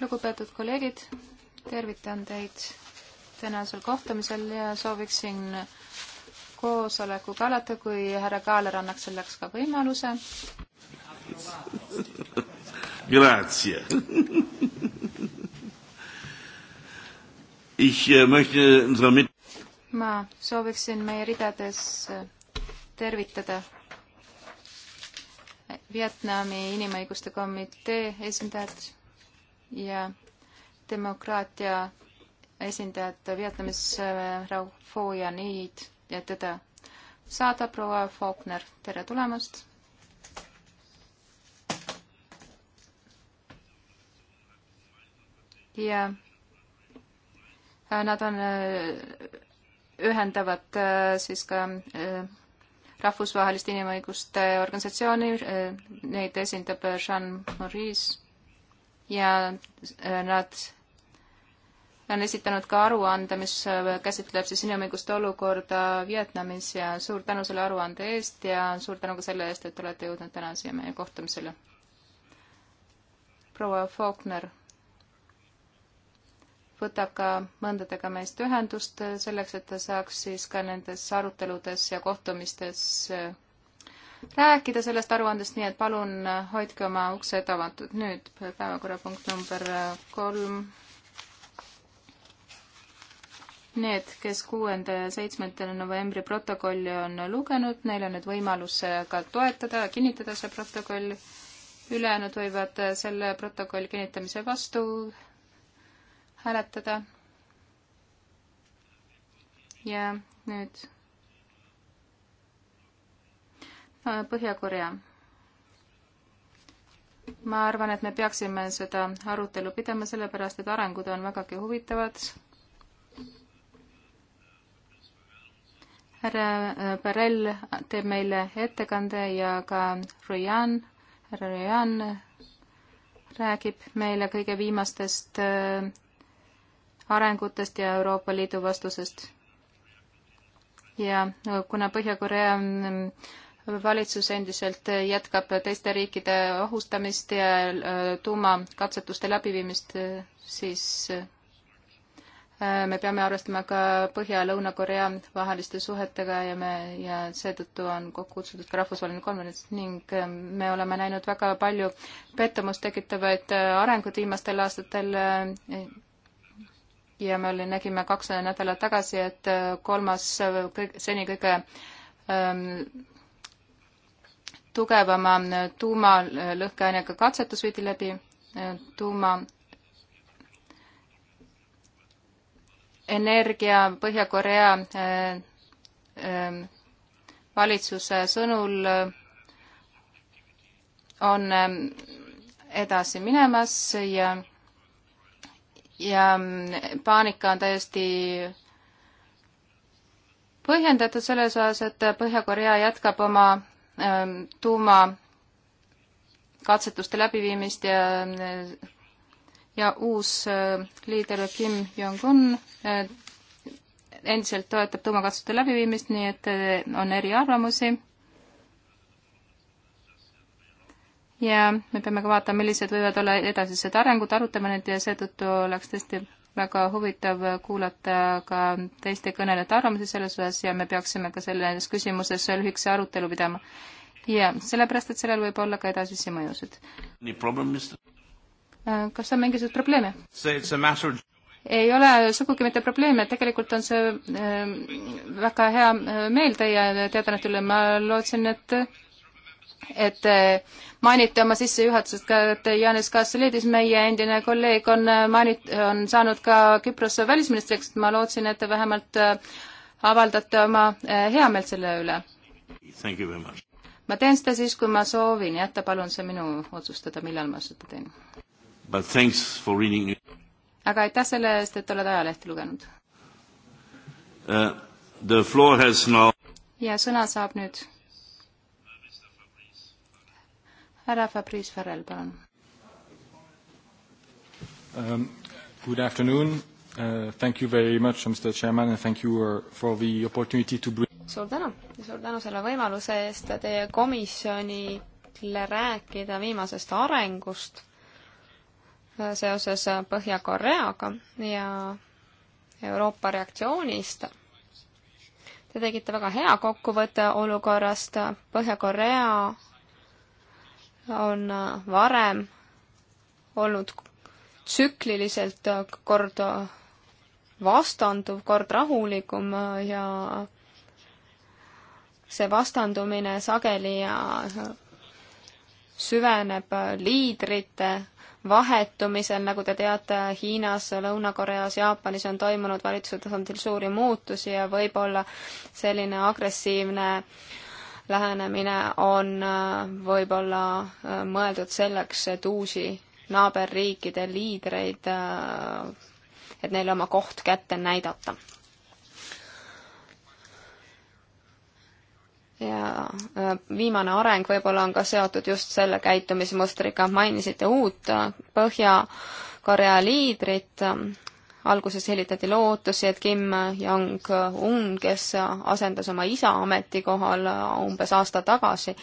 lugupeetud kolleegid, tervitan teid tänasel kohtumisel ja sooviksin koosolekuga alata, kui härra Kaaler annaks selleks ka võimaluse. Grazie. Ich äh, möchte unserer mit- ma sooviksin meie ridades tervitada Vietnami Inimõiguste Komitee esindajad ja demokraatia esindajad Vietnamis äh, Rau Fo ja Niid ja teda saada proua Faulkner, tere tulemast. ja äh, nad on, äh, ühendavad siis ka rahvusvahelist inimõiguste organisatsiooni, neid esindab Jean Maurice ja äh, nad on esitanud ka aruande, mis äh, käsitleb siis inimõiguste olukorda Vietnamis ja suur tänu selle aruande eest ja suur tänu ka selle eest, et olete jõudnud täna siia meie kohtumisele. proua Faulkner võtab ka mõndadega meist ühendust äh, selleks, et ta saaks siis ka nendes aruteludes ja kohtumistes äh, rääkida sellest aruandest, nii et palun äh, hoidke oma uksed avatud. nüüd päevakorrapunkt number kolm. Need, kes kuuenda ja seitsmenda novembri protokolli on lugenud, neil on nüüd võimalus ka toetada, kinnitada see protokoll. ülejäänud võivad selle protokolli kinnitamise vastu hääletada. ja nüüd äh, Põhja-Korea. ma arvan, et me peaksime seda arutelu pidama, sellepärast et arengud on vägagi huvitavad. härra Barrel äh, teeb meile ettekande ja ka Royan, härra Royan räägib meile kõige viimastest äh, arengutest ja Euroopa Liidu vastusest. ja kuna Põhja-Korea mm, valitsus endiselt jätkab teiste riikide ohustamist ja äh, tuumakatsetuste läbiviimist, siis äh, me peame arvestama ka Põhja- ja Lõuna-Korea vaheliste suhetega ja me, ja seetõttu on kokku kutsutud ka rahvusvaheline konverents ning äh, me oleme näinud väga palju pettumust tekitavaid arenguid viimastel aastatel ja me oli, nägime kaks nädalat tagasi, et äh, kolmas kõik, seni kõige ähm, tugevama äh, tuumalõhkeainega katsetus viidi läbi äh, tuuma energia Põhja-Korea äh, äh, valitsuse sõnul on ähm, edasi minemas ja ja mm, paanika on täiesti põhjendatud selles osas, et Põhja-Korea jätkab oma ähm, tuumakatsetuste läbiviimist ja mm, ja uus äh, liider Kim Jong-un äh, endiselt toetab tuumakatsuste läbiviimist, nii et äh, on eriarvamusi ja me peame ka vaatama, millised võivad olla edasised arengud, arutame need ja seetõttu oleks tõesti väga huvitav kuulata ka teiste kõnelejate arvamusi selles osas ja me peaksime ka selles küsimuses lühikese arutelu pidama. ja sellepärast, et sellel võib olla ka edasisi mõjusid. Äh, kas on mingisuguseid probleeme? ei ole sugugi mitte probleemi, et tegelikult on see äh, väga hea äh, meel teie teadannete üle, ma lootsin, et et äh, mainite oma sissejuhatusest ka, et Janis Kasselidis, meie endine kolleeg, on äh, mainit-, on saanud ka Küprose välisministriks, ma lootsin, et te vähemalt äh, avaldate oma heameelt selle üle. ma teen seda siis, kui ma soovin, jäta palun see minu otsustada, millal ma seda teen. aga aitäh selle eest, et oled ajalehte lugenud uh,. Now... ja sõna saab nüüd härra Fabrice Farrel, palun um,. Good afternoon uh,. Thank you very much, Mr Chairman and thank you uh, for the opportunity to bring suur tänu ja suur tänu selle võimaluse eest teie komisjonile rääkida viimasest arengust äh, seoses äh, Põhja-Koreaga ja Euroopa reaktsioonist. Te tegite väga hea kokkuvõtte olukorrast. Põhja-Korea on äh, varem olnud tsükliliselt äh, kord äh, vastanduv, kord rahulikum ja see vastandumine sageli süveneb liidrite vahetumisel, nagu te teate, Hiinas, Lõuna-Koreas, Jaapanis on toimunud valitsuse tasandil suuri muutusi ja võib-olla selline agressiivne äh, lähenemine on äh, võib-olla äh, mõeldud selleks, et uusi naaberriikide liidreid, äh, et neile oma koht kätte näidata. ja viimane areng võib-olla on ka seotud just selle käitumismustriga, mainisite uut Põhja-Korea liidrit, alguses helitati lootusi, et Kim Jong-un, kes asendas oma isa ametikohal umbes aasta tagasi,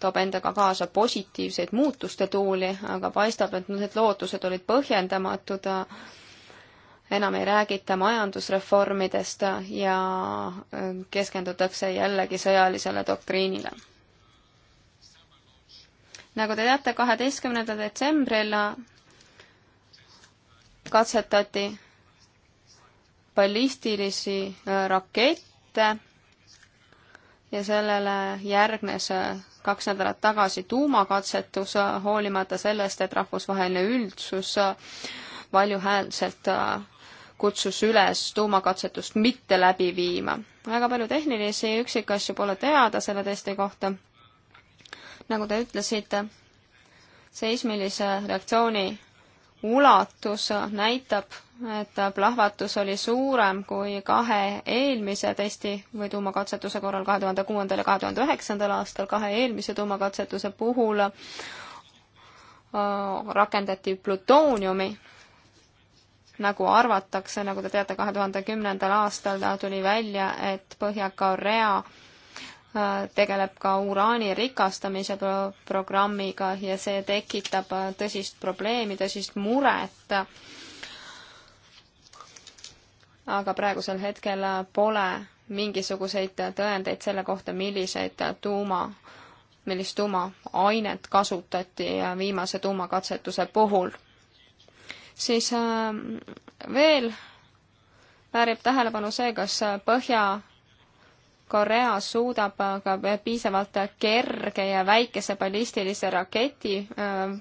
toob endaga kaasa positiivseid muutuste tuuli, aga paistab, et need lootused olid põhjendamatud. enam ei räägita majandusreformidest ja keskendutakse jällegi sõjalisele doktriinile. nagu te teate, kaheteistkümnendal detsembril katsetati ballistilisi äh, rakette ja sellele järgnes äh, kaks nädalat tagasi tuumakatsetus, äh, hoolimata sellest, et rahvusvaheline üldsus valjuhäälselt kutsus üles tuumakatsetust mitte läbi viima. väga palju tehnilisi üksikasju pole teada selle testi kohta. nagu te ütlesite, seismilise reaktsiooni ulatus näitab, et plahvatus oli suurem kui kahe eelmise testi või tuumakatsetuse korral kahe tuhande kuuendal ja kahe tuhande üheksandal aastal. kahe eelmise tuumakatsetuse puhul rakendati plutooniumi, nagu arvatakse, nagu te teate, kahe tuhande kümnendal aastal tuli välja, et Põhja-Korea Äh, tegeleb ka uraani rikastamise pro programmiga ja see tekitab äh, tõsist probleemi, tõsist muret. aga praegusel hetkel äh, pole mingisuguseid tõendeid selle kohta, milliseid tuuma, millist tuumaainet kasutati viimase tuumakatsetuse puhul. siis veel väärib tähelepanu see, kas Põhja Korea suudab aga piisavalt kerge ja väikese ballistilise raketi äh,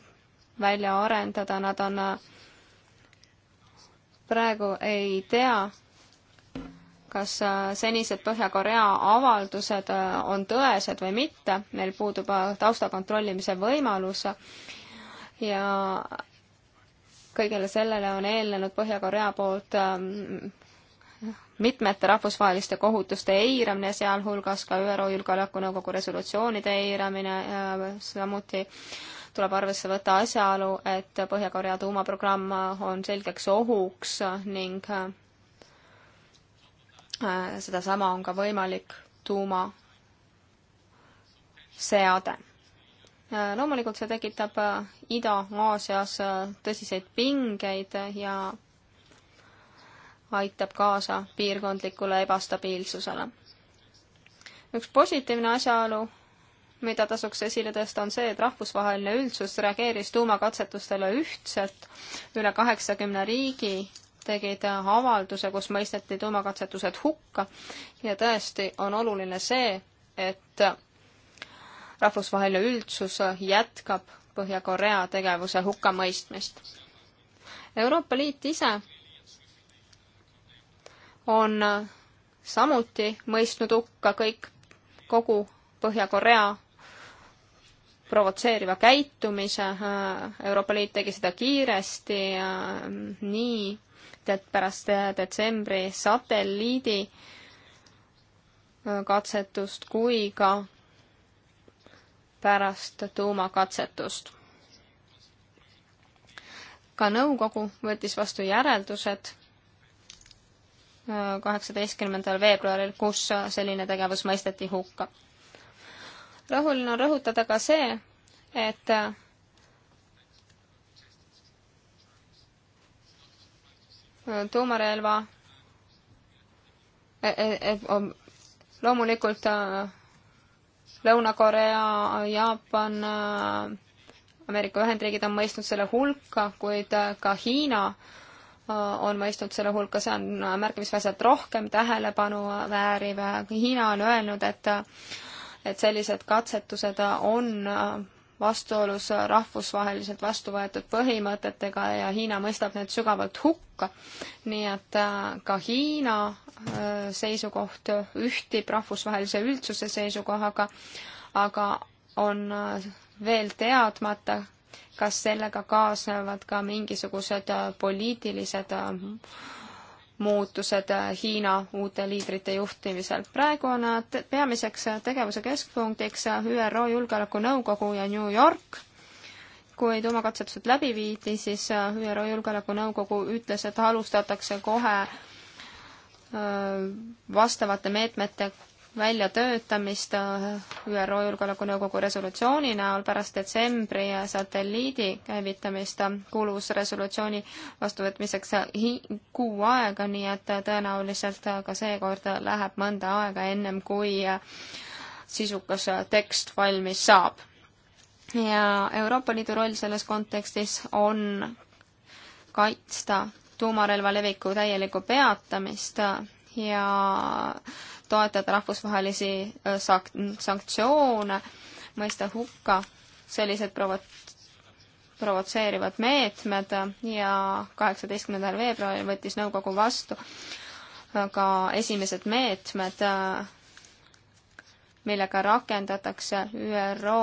välja arendada, nad on, äh, praegu ei tea, kas äh, senised Põhja-Korea avaldused on tõesed või mitte, neil puudub tausta kontrollimise võimalus ja kõigele sellele on eelnenud Põhja-Korea poolt ähm, mitmete rahvusvaheliste kohutuste eiramine, sealhulgas ka ÜRO Julgeolekunõukogu resolutsioonide eiramine, samuti tuleb arvesse võtta asjaolu, et Põhja-Korea tuumaprogramm on selgeks ohuks ning äh, sedasama on ka võimalik tuumaseade. Äh, loomulikult see tekitab äh, Ida-Aasias tõsiseid pingeid ja aitab kaasa piirkondlikule ebastabiilsusele. üks positiivne asjaolu, mida tasuks esile tõsta, on see, et rahvusvaheline üldsus reageeris tuumakatsetustele ühtselt. üle kaheksakümne riigi tegid avalduse, kus mõisteti tuumakatsetused hukka ja tõesti on oluline see, et rahvusvaheline üldsus jätkab Põhja-Korea tegevuse hukkamõistmist. Euroopa Liit ise on samuti mõistnud hukka kõik, kogu Põhja-Korea provotseeriva käitumise, Euroopa Liit tegi seda kiiresti, nii et pärast detsembri satelliidi katsetust kui ka pärast tuumakatsetust. ka nõukogu võttis vastu järeldused kaheksateistkümnendal veebruaril, kus selline tegevus mõisteti hukka. rahuline on rõhutada ka see, et tuumarelva e-, e-, e-, loomulikult Lõuna-Korea, Jaapan, Ameerika Ühendriigid on mõistnud selle hulka, kuid ka Hiina äh, on mõistnud selle hulka, see on märkimisväärselt rohkem tähelepanu vääriv. Hiina on öelnud, et, et sellised katsetused on vastuolus rahvusvaheliselt vastu võetud põhimõtetega ja Hiina mõistab need sügavalt hukka. nii et äh, ka Hiina äh, seisukoht ühtib rahvusvahelise üldsuse seisukohaga, aga on äh, veel teadmata, kas sellega kaasnevad ka mingisugused poliitilised muutused Hiina uute liidrite juhtimisel. praegu on nad peamiseks tegevuse keskpunktiks ÜRO Julgeolekunõukogu ja New York. kui tuumakatsetused läbi viidi, siis ÜRO Julgeolekunõukogu ütles, et alustatakse kohe äh, vastavate meetmete väljatöötamist äh, ÜRO Julgeolekunõukogu resolutsiooni näol pärast detsembri satelliidi käivitamist kulus resolutsiooni vastuvõtmiseks kuu aega, nii et tõenäoliselt ka seekord läheb mõnda aega ennem, kui sisukas tekst valmis saab. ja Euroopa Liidu roll selles kontekstis on kaitsta tuumarelva leviku täielikku peatamist ja toetada rahvusvahelisi äh, sank-, sanktsioone, mõista hukka sellised provo-, provotseerivad meetmed ja kaheksateistkümnendal veebruaril võttis nõukogu vastu äh, ka esimesed meetmed, äh, millega rakendatakse ÜRO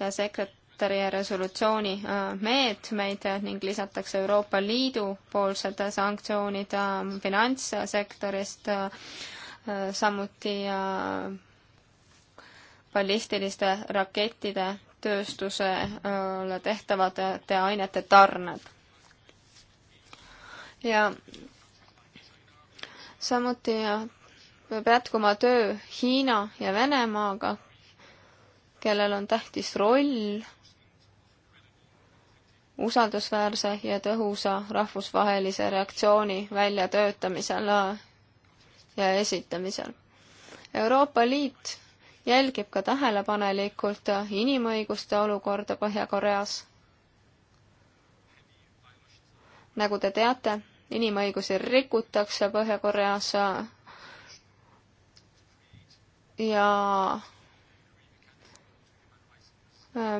peasekret-, Carteri resolutsiooni äh, meetmeid ning lisatakse Euroopa Liidu poolsed sanktsioonid äh, finantssektorist, äh, samuti ballistiliste rakettide tööstusele tehtavate ainete tarned. ja samuti peab jätkuma töö Hiina ja Venemaaga, kellel on tähtis roll usaldusväärse ja tõhusa rahvusvahelise reaktsiooni väljatöötamisel ja esitamisel. Euroopa Liit jälgib ka tähelepanelikult inimõiguste olukorda Põhja-Koreas. nagu te teate, inimõigusi rikutakse Põhja-Koreas ja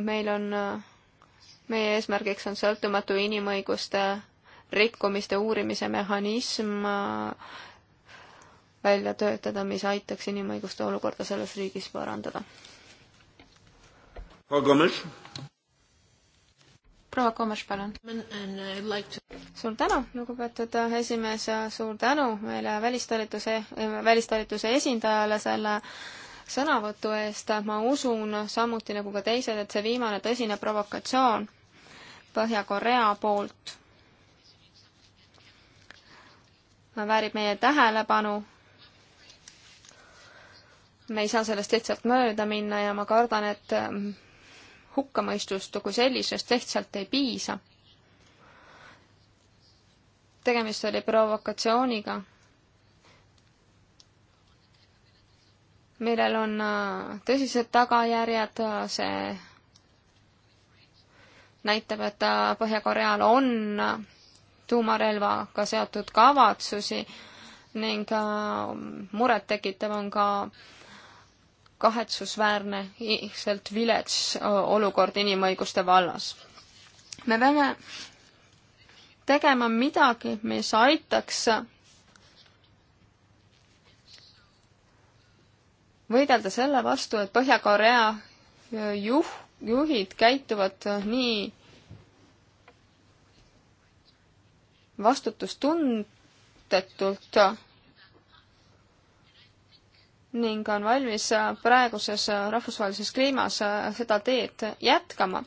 meil on meie eesmärgiks on sõltumatu inimõiguste rikkumiste uurimise mehhanism äh, välja töötada, mis aitaks inimõiguste olukorda selles riigis parandada. proua Komes, palun. suur tänu, lugupeetud esimees ja suur tänu meile välistalituse, välistalituse esindajale selle sõnavõtu eest. ma usun samuti nagu ka teised, et see viimane tõsine provokatsioon Põhja-Korea poolt väärib meie tähelepanu. me ei saa sellest lihtsalt mööda minna ja ma kardan, et mm, hukkamõistust kui sellisest lihtsalt ei piisa. tegemist oli provokatsiooniga, millel on äh, tõsised tagajärjed, äh, see näitab, et äh, Põhja-Koreal on äh, tuumarelvaga seotud kavatsusi ning äh, murettekitav on ka kahetsusväärne, ilmselt vilets olukord inimõiguste vallas. me peame tegema midagi, mis aitaks võidelda selle vastu, et Põhja-Korea juh-, juhid käituvad äh, nii vastutustundetult ning on valmis äh, praeguses äh, rahvusvahelises kliimas seda teed jätkama.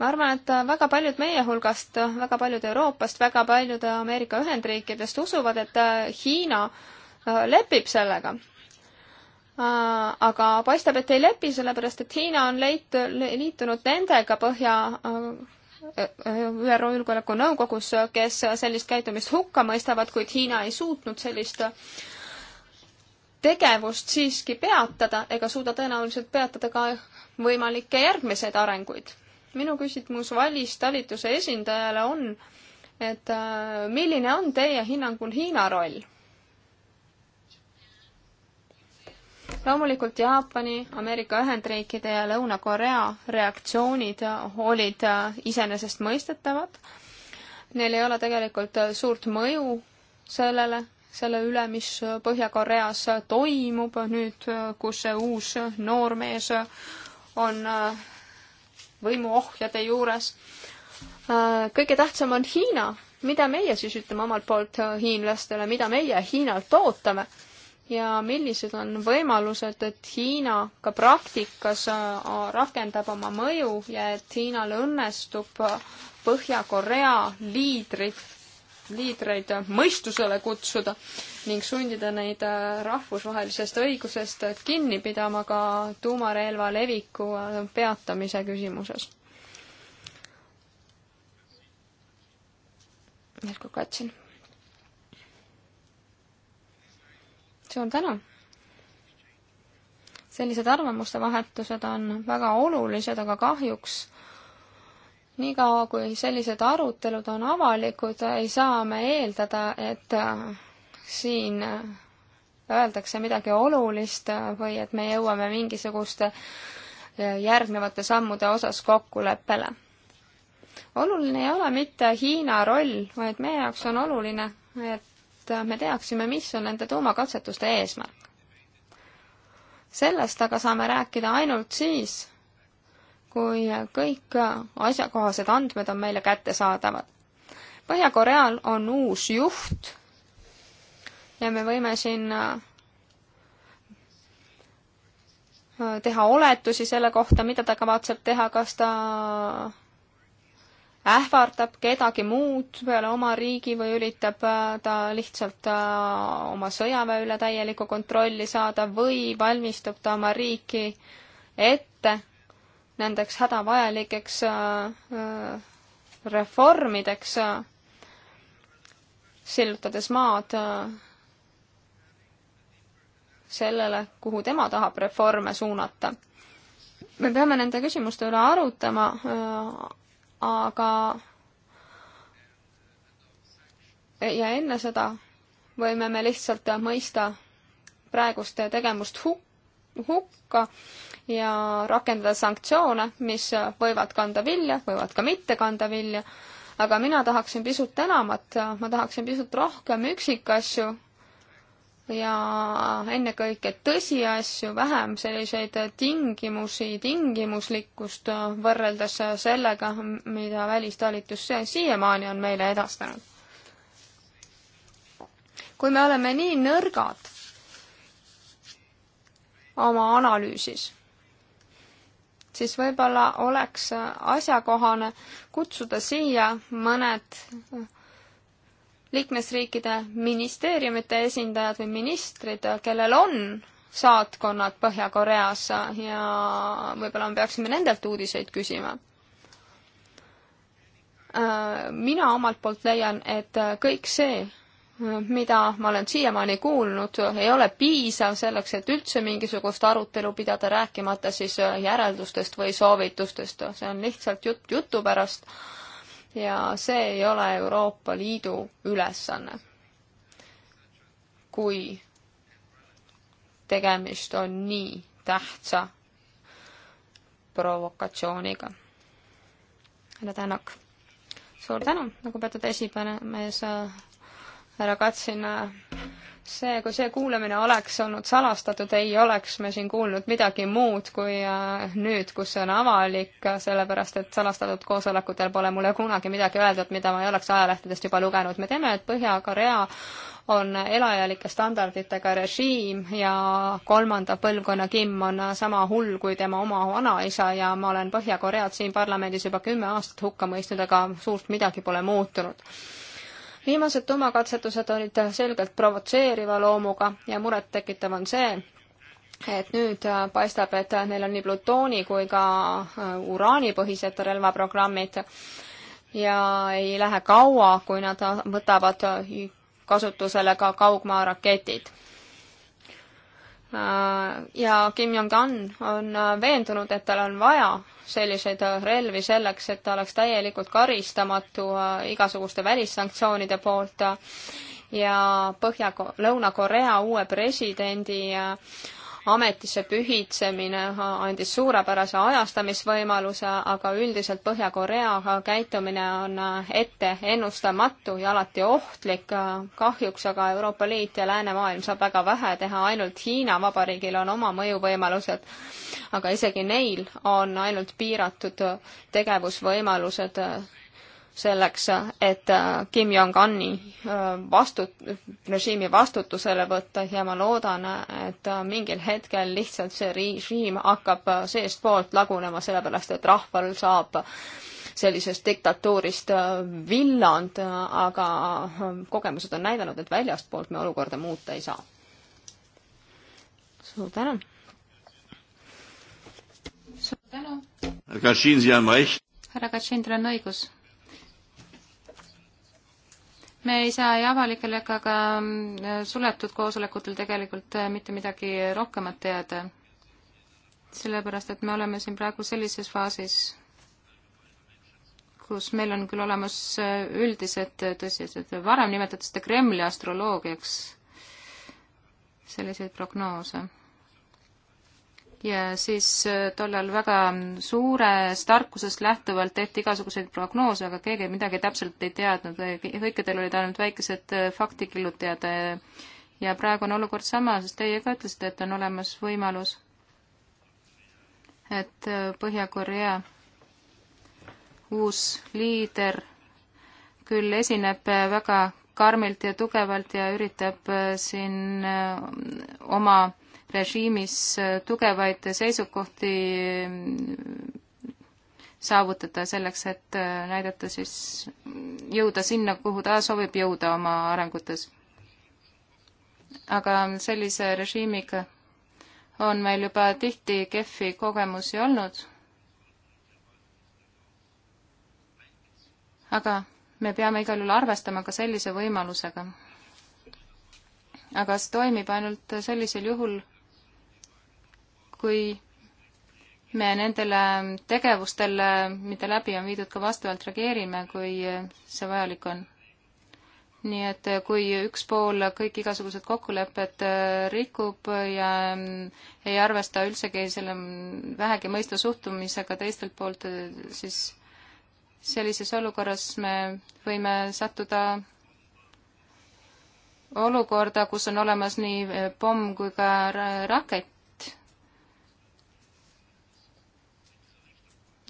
ma arvan, et väga paljud meie hulgast, väga paljud Euroopast, väga paljud Ameerika Ühendriikidest usuvad, et Hiina lepib sellega. Äh, aga paistab, et ei lepi, sellepärast et Hiina on leit-, liitunud nendega Põhja äh, äh, ÜRO Julgeolekunõukogus, kes sellist käitumist hukka mõistavad, kuid Hiina ei suutnud sellist tegevust siiski peatada ega suuda tõenäoliselt peatada ka võimalikke järgmiseid arenguid. minu küsimus valistalituse esindajale on, et milline on teie hinnangul Hiina roll? loomulikult Jaapani, Ameerika Ühendriikide ja Lõuna-Korea reaktsioonid olid äh, iseenesestmõistetavad. Neil ei ole tegelikult äh, suurt mõju sellele, selle üle, mis Põhja-Koreas toimub nüüd, äh, kus see uus noormees on võimuohjade juures. kõige tähtsam on Hiina, mida meie siis ütleme omalt poolt hiinlastele, mida meie Hiinalt ootame ja millised on võimalused, et Hiina ka praktikas äh, rakendab oma mõju ja et Hiinal õnnestub Põhja-Korea liidrid, liidreid mõistusele kutsuda ning sundida neid äh, rahvusvahelisest õigusest kinni pidama ka tuumarelva leviku äh, peatamise küsimuses. Erkko Katsin suur tänu! sellised arvamuste vahetused on väga olulised, aga kahjuks niikaua, kui sellised arutelud on avalikud, ei saa me eeldada, et äh, siin äh, öeldakse midagi olulist või et me jõuame mingisuguste äh, järgnevate sammude osas kokkuleppele. oluline ei ole mitte Hiina roll, vaid meie jaoks on oluline, et et me teaksime, mis on nende tuumakatsetuste eesmärk. sellest aga saame rääkida ainult siis, kui kõik asjakohased andmed on meile kättesaadavad. Põhja-Koreal on uus juht ja me võime siin äh, teha oletusi selle kohta, mida ta kavatseb teha, kas ta ähvardab kedagi muud peale oma riigi või üritab äh, ta lihtsalt äh, oma sõjaväe üle täielikku kontrolli saada või valmistub ta oma riiki ette nendeks hädavajalikeks äh, reformideks, sillutades maad sellele, kuhu tema tahab reforme suunata. me peame nende küsimuste üle arutama aga ja enne seda võime me lihtsalt mõista praegust tegevust hukka hukka ja rakendada sanktsioone, mis võivad kanda vilja, võivad ka mitte kanda vilja, aga mina tahaksin pisut enamat, ma tahaksin pisut rohkem üksikasju ja ennekõike tõsiasju, vähem selliseid tingimusi, tingimuslikkust võrreldes sellega, mida välistalitus siiamaani on meile edastanud. kui me oleme nii nõrgad oma analüüsis, siis võib-olla oleks asjakohane kutsuda siia mõned liikmesriikide ministeeriumite esindajad või ministrid, kellel on saatkonnad Põhja-Koreas ja võib-olla me peaksime nendelt uudiseid küsima. mina omalt poolt leian, et kõik see, mida ma olen siiamaani kuulnud, ei ole piisav selleks, et üldse mingisugust arutelu pidada, rääkimata siis järeldustest või soovitustest. see on lihtsalt jutt jutu pärast ja see ei ole Euroopa Liidu ülesanne. kui tegemist on nii tähtsa provokatsiooniga. härra Tänak, suur tänu, lugupeetud esimees, härra Katsin see, kui see kuulamine oleks olnud salastatud, ei oleks me siin kuulnud midagi muud kui äh, nüüd, kus see on avalik, sellepärast et salastatud koosolekutel pole mulle kunagi midagi öeldud, mida ma ei oleks ajalehtedest juba lugenud. me teame, et Põhja-Korea on elajalike standarditega režiim ja kolmanda põlvkonna Kim on sama hull kui tema oma vanaisa ja ma olen Põhja-Koread siin parlamendis juba kümme aastat hukka mõistnud, aga suurt midagi pole muutunud viimased tuumakatsetused olid selgelt provotseeriva loomuga ja murettekitav on see, et nüüd äh, paistab, et neil on nii plutooni kui ka äh, uraanipõhised relvaprogrammid ja ei lähe kaua, kui nad äh, võtavad kasutusele ka kaugmaaraketid ja Kim Jong-un on veendunud, et tal on vaja selliseid äh, relvi selleks, et ta oleks täielikult karistamatu äh, igasuguste välissanktsioonide poolt ja Põhja, Lõuna-Korea uue presidendi äh, ametisse pühitsemine andis suurepärase ajastamisvõimaluse, aga üldiselt Põhja-Korea käitumine on äh, ette ennustamatu ja alati ohtlik. kahjuks aga Euroopa Liit ja läänemaailm saab väga vähe teha, ainult Hiina Vabariigil on oma mõjuvõimalused, aga isegi neil on ainult piiratud tegevusvõimalused selleks, et äh, Kim Jong-un'i äh, vastut-, režiimi vastutusele võtta ja ma loodan, et äh, mingil hetkel lihtsalt see režiim hakkab seestpoolt lagunema, sellepärast et rahval saab sellisest diktatuurist villand, aga kogemused on näidanud, et väljastpoolt me olukorda muuta ei saa. suur tänu! suur tänu! härra Kaczin, teil on õigus me ei saa ei avalikel ega ka mm, suletud koosolekutel tegelikult äh, mitte midagi rohkemat teada. sellepärast, et me oleme siin praegu sellises faasis, kus meil on küll olemas äh, üldised äh, tõsiasjad, varem nimetati seda Kremli astroloogiaks, selliseid prognoose ja siis äh, tollal väga suurest tarkusest lähtuvalt tehti igasuguseid prognoose, aga keegi midagi täpselt ei teadnud, kõikidel olid ainult väikesed äh, faktikillud teada äh, ja, ja praegu on olukord sama, sest teie ka ütlesite, et on olemas võimalus, et Põhja-Korea uus liider küll esineb väga karmilt ja tugevalt ja üritab siin oma režiimis äh, tugevaid seisukohti äh, saavutada selleks, et äh, näidata siis, jõuda sinna, kuhu ta soovib jõuda oma arengutes. aga sellise režiimiga on meil juba tihti kehvi kogemusi olnud. aga me peame igal juhul arvestama ka sellise võimalusega. aga see toimib ainult sellisel juhul, kui me nendele tegevustele, mida läbi on viidud, ka vastavalt reageerime, kui see vajalik on. nii et eh, kui üks pool kõik igasugused kokkulepped eh, rikub ja mm, ei arvesta üldsegi selle mm, vähegi mõistva suhtumisega teistelt poolt, eh, siis sellises olukorras me võime sattuda olukorda, kus on olemas nii pomm kui ka rakett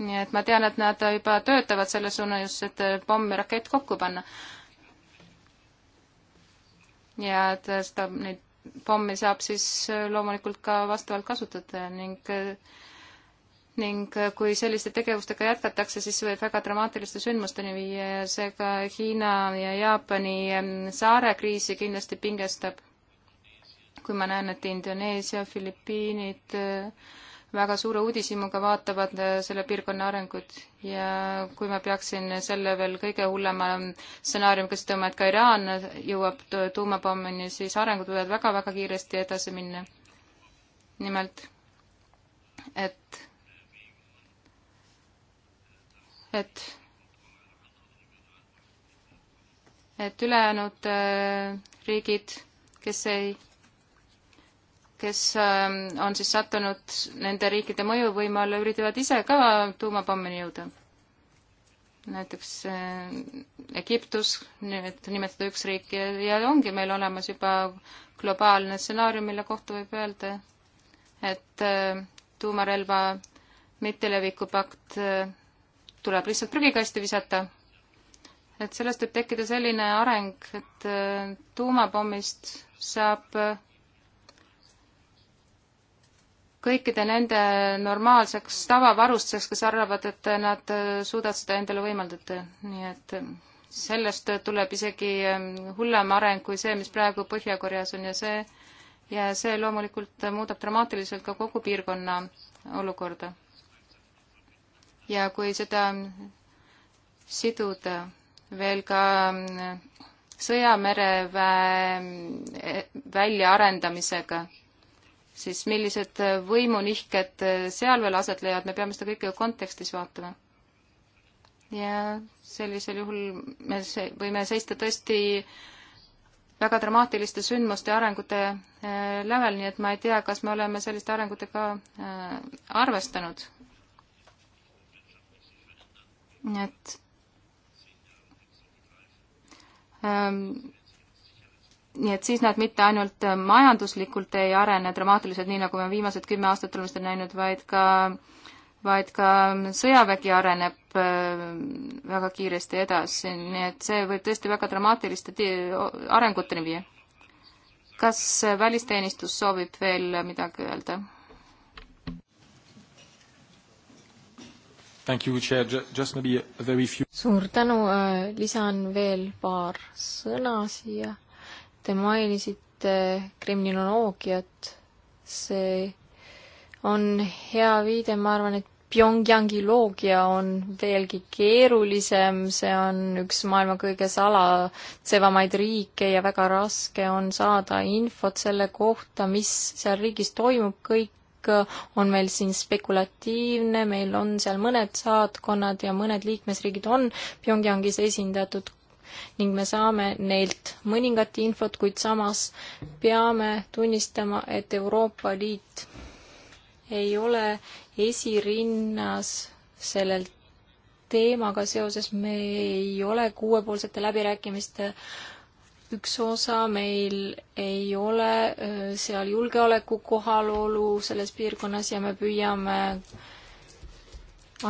nii et ma tean, et nad juba töötavad selle suunas, et pomm ja rakett kokku panna. ja et seda, neid pommi saab siis loomulikult ka vastavalt kasutada ning ning kui selliste tegevustega jätkatakse, siis võib väga dramaatiliste sündmusteni viia ja see ka Hiina ja Jaapani saarekriisi kindlasti pingestab. kui ma näen, et Indoneesia, Filipiinid äh, väga suure uudishimuga vaatavad äh, selle piirkonna arengut ja kui ma peaksin selle veel kõige hullema stsenaariumiga sõitma, et ka Iraan jõuab tuumapommini, siis arengud võivad väga-väga kiiresti edasi minna. nimelt, et, et, et ülejäänud äh, riigid, kes ei kes ähm, on siis sattunud nende riikide mõjuvõime alla, üritavad ise ka tuumapommini jõuda. näiteks äh, Egiptus, et nimetada üks riik ja, ja ongi meil olemas juba globaalne stsenaarium, mille kohta võib öelda, et äh, tuumarelva mitteleviku pakt äh, tuleb lihtsalt prügikasti visata. et sellest võib tekkida selline areng, et tuumapommist saab kõikide nende normaalseks tavavarustuseks, kes arvavad, et nad äh, suudavad seda endale võimaldada, nii et äh, sellest äh, tuleb isegi ähm, hullem areng kui see, mis praegu Põhja-Koreas on ja see, ja see loomulikult muudab dramaatiliselt ka kogu piirkonna olukorda. ja kui seda ähm, siduda veel ka ähm, sõjamereväe väljaarendamisega siis millised äh, võimunihked äh, seal veel aset leiavad, me peame seda kõike ju kontekstis vaatama. ja sellisel juhul me võime seista tõesti väga dramaatiliste sündmuste ja arengute äh, lävel, nii et ma ei tea, kas me oleme selliste arengutega arvestanud. nii et ähm, nii et siis nad mitte ainult majanduslikult ei arene dramaatiliselt, nii nagu me viimased kümme aastat oleme seda näinud, vaid ka, vaid ka sõjavägi areneb äh, väga kiiresti edasi, nii et see võib tõesti väga dramaatiliste arenguteni viia. kas välisteenistus soovib veel midagi öelda? suur tänu, äh, lisan veel paar sõna siia Te mainisite kriminoloogiat, see on hea viide, ma arvan, et Pyongyangi loogia on veelgi keerulisem, see on üks maailma kõige salatsevamaid riike ja väga raske on saada infot selle kohta, mis seal riigis toimub, kõik on meil siin spekulatiivne, meil on seal mõned saatkonnad ja mõned liikmesriigid on Pyongyangis esindatud, ning me saame neilt mõningat infot, kuid samas peame tunnistama, et Euroopa Liit ei ole esirinnas sellel teemaga seoses, me ei ole kuuepoolsete läbirääkimiste üks osa, meil ei ole seal julgeoleku kohalolu selles piirkonnas ja me püüame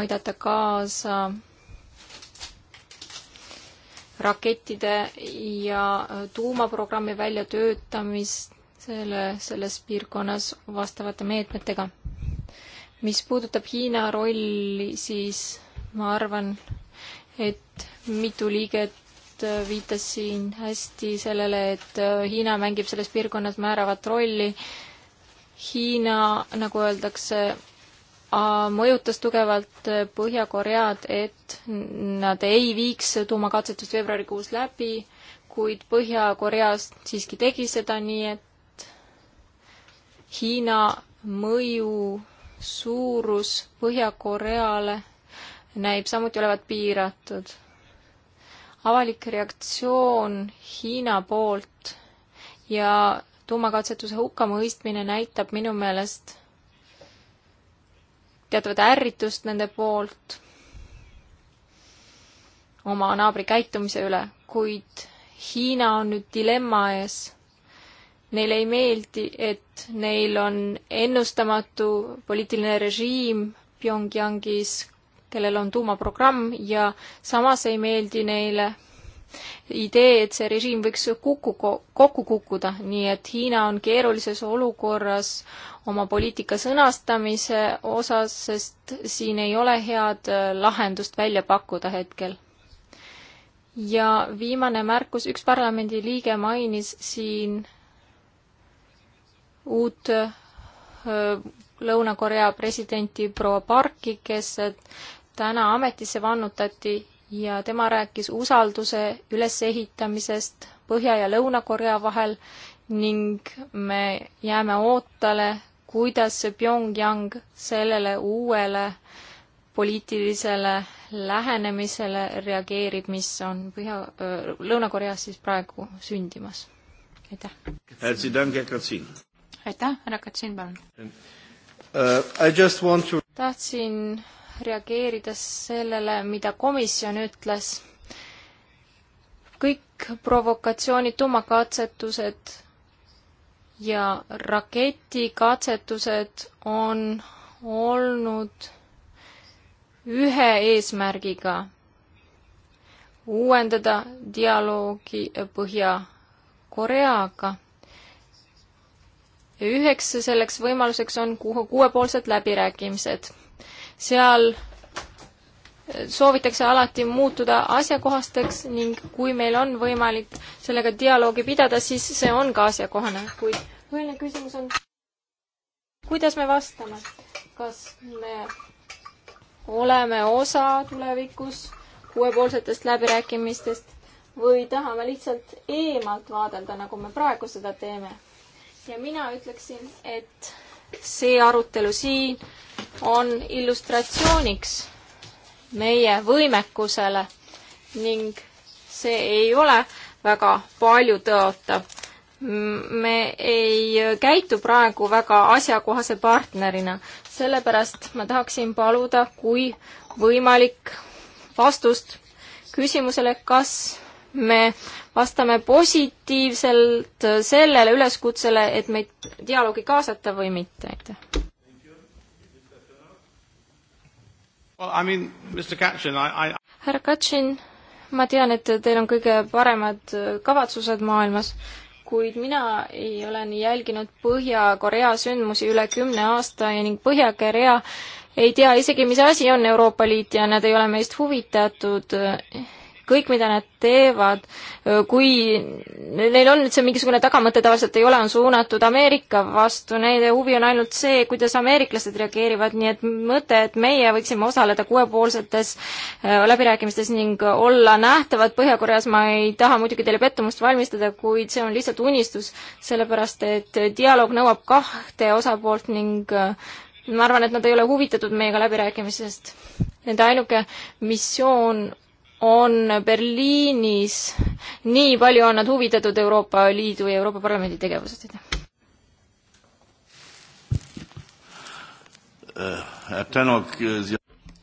aidata kaasa rakettide ja äh, tuumaprogrammi väljatöötamist selle, selles piirkonnas vastavate meetmetega. mis puudutab Hiina rolli, siis ma arvan, et mitu liiget äh, viitas siin hästi sellele, et äh, Hiina mängib selles piirkonnas määravat rolli. Hiina, nagu öeldakse, mõjutas tugevalt eh, Põhja-Koread, et nad ei viiks tuumakatsetust veebruarikuus läbi, kuid Põhja-Korea siiski tegi seda, nii et Hiina mõju suurus Põhja-Koreale näib samuti olevat piiratud. avalik reaktsioon Hiina poolt ja tuumakatsetuse hukkamõistmine näitab minu meelest teatavat ärritust nende poolt oma naabri käitumise üle, kuid Hiina on nüüd dilemma ees. Neile ei meeldi, et neil on ennustamatu poliitiline režiim Pyongyangis, kellel on tuumaprogramm ja samas ei meeldi neile idee, et see režiim võiks kuku, kokku kukkuda, nii et Hiina on keerulises olukorras oma poliitika sõnastamise osas, sest siin ei ole head äh, lahendust välja pakkuda hetkel ja viimane märkus, üks parlamendiliige mainis siin uut äh, Lõuna-Korea presidenti proua Parki, kes äh, täna ametisse vannutati ja tema rääkis usalduse ülesehitamisest Põhja- ja Lõuna-Korea vahel ning me jääme ootale, kuidas Pyongyang sellele uuele poliitilisele lähenemisele reageerib, mis on Põhja, Lõuna-Koreas siis praegu sündimas. aitäh! aitäh, härra Katsin, palun! Uh, tahtsin reageerida sellele, mida komisjon ütles. kõik provokatsioonid, tuumakatsetused ja raketikatsetused on olnud ühe eesmärgiga uuendada dialoogi Põhja-Koreaga. üheks selleks võimaluseks on kuuepoolsed läbirääkimised seal eh, soovitakse alati muutuda asjakohasteks ning kui meil on võimalik sellega dialoogi pidada, siis see on ka asjakohane, kuid põhiline küsimus on, kuidas me vastame, kas me oleme osa tulevikus kuuepoolsetest läbirääkimistest või tahame lihtsalt eemalt vaadelda, nagu me praegu seda teeme. ja mina ütleksin, et see arutelu siin on illustratsiooniks meie võimekusele ning see ei ole väga palju tõotav. me ei käitu praegu väga asjakohase partnerina, sellepärast ma tahaksin paluda, kui võimalik, vastust küsimusele, kas me vastame positiivselt sellele üleskutsele, et meid dialoogi kaasata või mitte, aitäh. well, I mean, Katrin, I, I... härra Katšin, ma tean, et teil on kõige paremad äh, kavatsused maailmas, kuid mina ei ole nii jälginud Põhja-Korea sündmusi üle kümne aasta ja ning Põhja-Korea ei tea isegi, mis asi on Euroopa Liit ja nad ei ole meist huvitatud äh, kõik, mida nad teevad, kui neil on üldse mingisugune tagamõte, tavaliselt ei ole, on suunatud Ameerika vastu, neile huvi on ainult see, kuidas ameeriklased reageerivad, nii et mõte, et meie võiksime osaleda kuuepoolsetes äh, läbirääkimistes ning olla nähtavad Põhja-Koreas, ma ei taha muidugi teile pettumust valmistada, kuid see on lihtsalt unistus, sellepärast et dialoog nõuab kahte osapoolt ning äh, ma arvan, et nad ei ole huvitatud meiega läbirääkimisest. Nende ainuke missioon on Berliinis, nii palju on nad huvitatud Euroopa Liidu ja Euroopa Parlamendi tegevusest, aitäh. Eh, eh,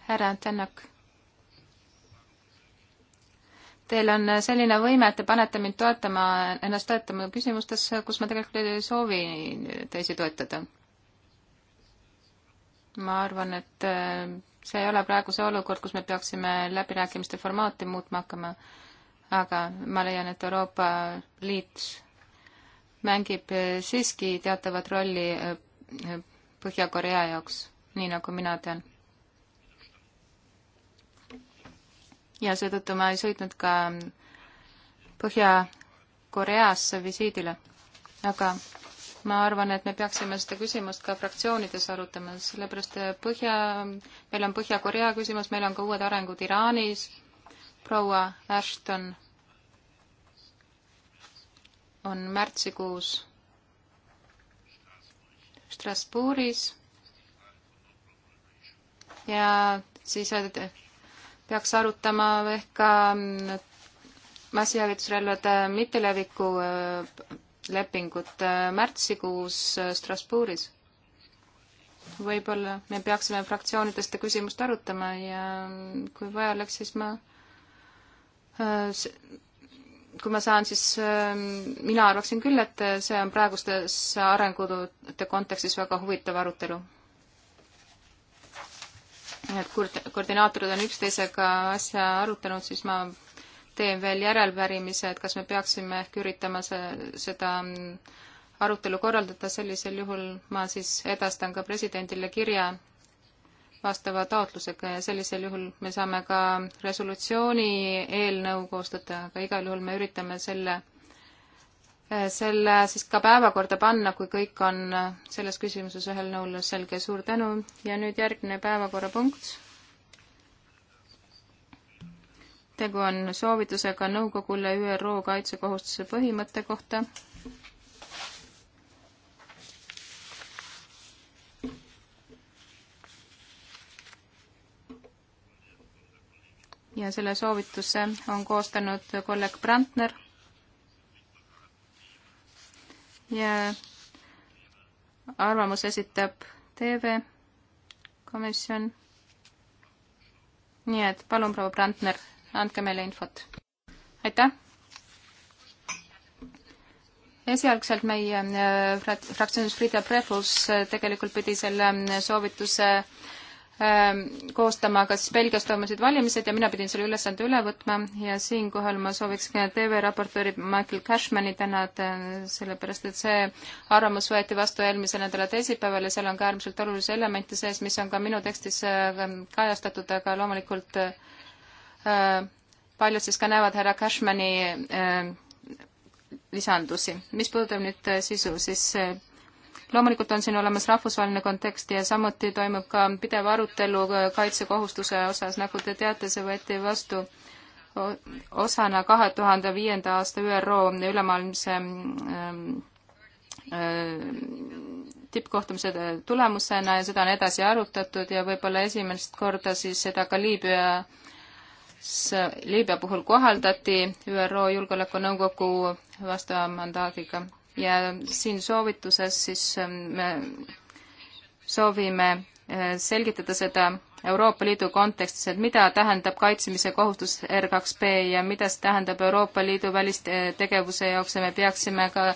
härra Tänak. Teil on selline võime, et te panete mind toetama, ennast toetama küsimustes, kus ma tegelikult ei soovi teisi toetada. ma arvan, et eh, see ei ole praegu see olukord, kus me peaksime läbirääkimiste formaati muutma hakkama. aga ma leian, et Euroopa Liit mängib siiski teatavat rolli eh, Põhja-Korea jaoks, nii nagu mina tean. ja seetõttu ma ei sõitnud ka Põhja-Koreasse visiidile, aga ma arvan, et me peaksime seda küsimust ka fraktsioonides arutama, sellepärast äh, Põhja, meil on Põhja-Korea küsimus, meil on ka uued arengud Iraanis, proua Ashton on märtsikuus Strasbourgis ja siis äh, peaks arutama ehk ka mm, massihävitusrelvade mitteleviku äh, lepingut äh, märtsikuus äh, Strasbourgis. võib-olla me peaksime fraktsioonidest seda küsimust arutama ja äh, kui vaja oleks, siis ma kui ma saan, siis mina arvaksin küll, et see on praegustes arengute kontekstis väga huvitav arutelu. et koordinaatorid on üksteisega asja arutanud, siis ma teen veel järelpärimise, et kas me peaksime ehk üritama see, seda mm, arutelu korraldada, sellisel juhul ma siis edastan ka presidendile kirja vastava taotlusega ja sellisel juhul me saame ka resolutsiooni eelnõu koostada, aga igal juhul me üritame selle, eh, selle siis ka päevakorda panna, kui kõik on eh, selles küsimuses ühel nõul selge. suur tänu ja nüüd järgmine päevakorrapunkt tegu on soovitusega nõukogule ÜRO kaitsekohustuse põhimõtte kohta. ja selle soovituse on koostanud kolleeg Brandner. ja arvamus esitab TV komisjon. nii et palun, proua Brandner andke meile infot. aitäh! esialgselt meie äh, fraktsioonis Frida Prefus äh, tegelikult pidi selle äh, soovituse ähm, koostama, kas Belgias toimusid valimised ja mina pidin selle ülesande üle võtma ja siinkohal ma sooviks TV-raportööri Michael Cashmani tänada, sellepärast et see arvamus võeti vastu eelmise nädala teisipäeval ja seal on ka äärmiselt olulisi elemente sees, mis on ka minu tekstis kajastatud, aga loomulikult äh, Äh, paljud siis ka näevad härra Cashmani äh, lisandusi. mis puudutab nüüd äh, sisu, siis loomulikult on siin olemas rahvusvaheline kontekst ja samuti toimub ka pidev arutelu kaitsekohustuse osas, nagu te teate, see võeti vastu osana kahe tuhande viienda aasta ÜRO ülemaailmse ähm, ähm, tippkohtumise tulemusena ja seda on edasi arutatud ja võib-olla esimest korda siis seda ka Liibüa Liibüa puhul kohaldati ÜRO Julgeolekunõukogu vastava mandaadiga ja siin soovituses siis ähm, me soovime äh, selgitada seda Euroopa Liidu kontekstis, et mida tähendab kaitsmise kohustus R2B ja mida see tähendab Euroopa Liidu välistegevuse äh, jaoks ja me peaksime ka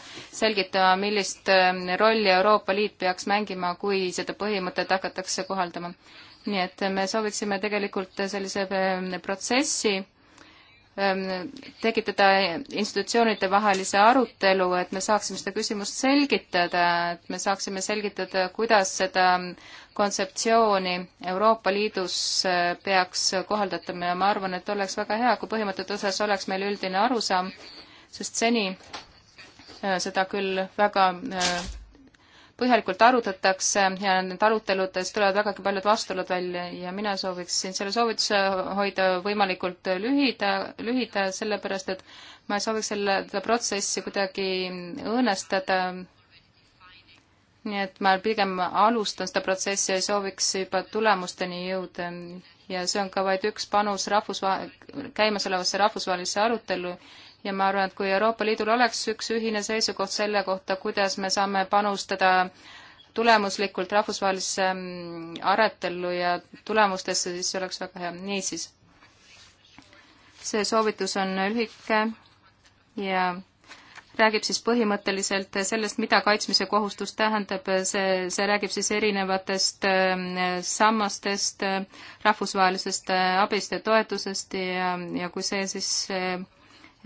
selgitama, millist äh, rolli Euroopa Liit peaks mängima, kui seda põhimõtet hakatakse kohaldama nii et me sooviksime tegelikult sellise ähm, protsessi ähm, tekitada institutsioonide vahelise arutelu, et me saaksime seda küsimust selgitada, et me saaksime selgitada, kuidas seda kontseptsiooni Euroopa Liidus äh, peaks kohaldatama ja ma arvan, et oleks väga hea, kui põhimõtete osas oleks meil üldine arusaam, sest seni äh, seda küll väga äh, põhjalikult arutatakse ja nende aruteludest tulevad vägagi paljud vastuolud välja ja mina sooviksin selle soovituse hoida võimalikult lühida, lühida, sellepärast et ma ei sooviks selle, seda protsessi kuidagi õõnestada. nii et ma pigem alustan seda protsessi ja ei sooviks juba tulemusteni jõuda ja see on ka vaid üks panus rahvusva-, käimasolevasse rahvusvahelisse arutellu ja ma arvan, et kui Euroopa Liidul oleks üks ühine seisukoht selle kohta, kuidas me saame panustada tulemuslikult rahvusvahelisse mm, aretellu ja tulemustesse, siis see oleks väga hea. niisiis, see soovitus on lühike ja räägib siis põhimõtteliselt sellest, mida kaitsmise kohustus tähendab, see, see räägib siis erinevatest mm, sammastest, rahvusvahelisest äh, abist ja toetusest ja, ja kui see siis äh,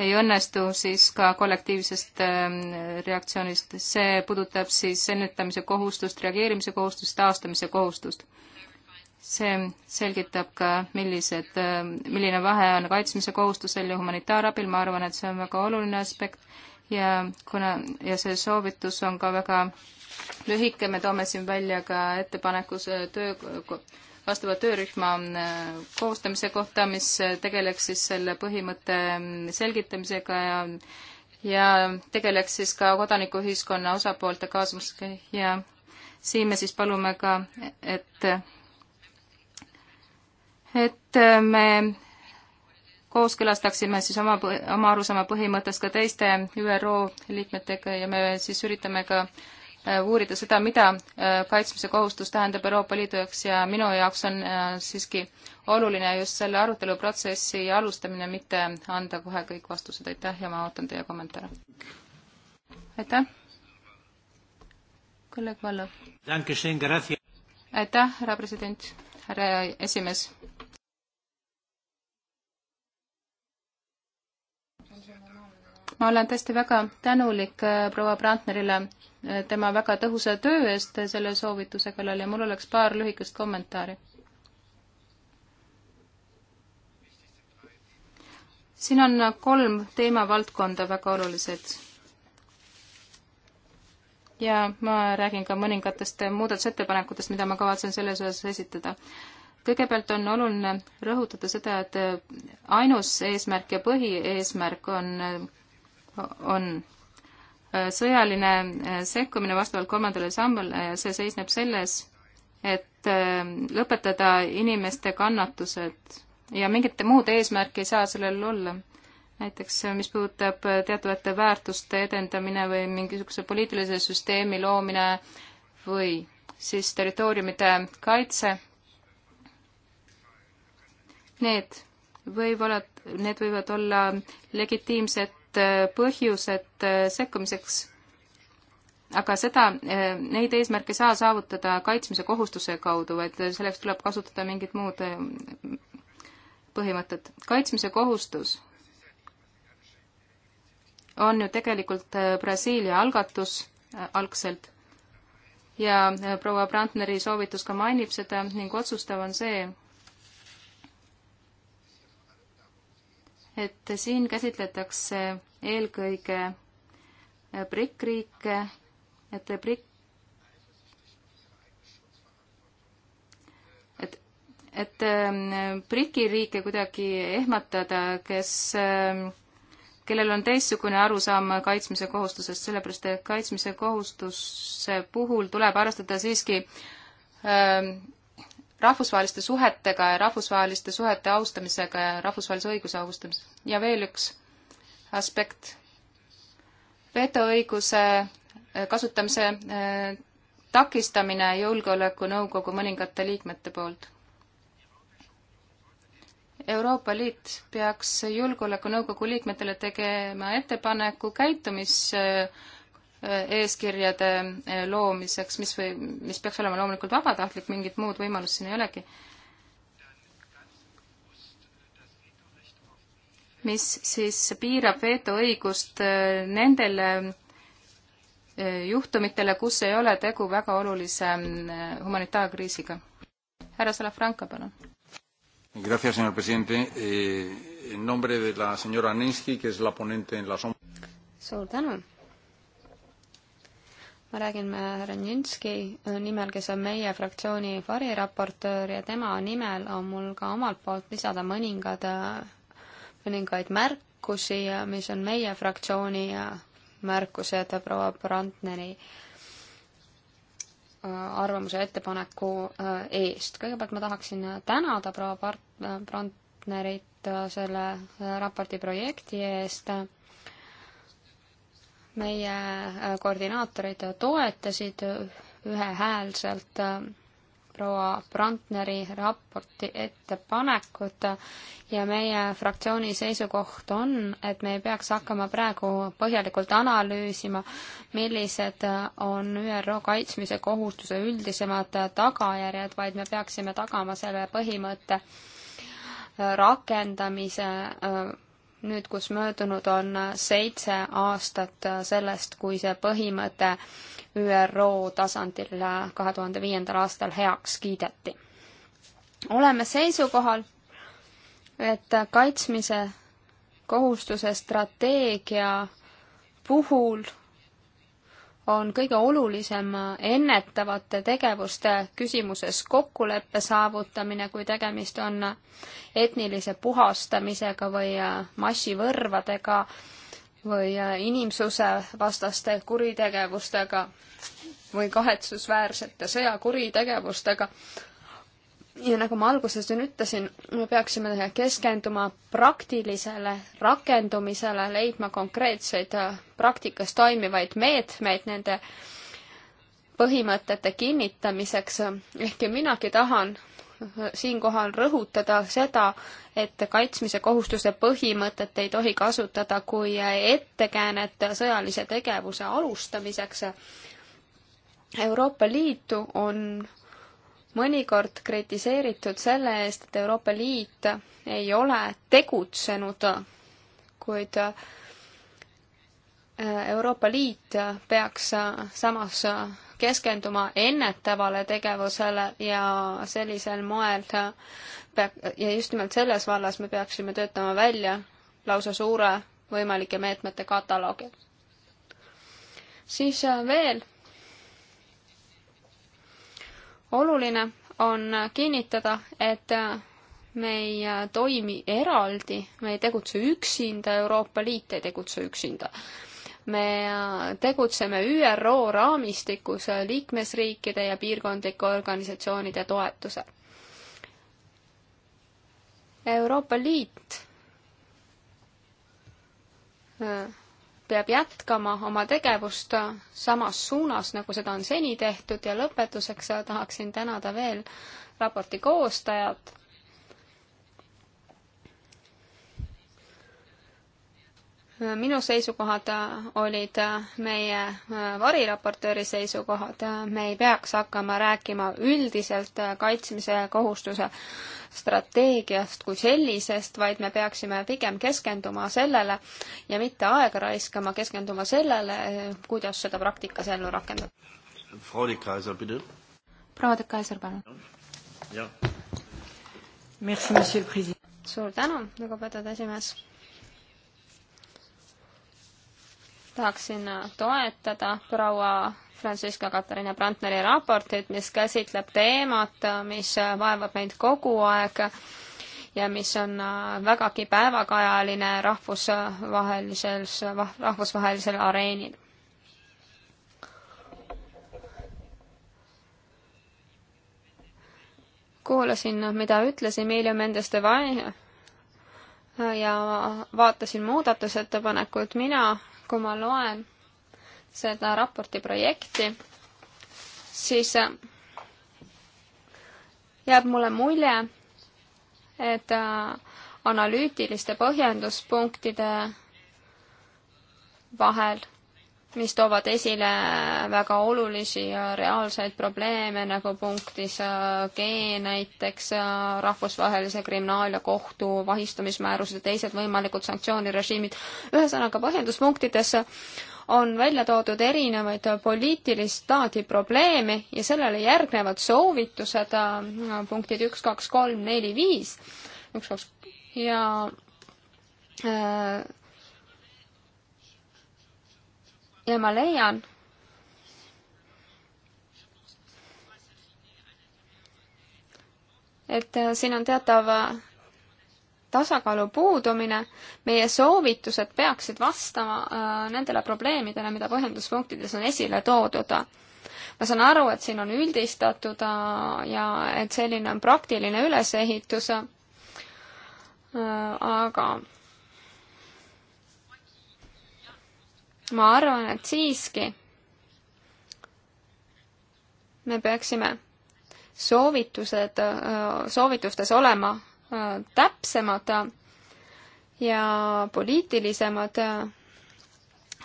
ei õnnestu, siis ka kollektiivsest ähm, reaktsioonist. see puudutab siis ennetamise kohustust, reageerimise kohustust, taastamise kohustust. see selgitab ka, millised, ähm, milline vahe on kaitsmise kohustusel ja humanitaarabil, ma arvan, et see on väga oluline aspekt ja kuna, ja see soovitus on ka väga lühike, me toome siin välja ka ettepanekus äh, töö vastava töörühma äh, koostamise kohta, mis äh, tegeleks siis selle põhimõtte mm, selgitamisega ja ja tegeleks siis ka kodanikuühiskonna osapoolte kaasamisega ja siin me siis palume ka, et et äh, me kooskõlastaksime siis oma, oma arusaama põhimõttest ka teiste ÜRO liikmetega ja me siis üritame ka äh, Äh, uurida seda, mida äh, kaitsmise kohustus tähendab Euroopa Liidu jaoks ja minu jaoks on äh, siiski oluline just selle aruteluprotsessi alustamine, mitte anda kohe kõik vastused, aitäh ja ma ootan teie kommentaare. aitäh. kolleeg Vallo. aitäh, härra president, härra esimees ma olen tõesti väga tänulik äh, proua Brandnerile äh, tema väga tõhusa töö eest selle soovituse kallal ja mul oleks paar lühikest kommentaari. siin on kolm teemavaldkonda väga olulised. ja ma räägin ka mõningatest muudatusettepanekutest, mida ma kavatsen selles osas esitada kõigepealt on oluline rõhutada seda, et ainus eesmärk ja põhieesmärk on on äh, sõjaline äh, sekkumine vastavalt kolmandale sammule ja see seisneb selles, et äh, lõpetada inimeste kannatused ja mingit muud eesmärki ei saa sellel olla. näiteks mis puudutab teatavate väärtuste edendamine või mingisuguse poliitilise süsteemi loomine või siis territooriumide kaitse. Need võivad, need võivad olla legitiimsed Äh, põhjused äh, sekkumiseks, aga seda, äh, neid eesmärke ei saa saavutada kaitsmise kohustuse kaudu, vaid selleks tuleb kasutada mingit muud põhimõtet. kaitsmise kohustus on ju tegelikult Brasiilia algatus algselt ja proua Brandneri soovitus ka mainib seda ning otsustav on see, et siin käsitletakse eelkõige BRIC riike, et BRIC, et, et ähm, BRIC-i riike kuidagi ehmatada, kes, ähm, kellel on teistsugune arusaam kaitsmise kohustusest, sellepärast et kaitsmise kohustuse puhul tuleb arvestada siiski äh, rahvusvaheliste suhetega ja rahvusvaheliste suhete austamisega ja rahvusvahelise õiguse austamisega. ja veel üks aspekt. vetoõiguse äh, kasutamise äh, takistamine Julgeolekunõukogu mõningate liikmete poolt. Euroopa Liit peaks Julgeolekunõukogu liikmetele tegema ettepaneku käitumis äh, eeskirjade eh, loomiseks, mis või, mis peaks olema loomulikult vabatahtlik, mingit muud võimalust siin ei olegi. mis siis piirab vetoõigust eh, nendele eh, juhtumitele, kus ei ole tegu väga olulise humanitaarkriisiga. härra Salafranca, palun. Gracias, señor presidente eh,. En nombre de la señora Nenski, que es la ponente en la sombra. suur tänu ma räägin Renjinski nimel, kes on meie fraktsiooni variraportöör ja tema nimel on mul ka omalt poolt lisada mõningad, mõningaid märkusi, mis on meie fraktsiooni märkused proua Brandneri äh, arvamuse ettepaneku äh, eest. kõigepealt ma tahaksin tänada proua Brandnerit äh, selle raporti projekti eest meie äh, koordinaatorid toetasid ühehäälselt äh, proua Brandneri raporti ettepanekut ja meie fraktsiooni seisukoht on, et me ei peaks hakkama praegu põhjalikult analüüsima, millised äh, on ÜRO kaitsmise kohustuse üldisemad tagajärjed, vaid me peaksime tagama selle põhimõtte rakendamise nüüd, kus möödunud on seitse aastat sellest, kui see põhimõte ÜRO tasandil kahe tuhande viiendal aastal heaks kiideti. oleme seisukohal, et kaitsmise kohustuse strateegia puhul on kõige olulisem ennetavate tegevuste küsimuses kokkuleppe saavutamine, kui tegemist on etnilise puhastamisega või massivõrvadega või inimsuse vastaste kuritegevustega või kahetsusväärsete sõjakuritegevustega ja nagu ma alguses ütlesin, me peaksime keskenduma praktilisele rakendumisele, leidma konkreetseid äh, praktikas toimivaid meetmeid nende põhimõtete kinnitamiseks, ehkki minagi tahan äh, siinkohal rõhutada seda, et kaitsmise kohustuse põhimõtet ei tohi kasutada kui ettekäänet sõjalise tegevuse alustamiseks. Euroopa Liitu on mõnikord kritiseeritud selle eest, et Euroopa Liit ei ole tegutsenud, kuid äh, Euroopa Liit peaks samas keskenduma ennetavale tegevusele ja sellisel moel pea-, ja just nimelt selles vallas me peaksime töötama välja lausa suure võimalike meetmete kataloogi. siis äh, veel oluline on kinnitada, et me ei toimi eraldi, me ei tegutse üksinda, Euroopa Liit ei tegutse üksinda. me tegutseme ÜRO raamistikus liikmesriikide ja piirkondlike organisatsioonide toetusel. Euroopa Liit peab jätkama oma tegevust samas suunas, nagu seda on seni tehtud ja lõpetuseks tahaksin tänada veel raporti koostajat minu seisukohad äh, olid äh, meie äh, variraportööri seisukohad, me ei peaks hakkama rääkima üldiselt kaitsmise kohustuse strateegiast kui sellisest, vaid me peaksime pigem keskenduma sellele ja mitte aega raiskama, keskenduma sellele, kuidas seda praktikas ellu rakendada. proua de Kaiser, palun. proua de Kaiser, palun. suur tänu, lugupeetud esimees tahaksin toetada proua Franziska Katariina Brandneri raportit, mis käsitleb teemat, mis vaevab meid kogu aeg ja mis on vägagi päevakajaline rahvusvahelises, rahvusvahelisel areenil. kuulasin, mida ütles Emilio Mendes de Valle ja vaatasin muudatusettepanekuid, mina kui ma loen seda raporti projekti, siis äh, jääb mulle mulje, et äh, analüütiliste põhjenduspunktide vahel mis toovad esile väga olulisi ja reaalseid probleeme, nagu punktis äh, G näiteks äh, rahvusvahelise kriminaal- ja kohtu vahistamismäärused ja teised võimalikud sanktsioonirežiimid. ühesõnaga, põhjenduspunktides on välja toodud erinevaid poliitilist laadi probleeme ja sellele järgnevad soovitused, äh, punktid üks, kaks, kolm, neli, viis, üks, kaks ja äh, ja ma leian, et siin on teatav tasakaalu puudumine, meie soovitused peaksid vastama äh, nendele probleemidele, mida põhjenduspunktides on esile toodud. ma saan aru, et siin on üldistatud äh, ja et selline on praktiline ülesehitus, äh, aga ma arvan, et siiski me peaksime soovitused, äh, soovitustes olema äh, täpsemad ja poliitilisemad. Äh,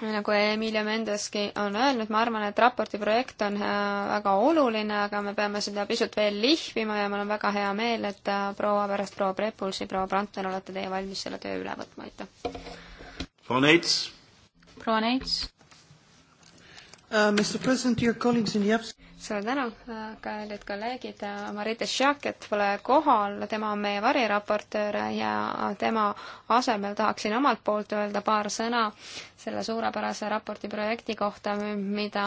nagu Emilia Mendeski on öelnud, ma arvan, et raporti projekt on väga oluline, aga me peame seda pisut veel lihvima ja mul on väga hea meel, et proua pärast proua Prepulsi, proua Brandner, olete teie valmis selle töö üle võtma, aitäh! proua Neits uh,. suur tänu, uh, kallid kolleegid, uh, Marita Šaket pole kohal, tema on meie variraportöör ja tema asemel tahaksin omalt poolt öelda paar sõna selle suurepärase raporti projekti kohta, mida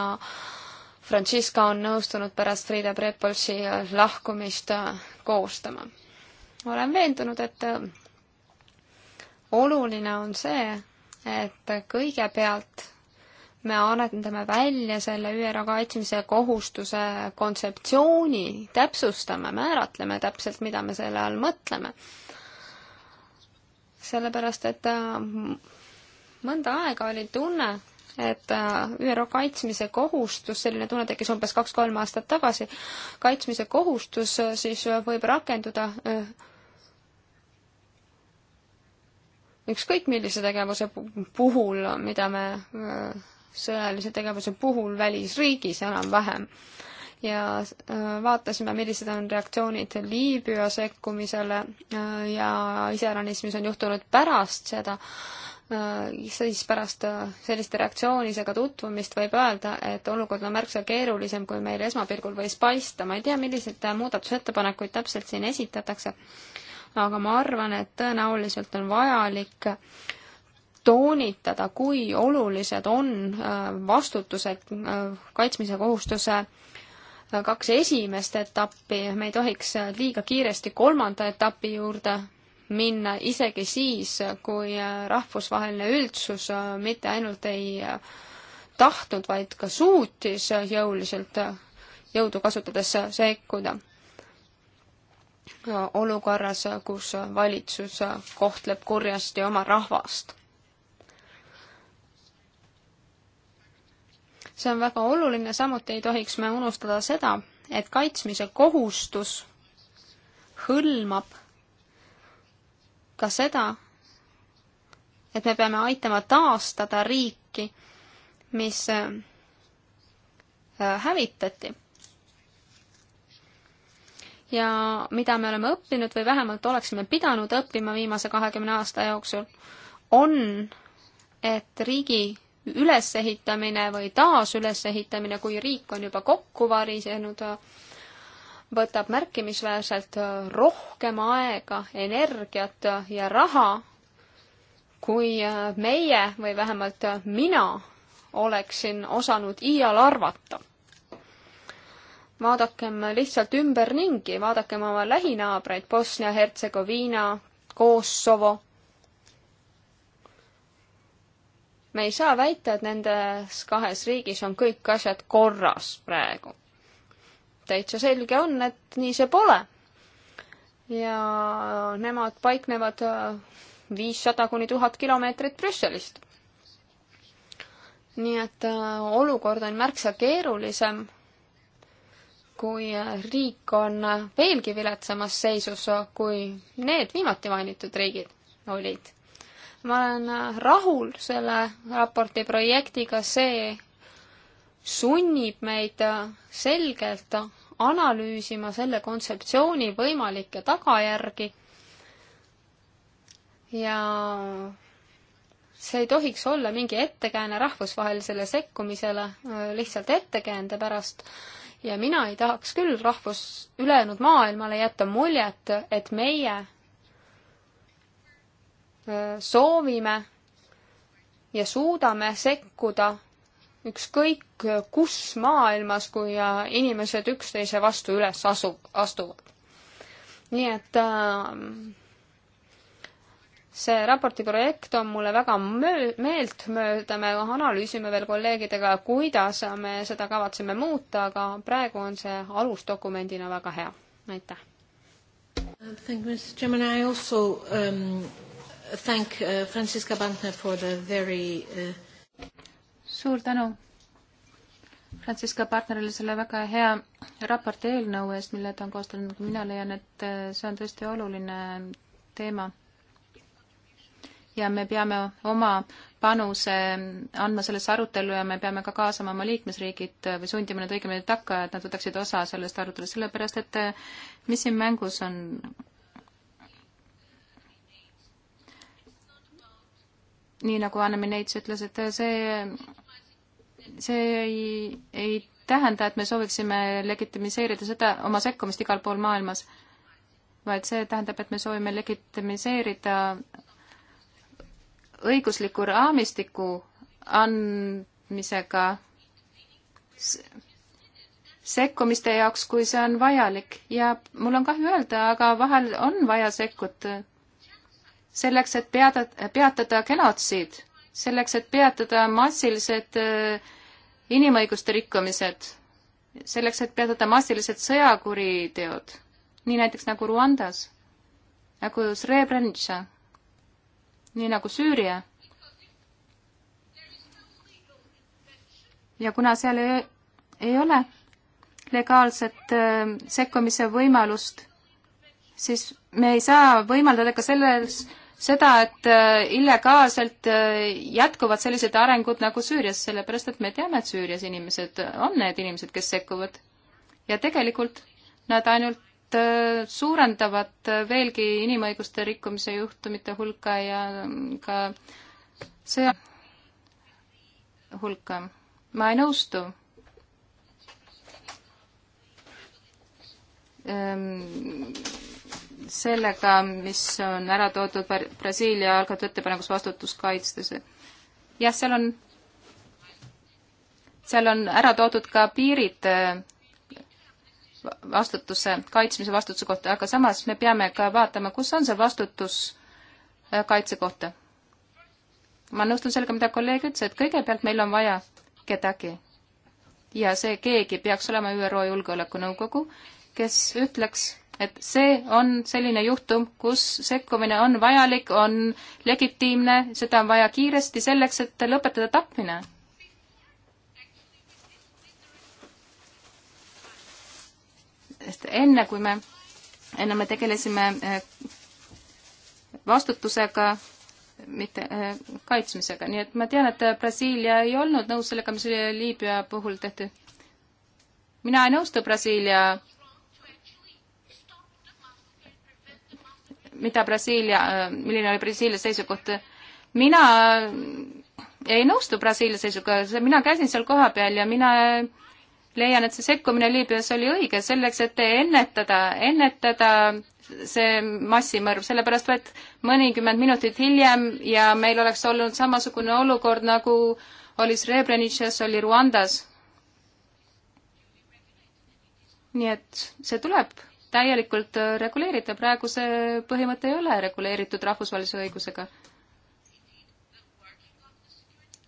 Francisca on nõustunud pärast Frida Prepolsi lahkumist uh, koostama. olen veendunud, et oluline on see, et kõigepealt me arendame välja selle ÜRO kaitsmise kohustuse kontseptsiooni, täpsustame, määratleme täpselt, mida me selle all mõtleme. sellepärast, et äh, mõnda aega oli tunne, et äh, ÜRO kaitsmise kohustus, selline tunne tekkis umbes kaks-kolm aastat tagasi, kaitsmise kohustus äh, siis võib rakenduda öö, ükskõik millise tegevuse puhul, mida me sõjalise tegevuse puhul välisriigis enam-vähem. ja äh, vaatasime, millised on reaktsioonid Liibüa sekkumisele äh, ja iseäranis, mis on juhtunud pärast seda, äh, siis pärast selliste reaktsioonidega tutvumist võib öelda, et olukord on märksa keerulisem, kui meil esmapilgul võis paista. ma ei tea, milliseid muudatusettepanekuid täpselt siin esitatakse aga ma arvan, et tõenäoliselt on vajalik toonitada, kui olulised on äh, vastutuse äh, kaitsmise kohustuse äh, kaks esimest etappi, me ei tohiks liiga kiiresti kolmanda etapi juurde minna, isegi siis, kui rahvusvaheline üldsus mitte ainult ei tahtnud, vaid ka suutis jõuliselt jõudu kasutades sekkuda olukorras, kus valitsus kohtleb kurjasti oma rahvast. see on väga oluline, samuti ei tohiks me unustada seda, et kaitsmise kohustus hõlmab ka seda, et me peame aitama taastada riiki, mis äh, hävitati ja mida me oleme õppinud või vähemalt oleksime pidanud õppima viimase kahekümne aasta jooksul, on, et riigi ülesehitamine või taasülesehitamine, kui riik on juba kokku varisenud, võtab märkimisväärselt rohkem aega, energiat ja raha, kui meie või vähemalt mina oleksin osanud iial arvata vaadakem lihtsalt ümberringi, vaadakem oma lähinaabreid, Bosnia-Hertsegoviina, Kosovo. me ei saa väita, et nendes kahes riigis on kõik asjad korras praegu. täitsa selge on, et nii see pole. ja nemad paiknevad äh, viissada kuni tuhat kilomeetrit Brüsselist. nii et äh, olukord on märksa keerulisem kui riik on veelgi viletsamas seisus, kui need viimati mainitud riigid olid. ma olen rahul selle raporti projektiga, see sunnib meid selgelt analüüsima selle kontseptsiooni võimalikke tagajärgi ja see ei tohiks olla mingi ettekääne rahvusvahelisele sekkumisele lihtsalt ettekäände pärast ja mina ei tahaks küll rahvus, ülejäänud maailmale jätta muljet, et meie soovime ja suudame sekkuda ükskõik kus maailmas, kui äh, inimesed üksteise vastu üles asu-, astuvad. nii et äh, see raporti projekt on mulle väga meeltmööda, me analüüsime veel kolleegidega, kuidas me seda kavatseme muuta, aga praegu on see alusdokumendina väga hea. aitäh! Thank you, Mr Chairman, I also um, thank uh, Franziska Bantner for the very uh... suur tänu Franziska partnerile selle väga hea raporti eelnõu eest, mille ta on koostanud, mina leian, et uh, see on tõesti oluline teema ja me peame oma panuse andma sellesse arutellu ja me peame ka kaasama oma liikmesriigid või sundima nad õigemini takka, et nad võtaksid osa sellest arutelust, sellepärast et eh, mis siin mängus on? nii nagu Anne-Mari Neits ütles, et see, see ei, ei tähenda, et me sooviksime legitimiseerida seda, oma sekkumist igal pool maailmas, vaid see tähendab, et me soovime legitimiseerida õigusliku raamistiku andmisega sekkumiste jaoks, kui see on vajalik ja mul on kahju öelda, aga vahel on vaja sekkuda selleks, et peada, peatada genotsiid, selleks, et peatada massilised äh, inimõiguste rikkumised, selleks, et peatada massilised sõjakuriteod, nii näiteks nagu Rwandas, nagu Srebrenica nii nagu Süüria. ja kuna seal ei, ei ole legaalset äh, sekkumise võimalust, siis me ei saa võimaldada ka selles, seda, et äh, illegaalselt äh, jätkuvad sellised arengud nagu Süürias, sellepärast et me teame, et Süürias inimesed on need inimesed, kes sekkuvad. ja tegelikult nad ainult nad äh, suurendavad äh, veelgi inimõiguste rikkumise juhtumite hulka ja mm, ka sõja hulka. ma ei nõustu ähm, sellega, mis on ära toodud Brasiilia algatud ettepanekus vastutust kaitstes. jah, seal on, seal on ära toodud ka piirid äh, vastutuse, kaitsmise vastutuse kohta, aga samas me peame ka vaatama, kus on see vastutus äh, kaitse kohta. ma nõustun sellega, mida kolleeg ütles, et kõigepealt meil on vaja kedagi. ja see keegi peaks olema ÜRO Julgeolekunõukogu, kes ütleks, et see on selline juhtum, kus sekkumine on vajalik, on legitiimne, seda on vaja kiiresti selleks, et lõpetada tapmine sest enne kui me, enne me tegelesime äh, vastutusega, mitte äh, kaitsmisega, nii et ma tean, et äh, Brasiilia ei olnud nõus sellega, mis Liibüa puhul tehti. mina ei nõustu Brasiilia mida Brasiilia, milline oli Brasiilia seisukoht. mina ei nõustu Brasiilia seisukohaga, mina käisin seal kohapeal ja mina leian, et see sekkumine Liibüas oli õige selleks, et ennetada, ennetada see massimõrv, sellepärast et mõnikümmend minutit hiljem ja meil oleks olnud samasugune olukord, nagu oli Srebrenitšas, oli Rwandas. nii et see tuleb täielikult reguleerida, praegu see põhimõte ei ole reguleeritud rahvusvahelise õigusega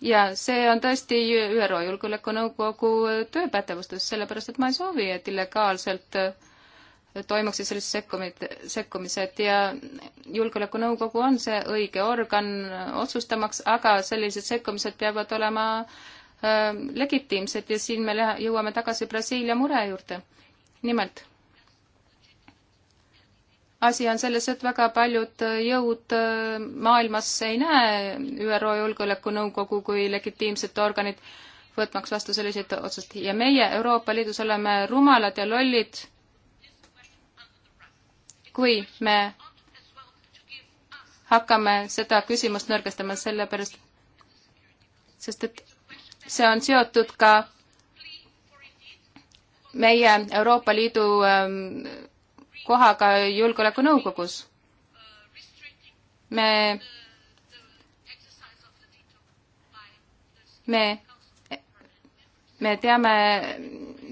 ja see on tõesti ÜRO Julgeolekunõukogu tööpädevustes, sellepärast et ma ei soovi, et illegaalselt äh, toimuksid sellised sekkumid, sekkumised ja Julgeolekunõukogu on see õige organ äh, otsustamaks, aga sellised sekkumised peavad olema äh, legitiimsed ja siin me jõuame tagasi Brasiilia mure juurde. nimelt asi on selles, et väga paljud jõud äh, maailmas ei näe ÜRO Julgeolekunõukogu kui legitiimset organit, võtmaks vastu selliseid otsuseid ja meie Euroopa Liidus oleme rumalad ja lollid, kui me hakkame seda küsimust nõrgestama, sellepärast, sest et see on seotud ka meie Euroopa Liidu ähm, kohaga Julgeolekunõukogus. me, me, me teame,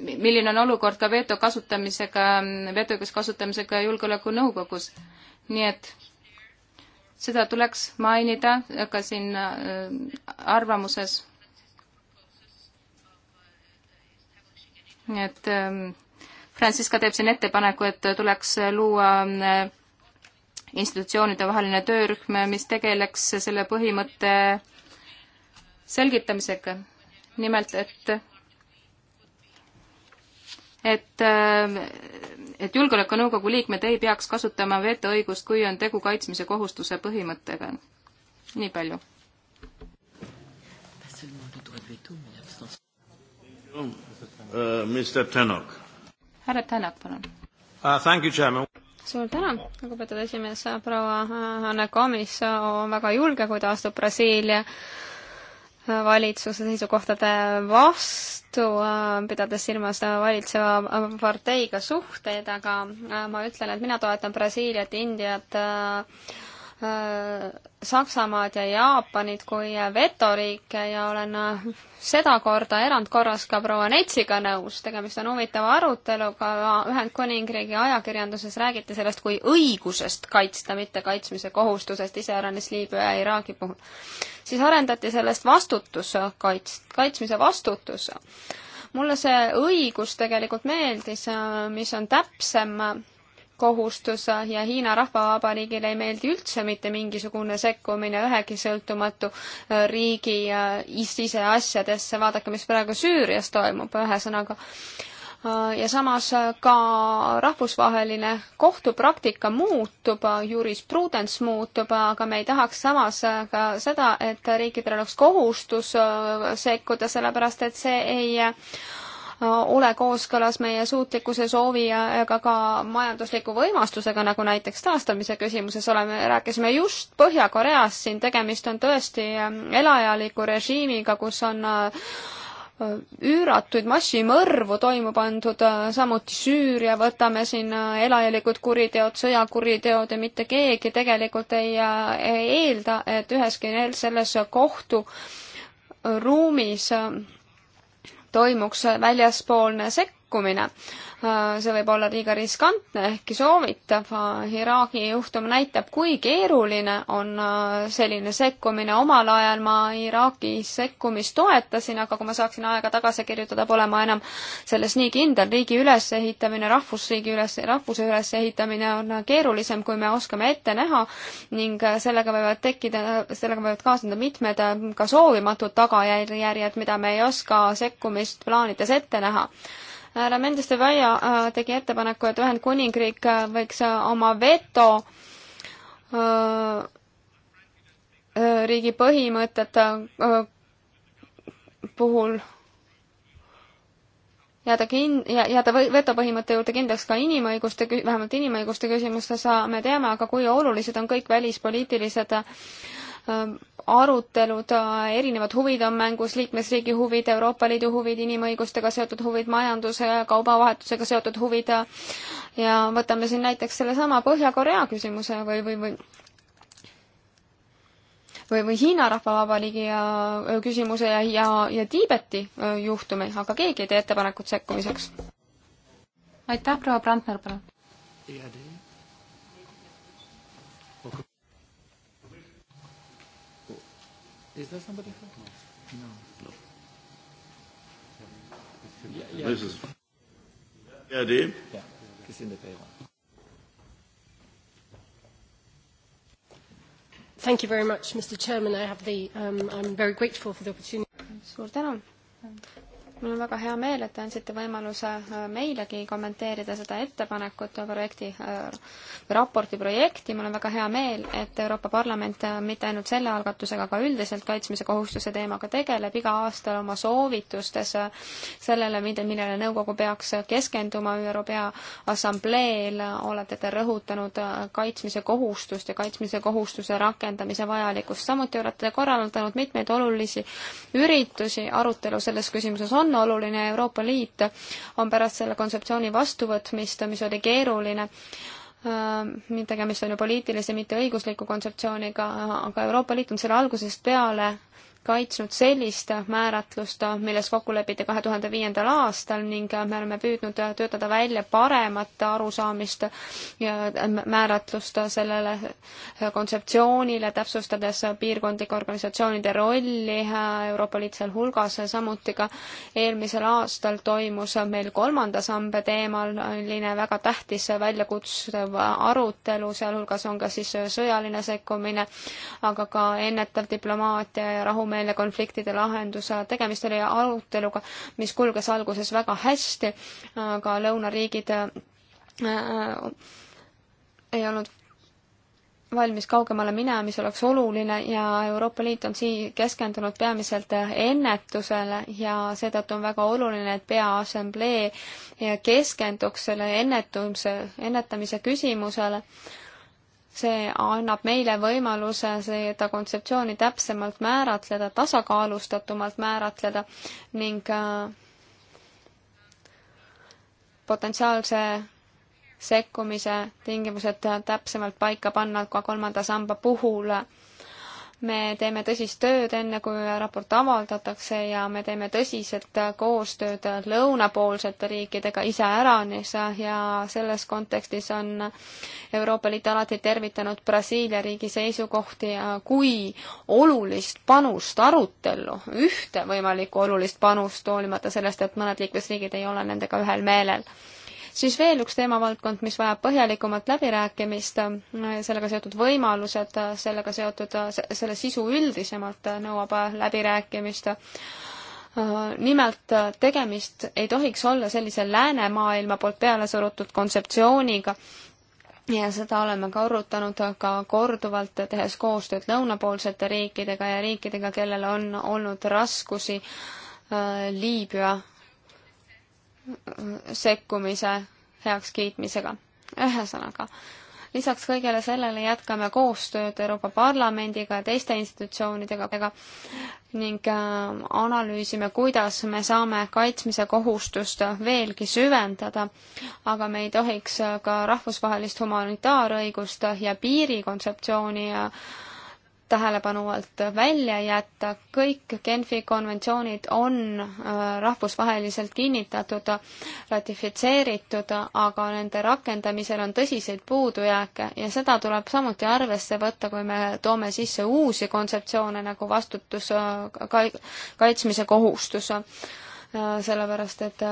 milline on olukord ka veto kasutamisega, vetoõiguse kasutamisega Julgeolekunõukogus. nii et seda tuleks mainida ka siin äh, arvamuses. et ähm, Franziska teeb siin ettepaneku, et tuleks luua äh, institutsioonide vaheline töörühm, mis tegeleks selle põhimõtte selgitamisega. nimelt, et et, äh, et Julgeolekunõukogu liikmed ei peaks kasutama vetoõigust, kui on tegu kaitsmise kohustuse põhimõttega. nii palju. Äh, Mr. Tanok härra Tänak, palun uh,. suur tänu, lugupeetud esimees, proua äh, Anne Komis äh, on väga julge, kui ta astub Brasiilia äh, valitsuse seisukohtade vastu, pidades silmas valitseva parteiga suhteid, aga ma ütlen, et mina toetan Brasiiliat, Indiat äh,, Saksamaad ja Jaapanit kui vetoriike ja olen äh, sedakorda erandkorras ka proua Neitsiga nõus. tegemist on huvitava aruteluga, Ühendkuningriigi ajakirjanduses räägiti sellest kui õigusest kaitsta, mitte kaitsmise kohustusest, iseäranis Liibüa ja Iraagi puhul. siis arendati sellest vastutuse kaits-, kaitsmise vastutuse. mulle see õigus tegelikult meeldis, äh, mis on täpsem kohustus ja Hiina Rahvavabariigile ei meeldi üldse mitte mingisugune sekkumine ühegi sõltumatu äh, riigi äh, siseasjadesse, vaadake, mis praegu Süürias toimub, ühesõnaga. Äh, ja samas ka rahvusvaheline kohtupraktika muutub, jurisprudents muutub, aga me ei tahaks samas ka seda, et riikidel oleks kohustus sekkuda, sellepärast et see ei ole kooskõlas meie suutlikkuse soovi ega ka majandusliku võimastusega, nagu näiteks taastamise küsimuses oleme, rääkisime just Põhja-Koreast siin, tegemist on tõesti ähm, elajaliku režiimiga, kus on äh, üüratuid massimõrvu toimu pandud, äh, samuti Süüria, võtame siin äh, elajalikud kuriteod, sõjakuriteod ja mitte keegi tegelikult ei, ei eelda, et üheski selles kohtu ruumis toimuks väljaspoolne sekkumine Äh, see võib olla liiga riskantne, ehkki soovitav. Äh, Iraagi juhtum näitab, kui keeruline on äh, selline sekkumine. omal ajal ma Iraagi sekkumist toetasin, aga kui ma saaksin aega tagasi kirjutada, pole ma enam selles nii kindel. riigi ülesehitamine, rahvusriigi üles, rahvuse ülesehitamine on keerulisem, kui me oskame ette näha ning sellega võivad tekkida, sellega võivad kaasneda mitmed ka soovimatud tagajärjed, mida me ei oska sekkumist plaanides ette näha härra Mendes de Valle äh, tegi ettepaneku, et Ühendkuningriik äh, võiks äh, oma veto riigi põhimõtete puhul jääda kin-, jääda vetopõhimõtte juurde kindlaks ka inimõiguste, vähemalt inimõiguste küsimustes, me teame aga, kui olulised on kõik välispoliitilised arutelud, äh, erinevad huvid on mängus, liikmesriigi huvid, Euroopa Liidu huvid, inimõigustega seotud huvid, majanduse ja kaubavahetusega seotud huvid äh, ja võtame siin näiteks sellesama Põhja-Korea küsimuse või, või, või või, või Hiina Rahvavabariigi ja, äh, küsimuse ja, ja, ja Tiibeti juhtumi, aga keegi ei tee ettepanekut sekkumiseks. aitäh, proua Brandner, palun! Is there somebody here? No. No. no. Yeah, yeah. This is. Yeah, Dave. Yeah, it's in the paper. Thank you very much, Mr. Chairman. I have the. Um, I'm very grateful for the opportunity. Suur tänu mul on väga hea meel, et te andsite võimaluse äh, meilegi kommenteerida seda ettepanekut, äh, projekti, äh, raporti projekti, mul on väga hea meel, et Euroopa Parlament mitte ainult selle algatusega, aga üldiselt kaitsmise kohustuse teemaga tegeleb iga aasta oma soovitustes sellele, mida, millele nõukogu peaks keskenduma ÜRO Peaassambleel, olete te rõhutanud kaitsmise kohustust ja kaitsmise kohustuse rakendamise vajalikkust, samuti olete korraldanud mitmeid olulisi üritusi, arutelu selles küsimuses on on oluline, Euroopa Liit on pärast selle kontseptsiooni vastuvõtmist, mis oli keeruline, ähm, tegemist on ju poliitilise, mitte õigusliku kontseptsiooniga, aga Euroopa Liit on selle algusest peale kaitsnud sellist määratlust, milles kokku lepiti kahe tuhande viiendal aastal ning me oleme püüdnud töötada välja paremat arusaamist ja määratlust sellele kontseptsioonile, täpsustades piirkondlike organisatsioonide rolli Euroopa Liit sealhulgas, samuti ka eelmisel aastal toimus meil kolmanda samba teemaline väga tähtis väljakutsuv arutelu, sealhulgas on ka siis sõjaline sekkumine, aga ka ennetav diplomaatia ja rahumeelne meile konfliktide lahendus, tegemist oli aruteluga, mis kulges alguses väga hästi, aga lõunariigid äh, äh, ei olnud valmis kaugemale minema, mis oleks oluline ja Euroopa Liit on siin keskendunud peamiselt ennetusele ja seetõttu on väga oluline, et Peaassamblee keskenduks selle ennetuse, ennetamise küsimusele see annab meile võimaluse seda kontseptsiooni täpsemalt määratleda, tasakaalustatumalt määratleda ning äh, potentsiaalse sekkumise tingimused täpsemalt paika panna ka kolmanda samba puhul me teeme tõsist tööd, enne kui raport avaldatakse ja me teeme tõsiselt koostööd lõunapoolsete riikidega iseäranis ja selles kontekstis on Euroopa Liit alati tervitanud Brasiilia riigi seisukohti kui olulist panust arutellu, ühte võimalikku olulist panust, hoolimata sellest, et mõned liikmesriigid ei ole nendega ühel meelel siis veel üks teemavaldkond, mis vajab põhjalikumat läbirääkimist, sellega seotud võimalused, sellega seotud, selle sisu üldisemalt nõuab läbirääkimist. nimelt tegemist ei tohiks olla sellise läänemaailma poolt peale surutud kontseptsiooniga, ja seda oleme ka arutanud ka korduvalt, tehes koostööd lõunapoolsete riikidega ja riikidega, kellel on olnud raskusi äh, Liibüa sekkumise heakskiitmisega. ühesõnaga, lisaks kõigele sellele jätkame koostööd Euroopa Parlamendiga ja teiste institutsioonidega ning äh, analüüsime, kuidas me saame kaitsmise kohustust veelgi süvendada, aga me ei tohiks ka rahvusvahelist humanitaarõigust ja piirikontseptsiooni äh, tähelepanu alt välja jätta, kõik Genfi konventsioonid on äh, rahvusvaheliselt kinnitatud, ratifitseeritud, aga nende rakendamisel on tõsiseid puudujääke ja seda tuleb samuti arvesse võtta, kui me toome sisse uusi kontseptsioone nagu vastutus, äh, kaitsmise kohustus, äh, sellepärast et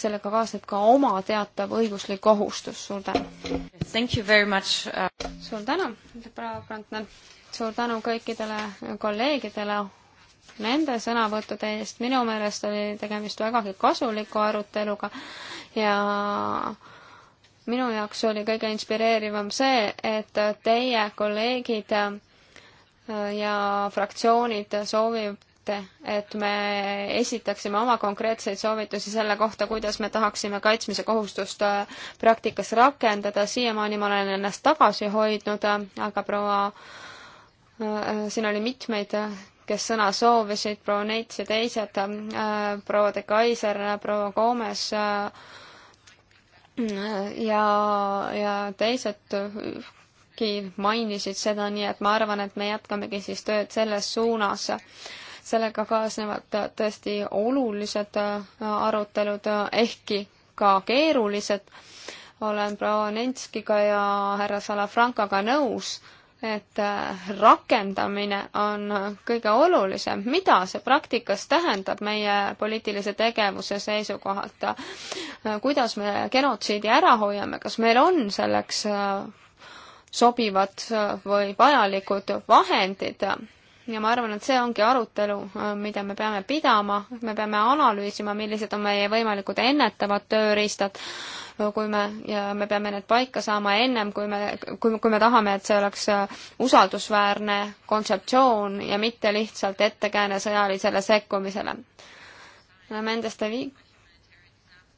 sellega kaasneb ka oma teatav õiguslik kohustus, suur tänu! Uh suur tänu, proua Brandner! suur tänu kõikidele kolleegidele nende sõnavõttude eest, minu meelest oli tegemist vägagi kasuliku aruteluga ja minu jaoks oli kõige inspireerivam see, et teie kolleegid ja fraktsioonid soovite, et me esitaksime oma konkreetseid soovitusi selle kohta, kuidas me tahaksime kaitsmise kohustust praktikas rakendada, siiamaani ma olen ennast tagasi hoidnud, aga proua Äh, äh, siin oli mitmeid, äh, kes sõna soovisid, proua Neits ja teised, proua de Kaiser, proua Gomes ja, ja teisedki mainisid seda, nii et ma arvan, et me jätkamegi siis tööd selles suunas sellega kaasnevad tõesti olulised arutelud, ehkki ka keerulised. olen proua Nenskiga ja härra Salafrankaga nõus, et äh, rakendamine on äh, kõige olulisem, mida see praktikas tähendab meie poliitilise tegevuse seisukohalt, äh, kuidas me genotsiidi ära hoiame, kas meil on selleks sobivad või vajalikud vahendid ja ma arvan, et see ongi arutelu, mida me peame pidama, me peame analüüsima, millised on meie võimalikud ennetavad tööriistad kui me, ja me peame need paika saama ennem, kui me, kui, kui me tahame, et see oleks äh, usaldusväärne kontseptsioon ja mitte lihtsalt ettekääne sõjalisele sekkumisele. Mendes de Vic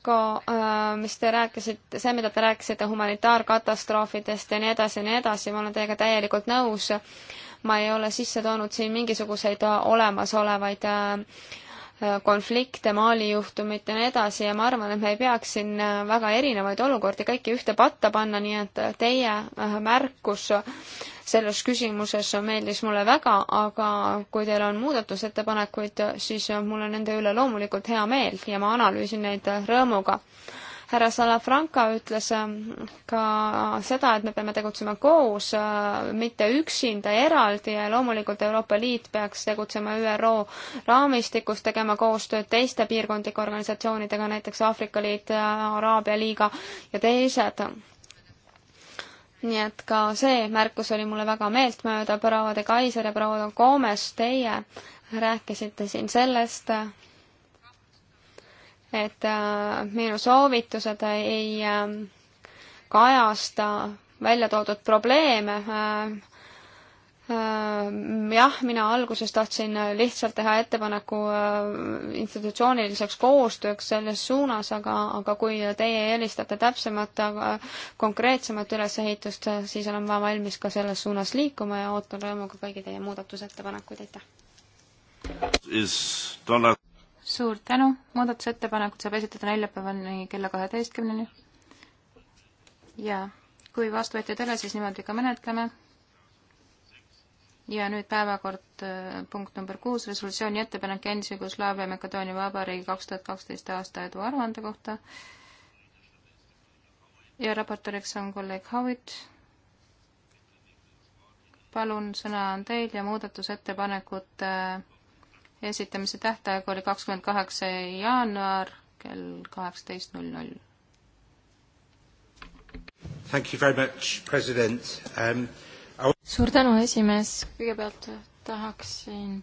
ka, äh, mis te rääkisite, see, mida te rääkisite humanitaarkatastroofidest ja nii edasi ja nii edasi, ma olen teiega täielikult nõus. ma ei ole sisse toonud siin mingisuguseid äh, olemasolevaid äh, Äh, konflikte, Mali juhtumit ja nii edasi ja ma arvan, et me ei peaks siin äh, väga erinevaid olukordi kõiki ühte patta panna, nii et äh, teie märkus selles küsimuses meeldis mulle väga, aga kui teil on muudatusettepanekuid, siis mul on nende üle loomulikult hea meel ja ma analüüsin neid rõõmuga härra Salafranca ütles ähm, ka seda, et me peame tegutsema koos, äh, mitte üksinda, eraldi ja loomulikult Euroopa Liit peaks tegutsema ÜRO raamistikus, tegema koostööd teiste piirkondlike organisatsioonidega, näiteks Aafrika Liit, äh, Araabia Liiga ja teised nii et ka see märkus oli mulle väga meeltmööda, proua de Kaiser ja proua Gomes, teie rääkisite siin sellest, et äh, minu soovitused ei äh, kajasta välja toodud probleeme. Äh, jah, mina alguses tahtsin lihtsalt teha ettepaneku institutsiooniliseks koostööks selles suunas, aga, aga kui teie eelistate täpsemat, konkreetsemat ülesehitust, siis olen ma valmis ka selles suunas liikuma ja ootan rõõmuga kõigi teie muudatusettepanekuid, aitäh! suur tänu, muudatusettepanekud saab esitada neljapäevani kella kaheteistkümneni. ja kui vastu võetud ei ole, siis niimoodi ka menetleme ja nüüd päevakord äh, punkt number kuus, resolutsiooni ettepanek endise Jugoslaavia ja Makedoonia Vabariigi kaks tuhat kaksteist aasta edu aruande kohta. ja raportööriks on kolleeg Howitt. palun, sõna on teil ja muudatusettepanekute äh, esitamise tähtaeg oli kakskümmend kaheksa jaanuar kell kaheksateist null null. Thank you very much, president um,. suur tänu, esimees. kõigepealt tahaksin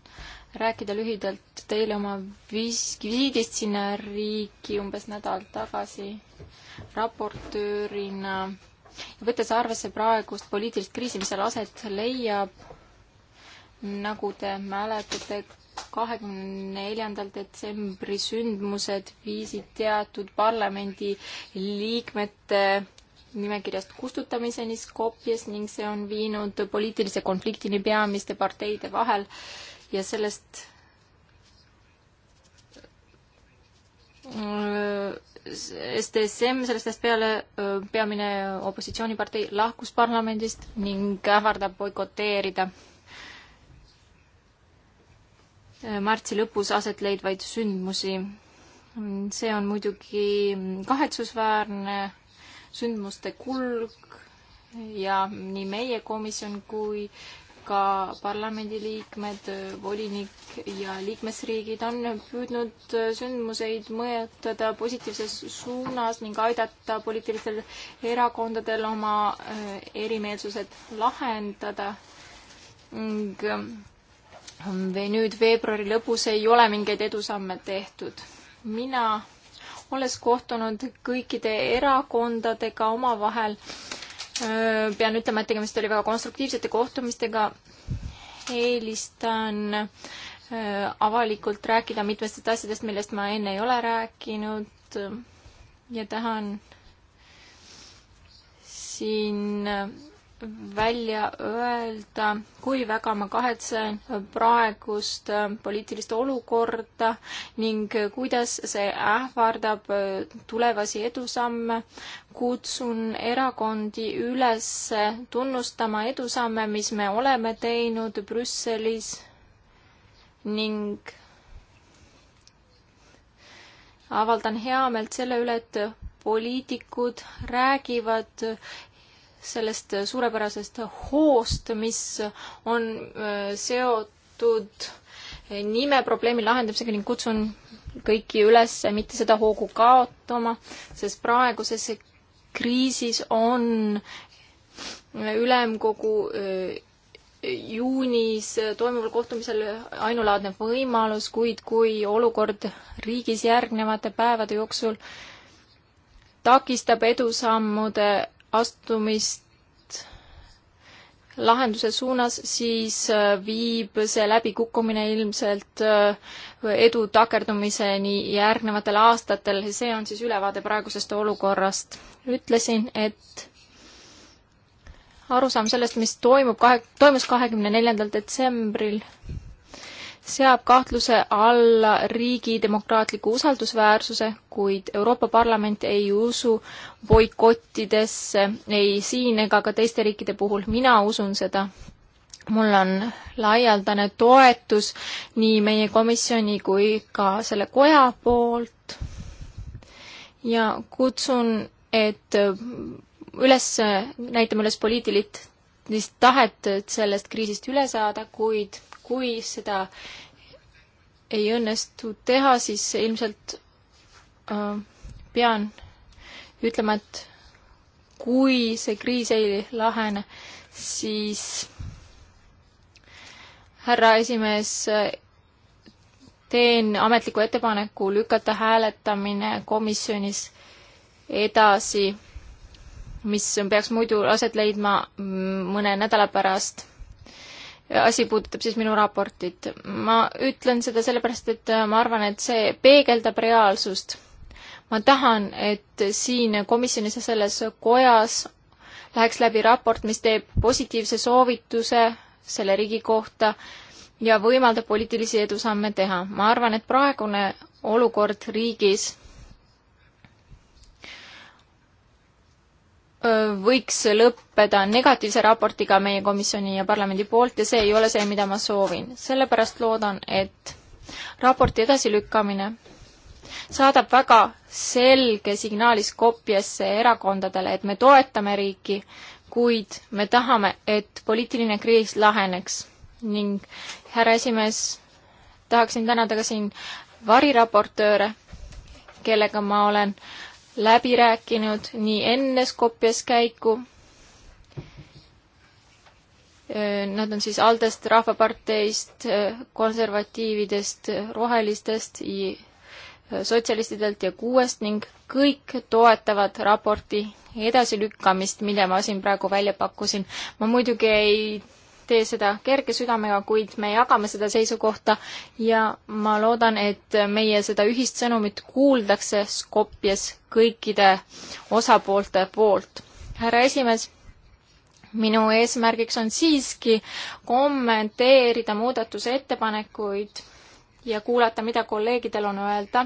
rääkida lühidalt teile oma viis-, visiidist sinna riiki umbes nädal tagasi raportöörina ja võttes arvesse praegust poliitilist kriisi, mis seal aset leiab, nagu te mäletate, kahekümne neljandal detsembri sündmused viisid teatud parlamendi liikmete nimekirjast kustutamiseni Skopjes ning see on viinud poliitilise konfliktini peamiste parteide vahel ja sellest STSM sellest peale peamine opositsioonipartei lahkus parlamendist ning ähvardab boikoteerida märtsi lõpus aset leidvaid sündmusi. see on muidugi kahetsusväärne sündmuste kulg ja nii meie komisjon kui ka parlamendiliikmed, volinik ja liikmesriigid on püüdnud sündmuseid mõjutada positiivses suunas ning aidata poliitilistel erakondadel oma äh, erimeelsused lahendada ning või nüüd veebruari lõpus ei ole mingeid edusamme tehtud. mina, olles kohtunud kõikide erakondadega omavahel, pean ütlema, et tegemist oli väga konstruktiivsete kohtumistega, eelistan avalikult rääkida mitmestest asjadest, millest ma enne ei ole rääkinud ja tahan siin välja öelda, kui väga ma kahetsen praegust äh, poliitilist olukorda ning kuidas see ähvardab äh, tulevasi edusamme. kutsun erakondi üles tunnustama edusamme, mis me oleme teinud Brüsselis ning avaldan heameelt selle üle, et poliitikud räägivad sellest suurepärasest hoost, mis on äh, seotud äh, nimeprobleemi lahendamisega ning kutsun kõiki üles mitte seda hoogu kaotama, sest praeguses kriisis on äh, ülemkogu juunis toimuval kohtumisel ainulaadne võimalus, kuid kui olukord riigis järgnevate päevade jooksul takistab edusammude astumist lahenduse suunas, siis äh, viib see läbikukkumine ilmselt äh, edu takerdumiseni järgnevatel aastatel. see on siis ülevaade praegusest olukorrast. ütlesin, et arusaam sellest, mis toimub kahe, toimus kahekümne neljandal detsembril seab kahtluse alla riigi demokraatliku usaldusväärsuse, kuid Euroopa Parlament ei usu boikottidesse ei siin ega ka teiste riikide puhul, mina usun seda. mul on laialdane toetus nii meie komisjoni kui ka selle koja poolt ja kutsun, et üles, näitame üles poliitilist tahet sellest kriisist üle saada, kuid kui seda ei õnnestu teha, siis ilmselt äh, pean ütlema, et kui see kriis ei lahene, siis härra esimees, teen ametliku ettepaneku lükata hääletamine komisjonis edasi, mis peaks muidu aset leidma mm, mõne nädala pärast asi puudutab siis minu raportit. ma ütlen seda sellepärast, et ma arvan, et see peegeldab reaalsust. ma tahan, et siin komisjonis ja selles kojas läheks läbi raport, mis teeb positiivse soovituse selle riigi kohta ja võimaldab poliitilisi edusamme teha. ma arvan, et praegune olukord riigis võiks lõppeda negatiivse raportiga meie komisjoni ja parlamendi poolt ja see ei ole see, mida ma soovin. sellepärast loodan, et raporti edasilükkamine saadab väga selge signaali Skopjesse erakondadele, et me toetame riiki, kuid me tahame, et poliitiline kriis laheneks ning härra esimees, tahaksin tänada ka siin variraportööre, kellega ma olen äh, läbi rääkinud nii enne Skopjes käiku, nad on siis Aldest, Rahvaparteist, konservatiividest, rohelistest, sotsialistidelt ja kuuest ning kõik toetavad raporti edasilükkamist, mille ma siin praegu välja pakkusin. ma muidugi ei tee seda kerge südamega, kuid me jagame seda seisukohta ja ma loodan, et meie seda ühist sõnumit kuuldakse Skopjes kõikide osapoolte poolt. härra esimees, minu eesmärgiks on siiski kommenteerida muudatusettepanekuid ja kuulata, mida kolleegidel on öelda.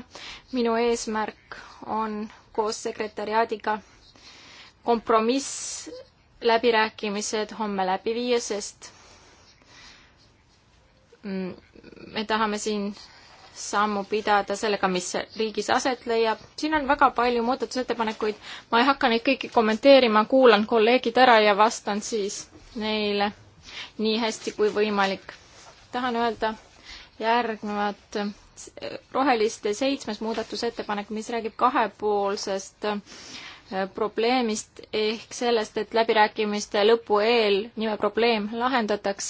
minu eesmärk on koos sekretäriaadiga kompromiss läbirääkimised homme läbi viia, sest mm, me tahame siin sammu pidada sellega, mis riigis aset leiab. siin on väga palju muudatusettepanekuid, ma ei hakka neid kõiki kommenteerima, kuulan kolleegid ära ja vastan siis neile nii hästi kui võimalik. tahan öelda järgnevat roheliste seitsmes muudatusettepanek, mis räägib kahepoolsest äh, Äh, probleemist ehk sellest, et läbirääkimiste lõpu eel nime probleem lahendataks.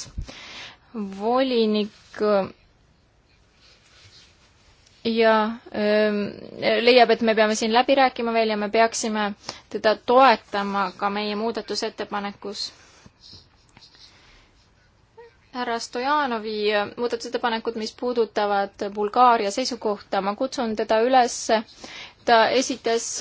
volinik äh, ja öö, äh, leiab, et me peame siin läbi rääkima veel ja me peaksime teda toetama ka meie muudatusettepanekus. härra Stojanovi muudatusettepanekud, mis puudutavad Bulgaaria seisukohta, ma kutsun teda üles, ta esitas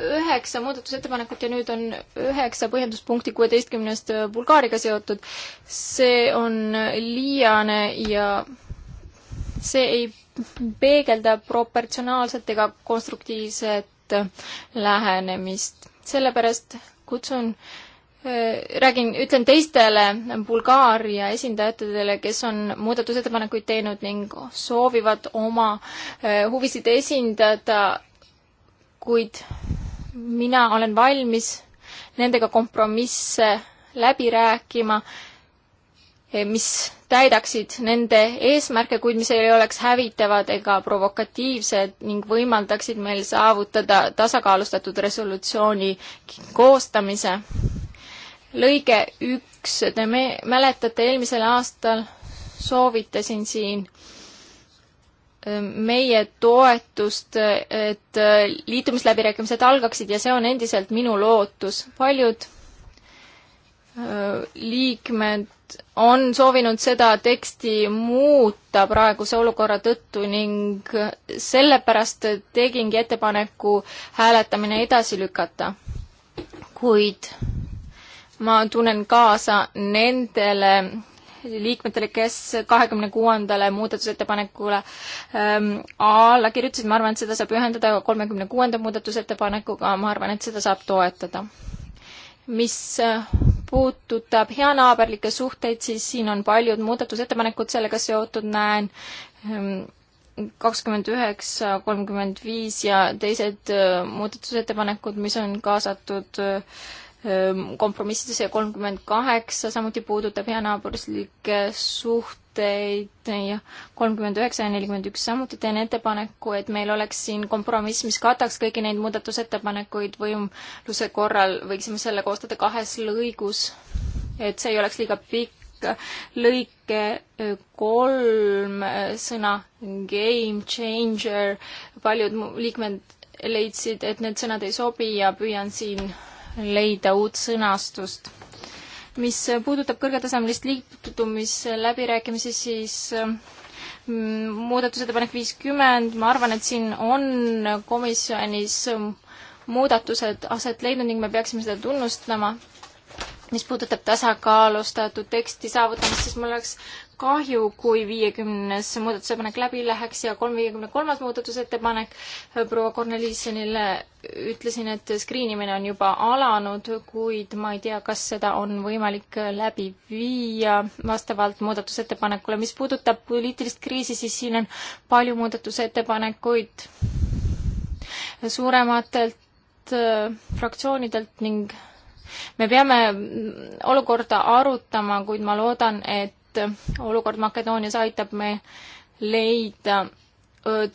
üheksa muudatusettepanekut ja nüüd on üheksa põhjenduspunkti kuueteistkümnest Bulgaariga seotud. see on liiane ja see ei peegelda proportsionaalset ega konstruktiivset lähenemist. sellepärast kutsun räägin, ütlen teistele Bulgaaria esindajatele, kes on muudatusettepanekuid teinud ning soovivad oma huvisid esindada, kuid mina olen valmis nendega kompromisse läbi rääkima, eh, mis täidaksid nende eesmärke, kuid mis ei oleks hävitavad ega provokatiivsed ning võimaldaksid meil saavutada tasakaalustatud resolutsiooni koostamise. lõige üks, te me-, mäletate, eelmisel aastal soovitasin siin äh, Äh, meie toetust, et äh, liitumisläbirääkimised algaksid ja see on endiselt minu lootus. paljud äh, liikmed on soovinud seda teksti muuta praeguse olukorra tõttu ning sellepärast tegingi ettepaneku hääletamine edasi lükata. kuid ma tunnen kaasa nendele liikmetele, kes kahekümne kuuendale muudatusettepanekule ähm, alla kirjutasid, ma arvan, et seda saab ühendada kolmekümne kuuenda muudatusettepanekuga, ma arvan, et seda saab toetada. mis äh, puudutab heanaaberlikke suhteid, siis siin on paljud muudatusettepanekud sellega seotud, näen ähm, kakskümmend üheksa, kolmkümmend viis ja teised äh, muudatusettepanekud, mis on kaasatud äh, kompromissidesse ja kolmkümmend kaheksa samuti puudutab heanaaberlikke suhteid ja kolmkümmend üheksa ja nelikümmend üks samuti teen ettepaneku, et meil oleks siin kompromiss, mis kataks kõiki neid muudatusettepanekuid, võimluse korral võiksime selle koostada kahes lõigus, et see ei oleks liiga pikk, lõike kolm sõna game changer, paljud liikmed leidsid, et need sõnad ei sobi ja püüan siin leida uut sõnastust. mis puudutab kõrgetasemelist liitumisläbirääkimisi, siis mm, muudatusettepanek viiskümmend, ma arvan, et siin on komisjonis muudatused aset leidnud ning me peaksime seda tunnustama mis puudutab tasakaalustatud teksti saavutamist, siis mul oleks kahju, kui viiekümnes muudatusettepanek läbi läheks ja kolm viiekümne kolmas muudatusettepanek proua Korneliisonile ütlesin, et screen imine on juba alanud, kuid ma ei tea, kas seda on võimalik läbi viia vastavalt muudatusettepanekule. mis puudutab poliitilist kriisi, siis siin on palju muudatusettepanekuid suurematelt äh, fraktsioonidelt ning me peame olukorda arutama, kuid ma loodan, et olukord Makedoonias aitab me leida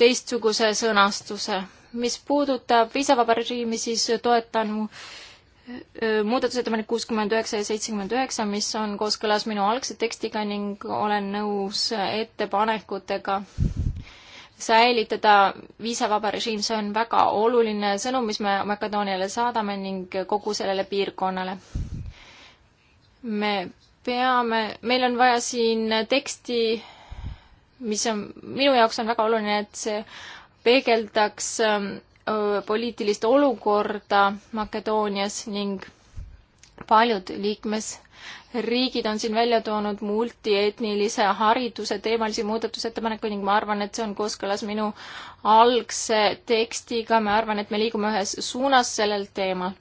teistsuguse sõnastuse. mis puudutab viisavabariimi, siis toetan muudatusettepanek kuuskümmend üheksa ja seitsekümmend üheksa, mis on kooskõlas minu algse tekstiga ning olen nõus ettepanekutega säilitada viisavaba režiim, see on väga oluline sõnum, mis me Makedooniale saadame ning kogu sellele piirkonnale. me peame, meil on vaja siin teksti, mis on, minu jaoks on väga oluline, et see peegeldaks ähm, poliitilist olukorda Makedoonias ning paljud liikmes riigid on siin välja toonud multietnilise hariduse teemalisi muudatusettepanekuid ning ma arvan, et see on kooskõlas minu algse tekstiga, ma arvan, et me liigume ühes suunas sellel teemal.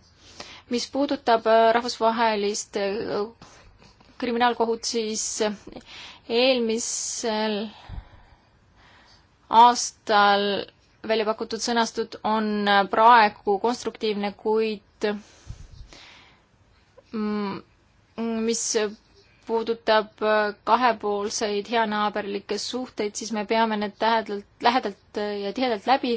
mis puudutab äh, rahvusvahelist äh, kriminaalkohut, siis eelmisel aastal välja pakutud sõnastud on äh, praegu konstruktiivne, kuid mm, mis puudutab äh, kahepoolseid heanaaberlikke suhteid, siis me peame need tähedalt, lähedalt äh, ja tihedalt läbi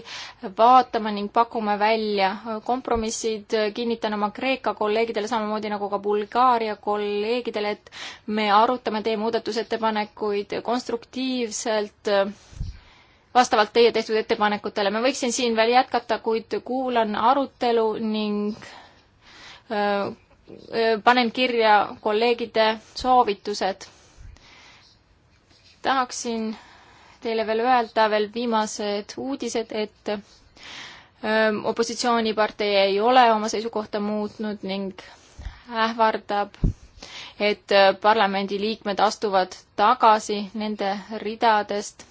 vaatama ning pakume välja kompromissid. kinnitan oma Kreeka kolleegidele, samamoodi nagu ka Bulgaaria kolleegidele, et me arutame teie muudatusettepanekuid konstruktiivselt äh, vastavalt teie tehtud ettepanekutele. ma võiksin siin veel jätkata, kuid kuulan arutelu ning öö, panen kirja kolleegide soovitused. tahaksin teile veel öelda veel viimased uudised, et opositsioonipartei ei ole oma seisukohta muutnud ning ähvardab, et parlamendiliikmed astuvad tagasi nende ridadest.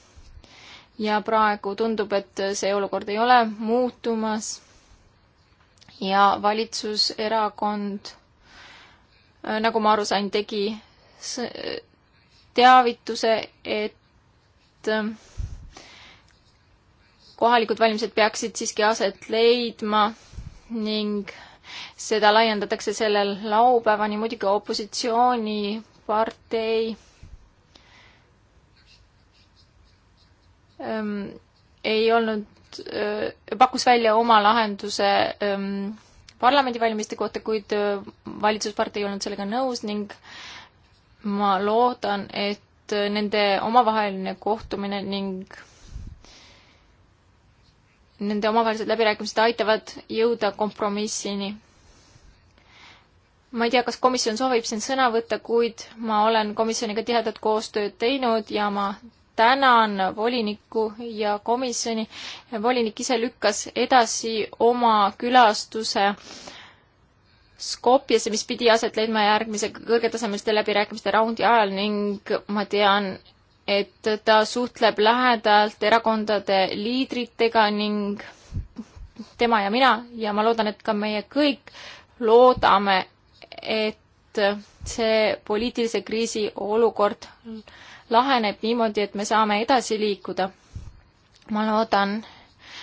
ja praegu tundub, et see olukord ei ole muutumas ja valitsuserakond Äh, nagu ma aru sain, tegi teavituse, et äh, kohalikud valimised peaksid siiski aset leidma ning seda laiendatakse sellel laupäevani muidugi opositsioonipartei ähm, ei olnud äh,, pakkus välja oma lahenduse ähm, parlamendivalimiste kohta, kuid äh, valitsuspartei ei olnud sellega nõus ning ma loodan, et nende omavaheline kohtumine ning nende omavahelised läbirääkimised aitavad jõuda kompromissini. ma ei tea, kas komisjon soovib siin sõna võtta, kuid ma olen komisjoniga tihedat koostööd teinud ja ma tänan volinikku ja komisjoni. volinik ise lükkas edasi oma külastuse Skopjasse, mis pidi aset leidma järgmise kõrgetasemeliste läbirääkimiste raundi ajal ning ma tean, et ta suhtleb lähedalt erakondade liidritega ning tema ja mina ja ma loodan, et ka meie kõik loodame, et see poliitilise kriisi olukord laheneb niimoodi, et me saame edasi liikuda. ma loodan,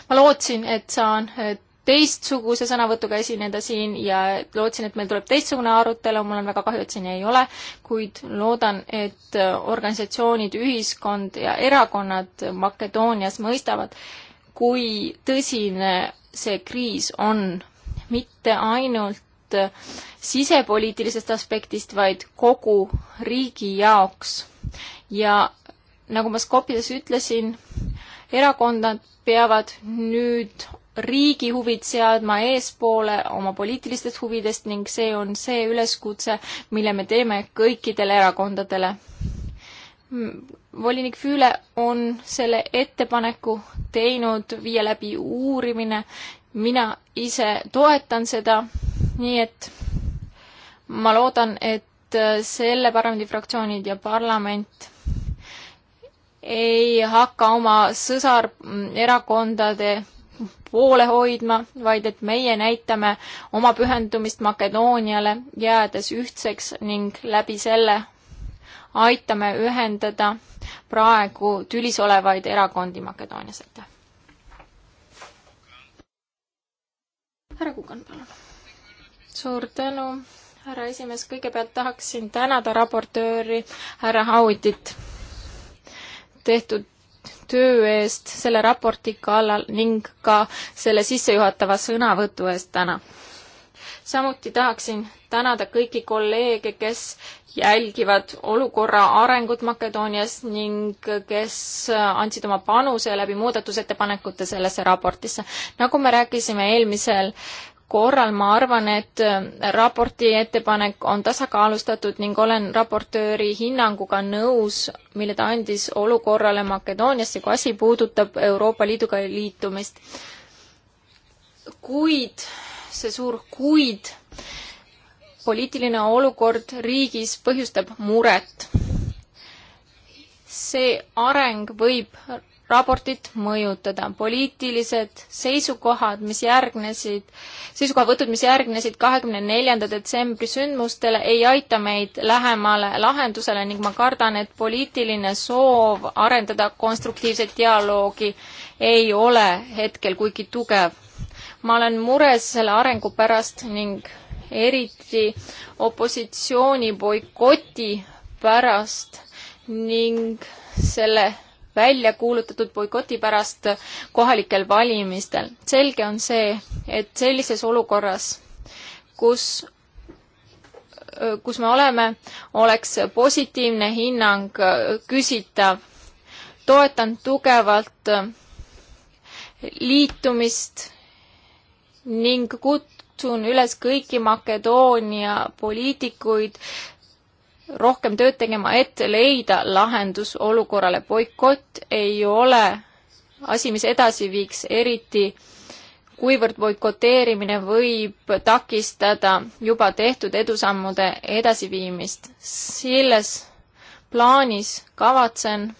ma lootsin, et saan äh, teistsuguse sõnavõtuga esineda siin ja lootsin, et meil tuleb teistsugune arutelu, mul on väga kahju, et siin ei ole, kuid loodan, et äh, organisatsioonid, ühiskond ja erakonnad Makedoonias mõistavad, kui tõsine see kriis on, mitte ainult äh, sisepoliitilisest aspektist, vaid kogu riigi jaoks ja nagu ma Skopjas ütlesin, erakonnad peavad nüüd riigi huvid seadma eespoole oma poliitilistest huvidest ning see on see üleskutse, mille me teeme kõikidele erakondadele. volinik Füüle on selle ettepaneku teinud viia läbi uurimine, mina ise toetan seda, nii et ma loodan, et Äh, selle parlamendifraktsioonid ja parlament ei hakka oma sõsarerakondade mm, poole hoidma, vaid et meie näitame oma pühendumist Makedooniale, jäädes ühtseks ning läbi selle aitame ühendada praegu tülis olevaid erakondi Makedoonias, aitäh. härra Kukan, palun. suur tänu härra esimees, kõigepealt tahaksin tänada raportööri härra Hauitit tehtud töö eest selle raporti kallal ning ka selle sissejuhatava sõnavõtu eest täna. samuti tahaksin tänada kõiki kolleege, kes jälgivad olukorra arengut Makedoonias ning kes andsid oma panuse läbi muudatusettepanekute sellesse raportisse. nagu me rääkisime eelmisel äh, korral ma arvan, et äh, raporti ettepanek on tasakaalustatud ning olen raportööri hinnanguga nõus, mille ta andis olukorrale Makedooniasse, kui asi puudutab Euroopa Liiduga liitumist. kuid, see suur kuid, poliitiline olukord riigis põhjustab muret. see areng võib raportit mõjutada. poliitilised seisukohad, mis järgnesid, seisukohavõtud, mis järgnesid kahekümne neljanda detsembri sündmustele, ei aita meid lähemale lahendusele ning ma kardan, et poliitiline soov arendada konstruktiivset dialoogi ei ole hetkel kuigi tugev. ma olen mures selle arengu pärast ning eriti opositsiooni boikoti pärast ning selle välja kuulutatud boikoti pärast kohalikel valimistel. selge on see, et sellises olukorras, kus kus me oleme, oleks positiivne hinnang küsitav. toetan tugevalt liitumist ning kutsun üles kõiki Makedoonia poliitikuid rohkem tööd tegema, et leida lahendus olukorrale. boikott ei ole asi, mis edasi viiks, eriti kuivõrd boikoteerimine võib takistada juba tehtud edusammude edasiviimist. selles plaanis kavatsen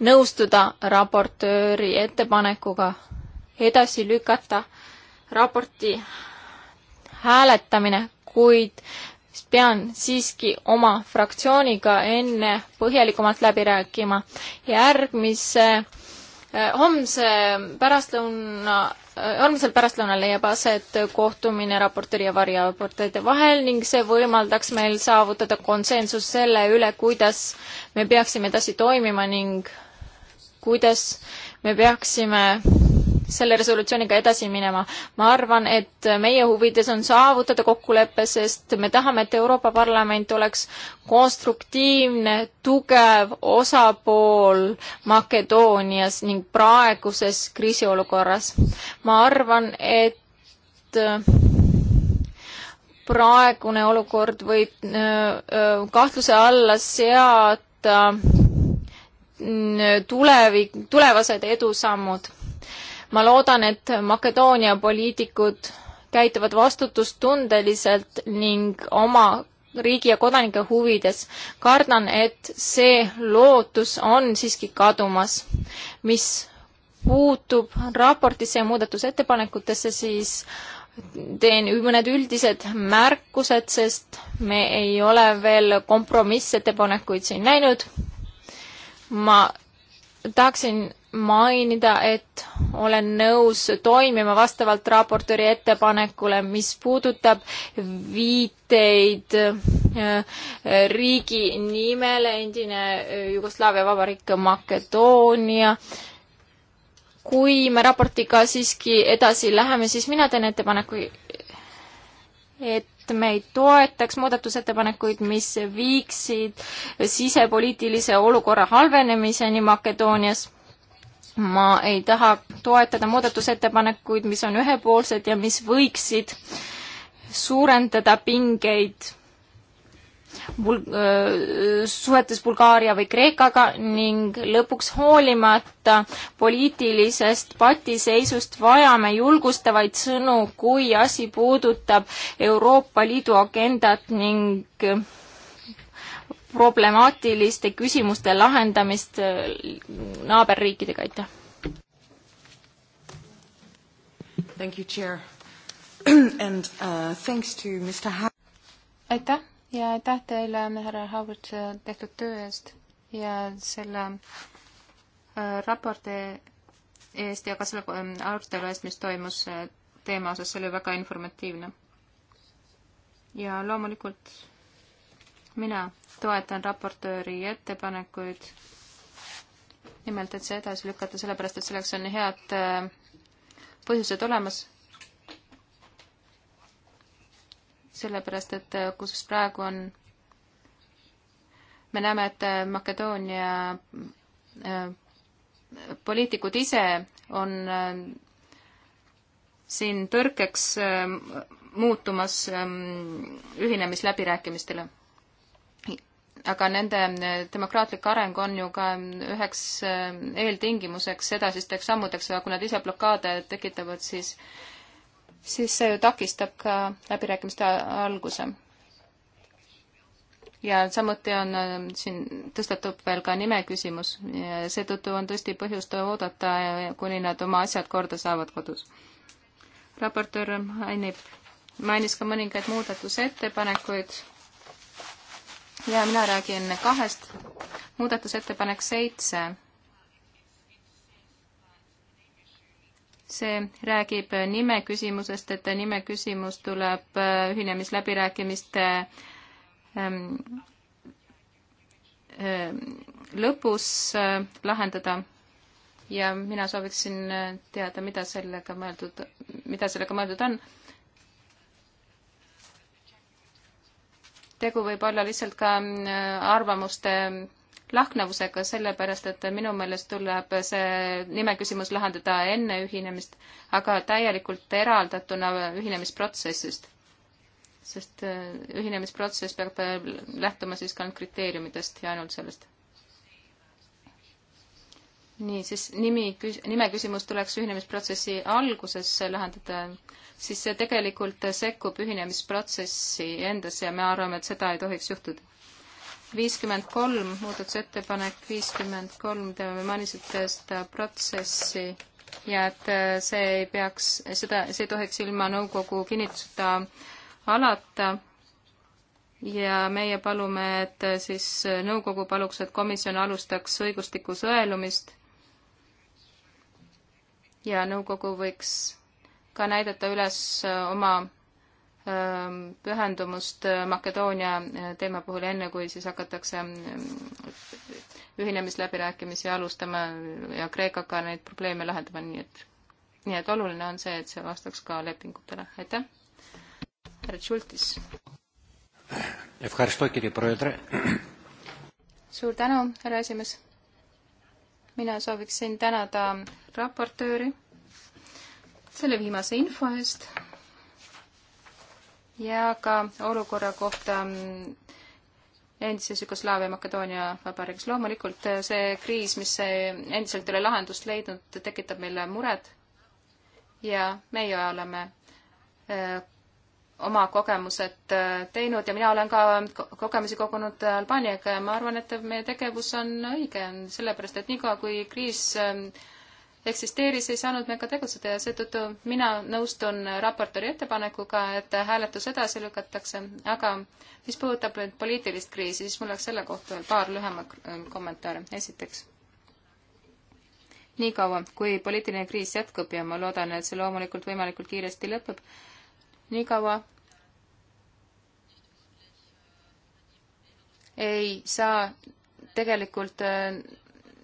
nõustuda raportööri ettepanekuga edasi lükata raporti hääletamine, kuid siis pean siiski oma fraktsiooniga enne põhjalikumalt läbi rääkima. järgmise eh, homse pärastlõuna, eh, homsel pärastlõunal leiab aset kohtumine raportööri ja variraportööride vahel ning see võimaldaks meil saavutada konsensus selle üle, kuidas me peaksime edasi toimima ning kuidas me peaksime selle resolutsiooniga edasi minema. ma arvan, et meie huvides on saavutada kokkulepe, sest me tahame, et Euroopa Parlament oleks konstruktiivne, tugev osapool Makedoonias ning praeguses kriisiolukorras. ma arvan, et äh, praegune olukord võib äh, äh, kahtluse alla seada mm, tulevik, tulevased edusammud ma loodan, et Makedoonia poliitikud käituvad vastutustundeliselt ning oma riigi ja kodanike huvides. kardan, et see lootus on siiski kadumas. mis puutub raportisse ja muudatusettepanekutesse, siis teen mõned üldised märkused, sest me ei ole veel kompromissettepanekuid siin näinud. ma tahaksin mainida, et olen nõus toimima vastavalt raportööri ettepanekule, mis puudutab viiteid äh, riigi nimele, endine äh, Jugoslaavia vabariik Makedoonia. kui me raportiga siiski edasi läheme, siis mina teen ettepaneku, et meid toetaks, muudatusettepanekuid, mis viiksid sisepoliitilise olukorra halvenemiseni Makedoonias ma ei taha toetada muudatusettepanekuid, mis on ühepoolsed ja mis võiksid suurendada pingeid Bul-, suhetes Bulgaaria või Kreekaga ning lõpuks hoolimata poliitilisest patiseisust vajame julgustavaid sõnu, kui asi puudutab Euroopa Liidu agendat ning problemaatiliste küsimuste lahendamist naaberriikidega, aitäh! Thank you, Chair. And uh, thanks to Mr. Ha- aitäh ja aitäh teile, härra Howard, tehtud töö eest ja selle äh, raporti eest ja ka selle äh, arutelu eest, mis toimus äh, teema osas, see oli väga informatiivne. ja loomulikult mina toetan raportööri ettepanekuid, nimelt et see edasi lükata, sellepärast et selleks on head põhjused olemas sellepärast et äh, kus praegu on, me näeme, et äh, Makedoonia äh, poliitikud ise on siin tõrkeks muutumas ähm, ühinemisläbirääkimistele. aga nende demokraatlik areng on ju ka üheks eeltingimuseks edasisteks sammudeks, aga kui nad ise blokaade tekitavad, siis siis see ju takistab ka läbirääkimiste alguse. ja samuti on äh, siin, tõstatub veel ka nime küsimus, seetõttu on tõesti põhjust oodata, äh, kuni nad oma asjad korda saavad kodus. raportöör mainib, mainis ka mõningaid muudatusettepanekuid ja mina räägin kahest, muudatusettepanek seitse see räägib nimeküsimusest, et nimeküsimus tuleb äh, ühinemisläbirääkimiste ähm, ähm, lõpus äh, lahendada ja mina sooviksin äh, teada, mida sellega mõeldud, mida sellega mõeldud on. tegu võib olla lihtsalt ka arvamuste lahknevusega, sellepärast et minu meelest tuleb see nimeküsimus lahendada enne ühinemist, aga täielikult eraldatuna ühinemisprotsessist. sest äh, ühinemisprotsess peab äh, lähtuma siis ka ainult kriteeriumidest ja ainult sellest. nii, siis nimi, nime küsimus tuleks ühinemisprotsessi alguses lahendada, siis see tegelikult sekkub ühinemisprotsessi endasse ja me arvame, et seda ei tohiks juhtuda viiskümmend kolm, muudatusettepanek viiskümmend kolm, te mainisite seda protsessi ja et äh, see ei peaks, seda, see ei tohiks ilma nõukogu kinnituseta alata ja meie palume, et äh, siis nõukogu paluks, et komisjon alustaks õigustiku sõelumist ja nõukogu võiks ka näidata üles äh, oma Ähm, pühendumust äh, Makedoonia äh, teema puhul, enne kui siis hakatakse ähm, ühinemisläbirääkimisi alustama ja Kreekaga neid probleeme lahendama, nii et, nii et oluline on see, et see vastaks ka lepingutele, aitäh. härra Tšultis. suur tänu, härra esimees. mina sooviksin tänada raportööri selle viimase info eest ja ka olukorra kohta mm, endises Jugoslaavia Makedoonia vabariigis. loomulikult äh, see kriis, mis endiselt ei ole lahendust leidnud, tekitab meile mured ja meie oleme öö, äh, oma kogemused äh, teinud ja mina olen ka kogemusi kogunud Albaaniaga ja ma arvan, et meie tegevus on õige, sellepärast et niikaua, kui kriis öö, eksisteeris, ei saanud me ka tegutseda ja seetõttu mina nõustun raportööri ettepanekuga, et hääletus edasi lükatakse, aga mis puudutab nüüd poliitilist kriisi, siis mul oleks selle kohta veel paar lühemat kommentaari. esiteks, niikaua kui poliitiline kriis jätkub ja ma loodan, et see loomulikult võimalikult kiiresti lõpeb, niikaua ei saa tegelikult äh,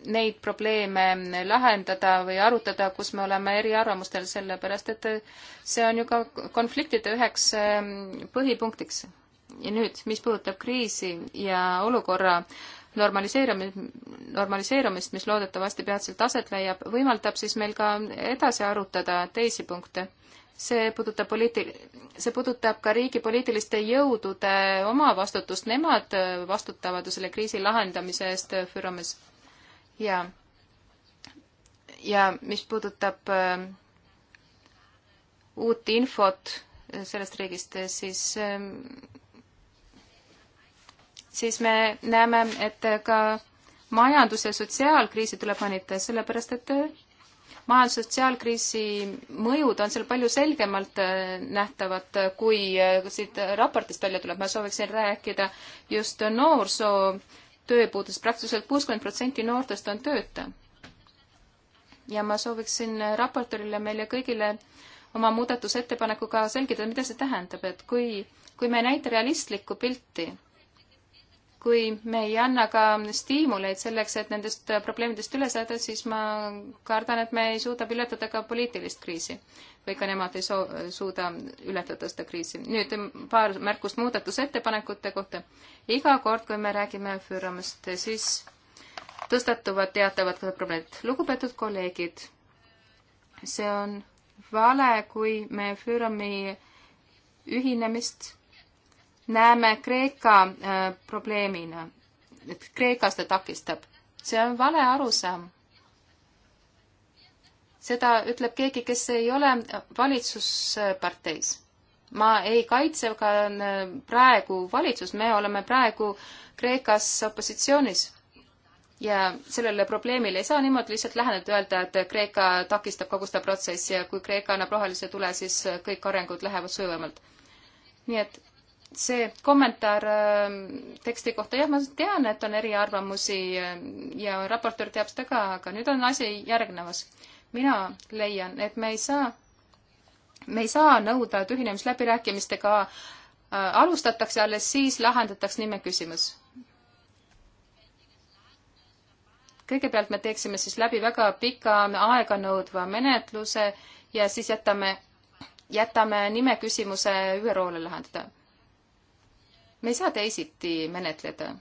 neid probleeme lahendada või arutada, kus me oleme eriarvamustel, sellepärast et see on ju ka konfliktide üheks ehm, põhipunktiks. ja nüüd, mis puudutab kriisi ja olukorra normaliseerumist, normaliseerumist, mis loodetavasti peatselt aset leiab, võimaldab siis meil ka edasi arutada teisi punkte. see puudutab poliiti-, see puudutab ka riigi poliitiliste jõudude omavastutust, nemad vastutavad ju selle kriisi lahendamise eest Füromis ja, ja mis puudutab äh, uut infot äh, sellest riigist, äh, siis äh, siis me näeme, et äh, ka majandus- ja sotsiaalkriisi tuleb mainida, sellepärast et majandus- ja sotsiaalkriisi mõjud on seal palju selgemalt nähtavad, kui siit raportist välja tuleb. ma sooviksin rääkida just noorsoo tööpuudus, praktiliselt kuuskümmend protsenti noortest on tööta. ja ma sooviksin raportorile, meile kõigile oma muudatusettepanekuga selgitada, mida see tähendab, et kui, kui me ei näita realistlikku pilti kui me ei anna ka stiimuleid selleks, et nendest probleemidest üle saada, siis ma kardan, et me ei suuda ületada ka poliitilist kriisi või ka nemad ei soo-, suuda ületada seda kriisi. nüüd paar märkust muudatusettepanekute kohta. iga kord, kui me räägime Füüromast, siis tõstatuvad teatavad probleemid. lugupeetud kolleegid, see on vale, kui me Füüromi ühinemist näeme Kreeka äh, probleemina, et Kreeka seda takistab. see on vale arusaam. seda ütleb keegi, kes ei ole valitsusparteis. ma ei kaitse ka äh, praegu valitsust, me oleme praegu Kreekas opositsioonis ja sellele probleemile ei saa niimoodi lihtsalt läheneda, öelda, et Kreeka takistab kogu seda protsessi ja kui Kreeka annab rohelise tule, siis kõik arengud lähevad sujuvamalt. nii et see kommentaar ähm, teksti kohta, jah, ma tean, et on eriarvamusi ähm, ja raportöör teab seda ka, aga nüüd on asi järgnevas. mina leian, et me ei saa, me ei saa nõuda, et ühinemisläbirääkimistega äh, alustatakse, alles siis lahendatakse nimeküsimus. kõigepealt me teeksime siis läbi väga pika aeganõudva menetluse ja siis jätame, jätame nimeküsimuse ÜRO-le lahendada me ei saa teisiti menetleda.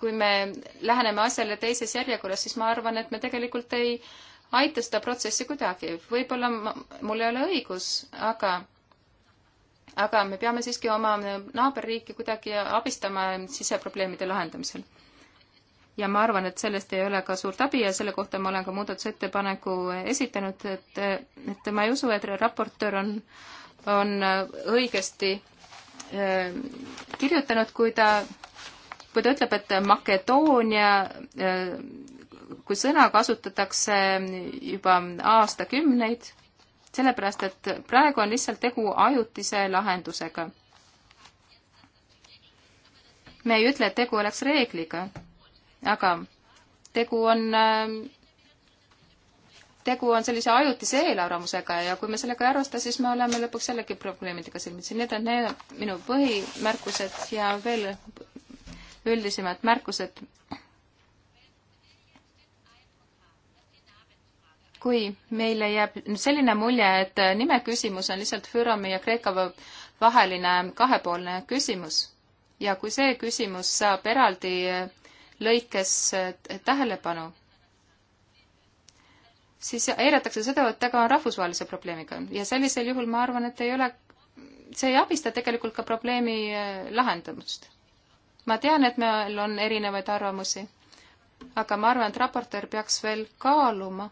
kui me läheneme asjale teises järjekorras, siis ma arvan, et me tegelikult ei aita seda protsessi kuidagi. võib-olla mul ei ole õigus, aga, aga me peame siiski oma naaberriiki kuidagi abistama siseprobleemide lahendamisel. ja ma arvan, et sellest ei ole ka suurt abi ja selle kohta ma olen ka muudatusettepaneku esitanud, et, et ma ei usu, et raportöör on, on õigesti Äh, kirjutanud, kui ta, kui ta ütleb, et Makedoonia äh, kui sõna kasutatakse juba aastakümneid, sellepärast et praegu on lihtsalt tegu ajutise lahendusega. me ei ütle, et tegu oleks reegliga, aga tegu on äh, tegu on sellise ajutise eelarvamusega ja kui me sellega ei arvesta, siis me oleme lõpuks jällegi probleemidega silmitsi. Need on need minu põhimärkused ja veel üldisemad märkused. kui meile jääb selline mulje, et nimeküsimus on lihtsalt Füromi ja Kreeka vaheline kahepoolne küsimus ja kui see küsimus saab eraldi lõikes tähelepanu siis eiratakse seda, et tegu on rahvusvahelise probleemiga ja sellisel juhul ma arvan, et ei ole, see ei abista tegelikult ka probleemi äh, lahendamist. ma tean, et meil on erinevaid arvamusi, aga ma arvan, et raportöör peaks veel kaaluma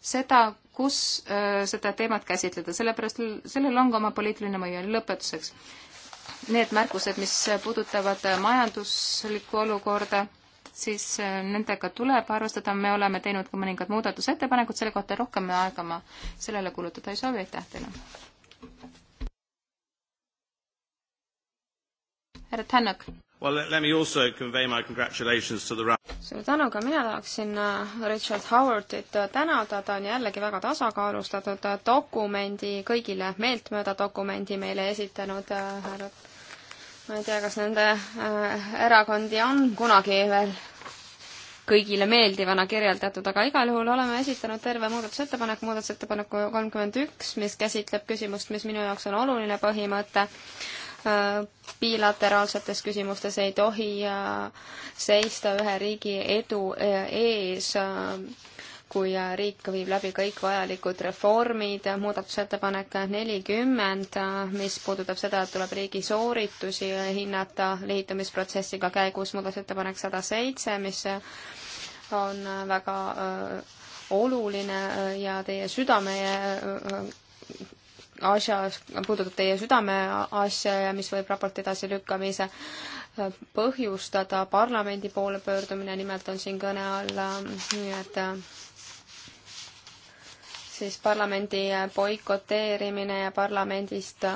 seda, kus öö, äh, seda teemat käsitleda, sellepärast sellel on ka oma poliitiline mõju. lõpetuseks need märkused, mis puudutavad äh, majanduslikku olukorda siis äh, nendega tuleb arvestada, me oleme teinud ka mõningad muudatusettepanekud selle kohta, rohkem aega ma sellele kulutada ei soovi, aitäh teile. härra Tännak. suur tänu ka mina tahaksin äh, Richard Howardit äh, tänada, ta on jällegi väga tasakaalustatud dokumendi, kõigile meeltmööda dokumendi meile esitanud härra äh, ma ei tea, kas nende äh, erakondi on kunagi veel kõigile meeldivana kirjeldatud, aga igal juhul oleme esitanud terve muudatusettepaneku, muudatusettepaneku kolmkümmend üks, mis käsitleb küsimust, mis minu jaoks on oluline põhimõte. Äh, bilateraalsetes küsimustes ei tohi äh, seista ühe riigi edu ees kui riik viib läbi kõik vajalikud reformid, muudatusettepanek nelikümmend, mis puudutab seda, et tuleb riigi sooritusi hinnata liitumisprotsessiga käigus, muudatusettepanek sada seitse, mis on väga äh, oluline äh, ja teie südame äh, äh, asja, puudutab teie südame asja ja mis võib raporti edasilükkamise äh, põhjustada parlamendi poole pöördumine, nimelt on siin kõne all, nii et siis parlamendi äh, boikoteerimine ja parlamendist äh,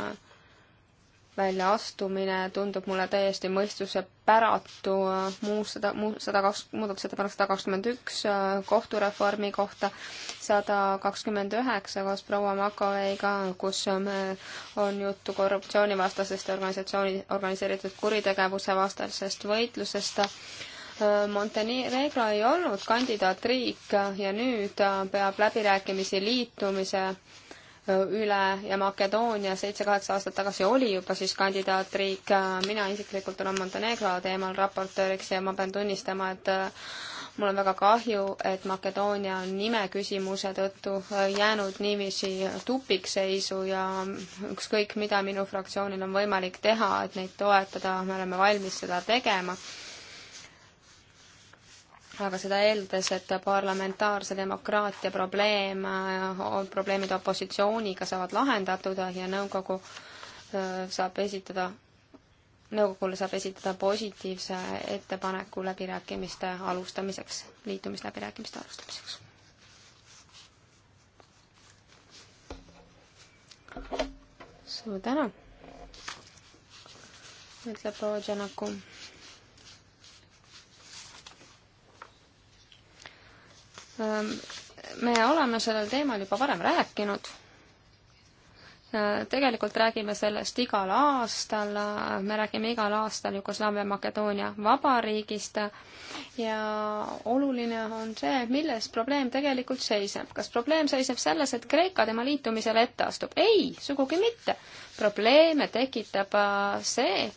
väljaastumine tundub mulle täiesti mõistusepäratu äh, muu sada, muu sada kaks, muudatusettepanek sada kakskümmend üks kohtureformi kohta, sada kakskümmend üheksa koos proua Makoveiga, kus me, on juttu korruptsioonivastasest organisatsiooni, organiseeritud kuritegevuse vastasest võitlusest Montenegro ei olnud kandidaatriik ja nüüd peab läbirääkimisi liitumise äh, üle ja Makedoonia seitse-kaheksa aastat tagasi oli juba siis kandidaatriik. mina isiklikult olen Montenegro teemal raportööriks ja ma pean tunnistama, et äh, mul on väga kahju, et Makedoonia on nime küsimuse tõttu äh, jäänud niiviisi tupikseisu ja mm, ükskõik, mida minu fraktsioonil on võimalik teha, et neid toetada, me oleme valmis seda tegema aga seda eeldades, et parlamentaarse demokraatia probleem, äh, probleemid opositsiooniga saavad lahendatud ja nõukogu äh, saab esitada, nõukogule saab esitada positiivse ettepaneku läbirääkimiste alustamiseks, liitumisläbirääkimiste alustamiseks. suur tänu, ütleb proua Janakum me oleme sellel teemal juba varem rääkinud. tegelikult räägime sellest igal aastal, me räägime igal aastal Jugoslaavia Makedoonia Vabariigist ja oluline on see, milles probleem tegelikult seisneb. kas probleem seisneb selles, et Kreeka tema liitumisele ette astub? ei, sugugi mitte. probleeme tekitab äh, see,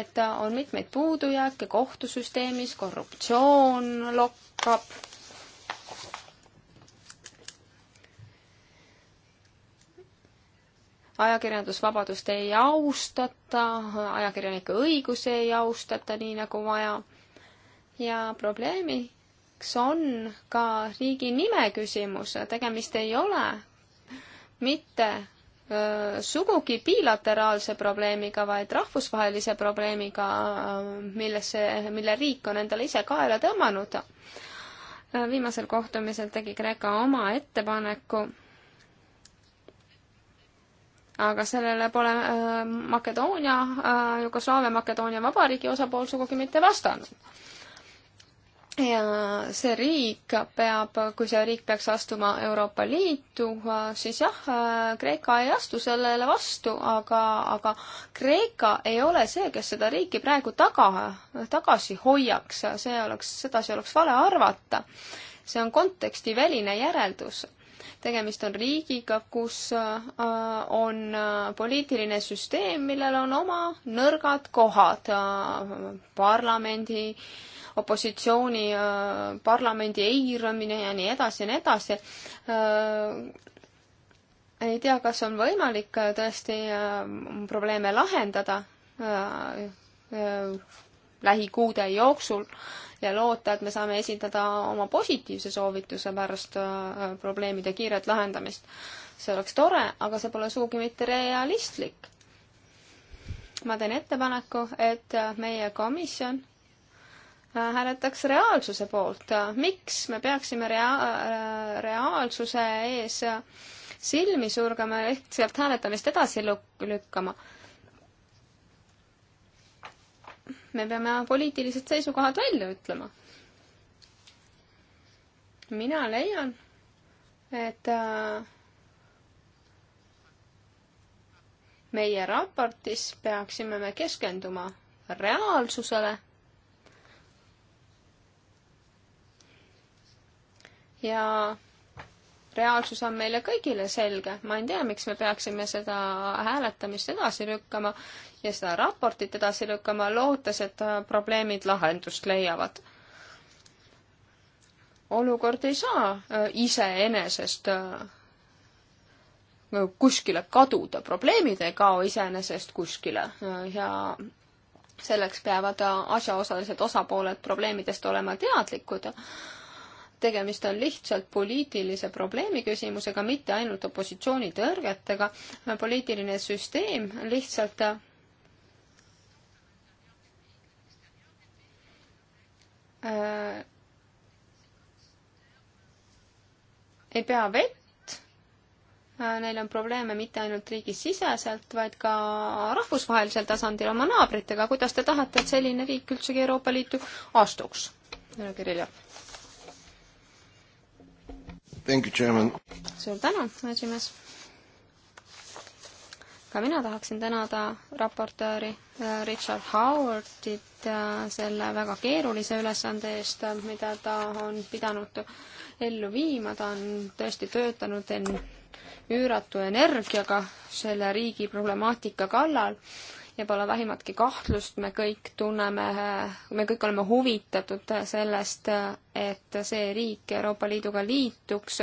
et on mitmeid puudujääke kohtusüsteemis, korruptsioon lokkab ajakirjandusvabadust ei austata, ajakirjanike õigusi ei austata nii nagu vaja. ja probleemiks on ka riigi nime küsimus, tegemist ei ole mitte öö, sugugi bilateraalse probleemiga, vaid rahvusvahelise probleemiga, millesse, mille riik on endale ise kaela tõmmanud. viimasel kohtumisel tegi Kreeka oma ettepaneku aga sellele pole äh, Makedoonia äh,, Jugoslaavia Makedoonia Vabariigi osapool sugugi mitte vastanud. ja see riik peab, kui see riik peaks astuma Euroopa Liitu, äh, siis jah äh,, Kreeka ei astu sellele vastu, aga, aga Kreeka ei ole see, kes seda riiki praegu taga, tagasi hoiaks, see oleks, sedasi oleks vale arvata. see on kontekstiväline järeldus tegemist on riigiga, kus äh, on äh, poliitiline süsteem, millel on oma nõrgad kohad äh, parlamendi, opositsiooni, parlamendi eiramine ja nii edasi ja nii edasi. ei tea, kas on võimalik tõesti probleeme lahendada lähikuude jooksul ja loota, et me saame esindada oma positiivse soovituse pärast äh, probleemide kiiret lahendamist. see oleks tore, aga see pole sugugi mitte realistlik. ma teen ettepaneku, et meie komisjon äh, hääletaks reaalsuse poolt. miks me peaksime rea-, äh, reaalsuse ees silmi surgama, ehk sealt hääletamist edasi lükkama? me peame poliitilised seisukohad välja ütlema. mina leian, et äh, meie raportis peaksime me keskenduma reaalsusele ja reaalsus on meile kõigile selge, ma ei tea, miks me peaksime seda hääletamist edasi lükkama ja seda raportit edasi lükkama, lootes, et äh, probleemid lahendust leiavad. olukord ei saa äh, iseenesest äh, kuskile kaduda, probleemid ei kao iseenesest kuskile ja selleks peavad asjaosalised osapooled probleemidest olema teadlikud. tegemist on lihtsalt poliitilise probleemi küsimusega, mitte ainult opositsiooni tõrgetega. poliitiline süsteem lihtsalt äh, ei pea vett äh,. Neil on probleeme mitte ainult riigisiseselt, vaid ka rahvusvahelisel tasandil oma naabritega. kuidas te tahate, et selline riik üldsegi Euroopa Liitu astuks? härra Kirillov. Thank you, chairman. suur tänu, esimees ka mina tahaksin tänada raportööri äh, Richard Howardit äh, selle väga keerulise ülesande eest, äh, mida ta on pidanud ellu viima, ta on tõesti töötanud en-, üüratu energiaga selle riigi problemaatika kallal ja pole vähimatki kahtlust, me kõik tunneme, me kõik oleme huvitatud sellest, et see riik Euroopa Liiduga liituks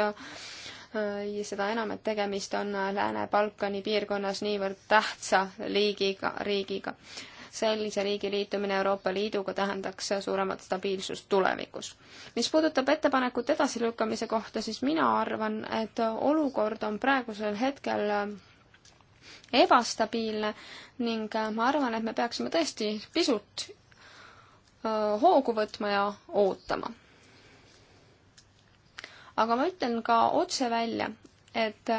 Äh, seda enam, et tegemist on Lääne-Balkani piirkonnas niivõrd tähtsa liigiga, riigiga. sellise riigi liitumine Euroopa Liiduga tähendaks suuremat stabiilsust tulevikus. mis puudutab ettepanekut edasilükkamise kohta, siis mina arvan, et olukord on praegusel hetkel ebastabiilne ning ma arvan, et me peaksime tõesti pisut äh, hoogu võtma ja ootama aga ma ütlen ka otse välja, et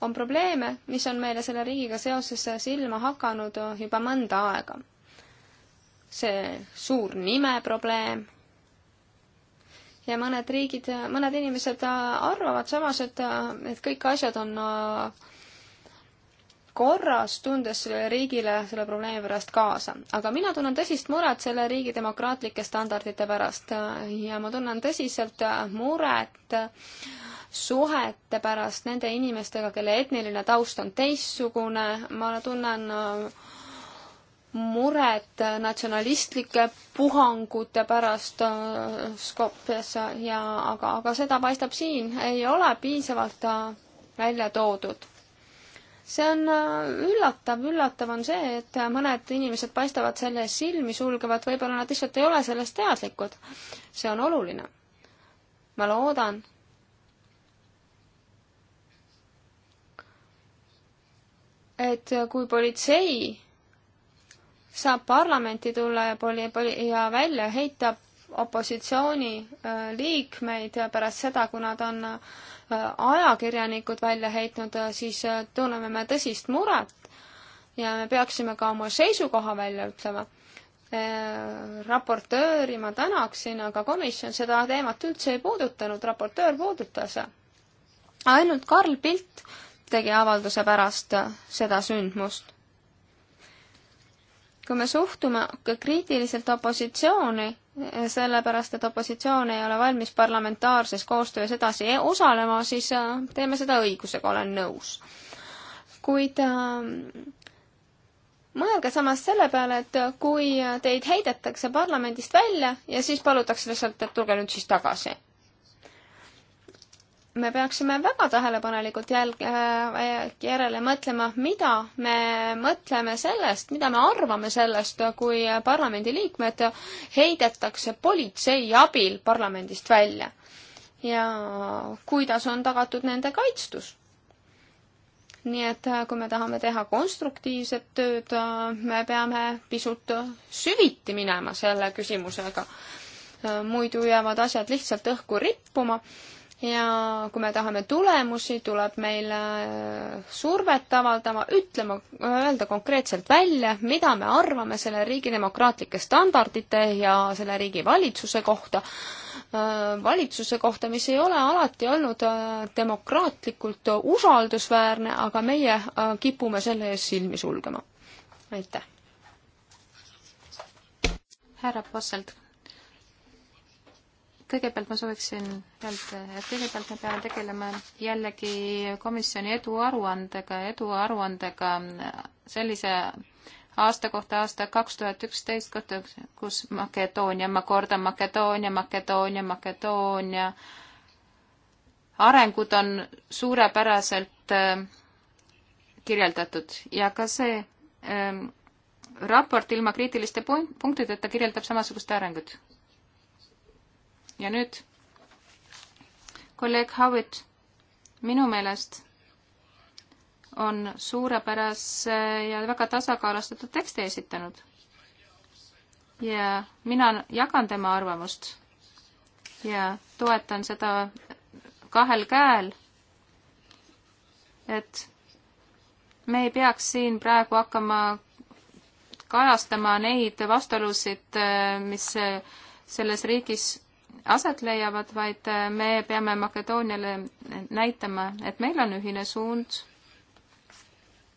on probleeme, mis on meile selle riigiga seoses silma hakanud juba mõnda aega. see suur nime probleem ja mõned riigid, mõned inimesed arvavad samas, et, et kõik asjad on äh, korras, tundes sellele riigile selle probleemi pärast kaasa. aga mina tunnen tõsist muret selle riigi demokraatlike standardite pärast ja ma tunnen tõsiselt muret suhete pärast nende inimestega, kelle etniline taust on teistsugune, ma tunnen äh, muret natsionalistlike puhangute pärast äh, Skopjas ja aga, aga seda paistab siin ei ole piisavalt äh, välja toodud see on äh, üllatav, üllatav on see, et mõned inimesed paistavad selle ees silmi sulgevat, võib-olla nad lihtsalt ei ole sellest teadlikud. see on oluline. ma loodan, et kui politsei saab parlamenti tulla ja poli-, poli- ja välja heita opositsiooni äh, liikmeid pärast seda, kui nad on äh, Äh, ajakirjanikud välja heitnud, äh, siis äh, tunneme me tõsist muret ja me peaksime ka oma seisukoha välja ütlema. raportööri ma tänaksin, aga komisjon seda teemat üldse ei puudutanud, raportöör puudutas. ainult Karl Pilt tegi avalduse pärast seda sündmust. kui me suhtume kriitiliselt opositsiooni, sellepärast, et opositsioon ei ole valmis parlamentaarses koostöös edasi e-, osalema, siis äh, teeme seda õigusega, olen nõus. kuid äh, mõelge samas selle peale, et kui teid heidetakse parlamendist välja ja siis palutakse lihtsalt, et tulge nüüd siis tagasi me peaksime väga tähelepanelikult jälg- äh,, järele mõtlema, mida me mõtleme sellest, mida me arvame sellest, kui parlamendiliikmed heidetakse politsei abil parlamendist välja. ja kuidas on tagatud nende kaitstus nii et äh, kui me tahame teha konstruktiivset tööd, äh, me peame pisut süviti minema selle küsimusega. Äh, muidu jäävad asjad lihtsalt õhku rippuma ja kui me tahame tulemusi, tuleb meil äh, survet avaldama, ütlema, öelda konkreetselt välja, mida me arvame selle riigi demokraatlike standardite ja selle riigi valitsuse kohta, äh, valitsuse kohta, mis ei ole alati olnud äh, demokraatlikult usaldusväärne, aga meie kipume selle ees silmi sulgema. aitäh! härra Posselt kõigepealt ma sooviksin öelda, et kõigepealt me peame tegelema jällegi komisjoni eduaruandega, eduaruandega sellise aasta kohta aasta kaks tuhat üksteist, kus Makedoonia, ma kordan, Makedoonia, Makedoonia, Makedoonia arengud on suurepäraselt äh, kirjeldatud ja ka see ähm, raport ilma kriitiliste punktideta kirjeldab samasugust arengut ja nüüd kolleeg Howitt, minu meelest on suurepärase ja väga tasakaalustatud teksti esitanud. ja mina jagan tema arvamust ja toetan seda kahel käel, et me ei peaks siin praegu hakkama kajastama neid vastuolusid, mis selles riigis aset leiavad, vaid äh, me peame Makedooniale näitama, et meil on ühine suund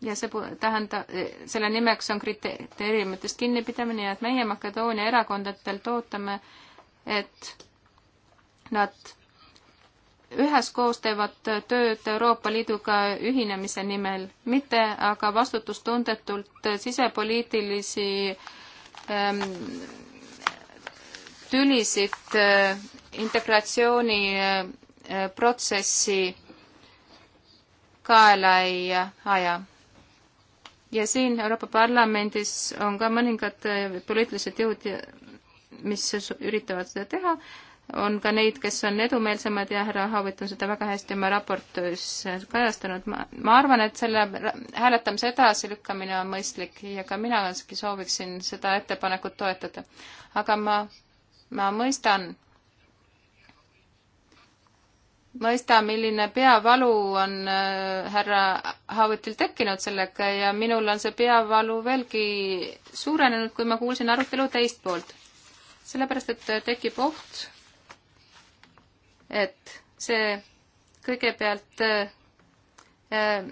ja see tähendab, selle nimeks on kriteeriumitest kinnipidamine ja et meie Makedoonia erakondadelt ootame, et nad üheskoos teevad tööd Euroopa Liiduga ühinemise nimel, mitte aga vastutustundetult sisepoliitilisi ähm, tülisid äh, integratsiooniprotsessi äh, äh, kaela ei aja. ja siin Euroopa Parlamendis on ka mõningad poliitilised jõud, mis üritavad seda teha, on ka neid, kes on edumeelsemad ja härra Haavit on seda väga hästi oma raportis kajastanud. ma, ma arvan, et selle hääletamise edasilükkamine on mõistlik ja ka mina siiski sooviksin seda ettepanekut toetada. aga ma ma mõistan, mõista, milline peavalu on äh, härra Haavutil tekkinud sellega ja minul on see peavalu veelgi suurenenud, kui ma kuulsin arutelu teist poolt. sellepärast, et äh, tekib oht, et see kõigepealt äh,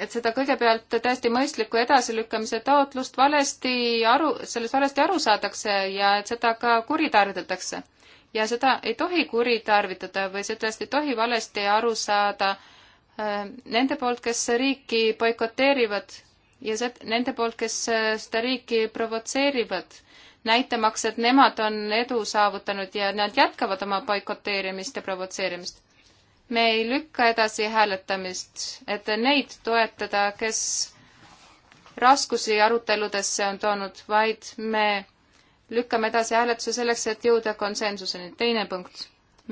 et seda kõigepealt täiesti mõistliku edasilükkamise taotlust valesti aru, sellest valesti aru saadakse ja et seda ka kuritarvitatakse. ja seda ei tohi kuritarvitada või sellest ei tohi valesti aru saada äh, nende poolt, kes riiki boikoteerivad ja see, nende poolt, kes äh, seda riiki provotseerivad, näitamaks, et nemad on edu saavutanud ja nad jätkavad oma boikoteerimist ja provotseerimist me ei lükka edasi hääletamist, et neid toetada, kes raskusi aruteludesse on toonud, vaid me lükkame edasi hääletuse selleks, et jõuda konsensuseni. teine punkt.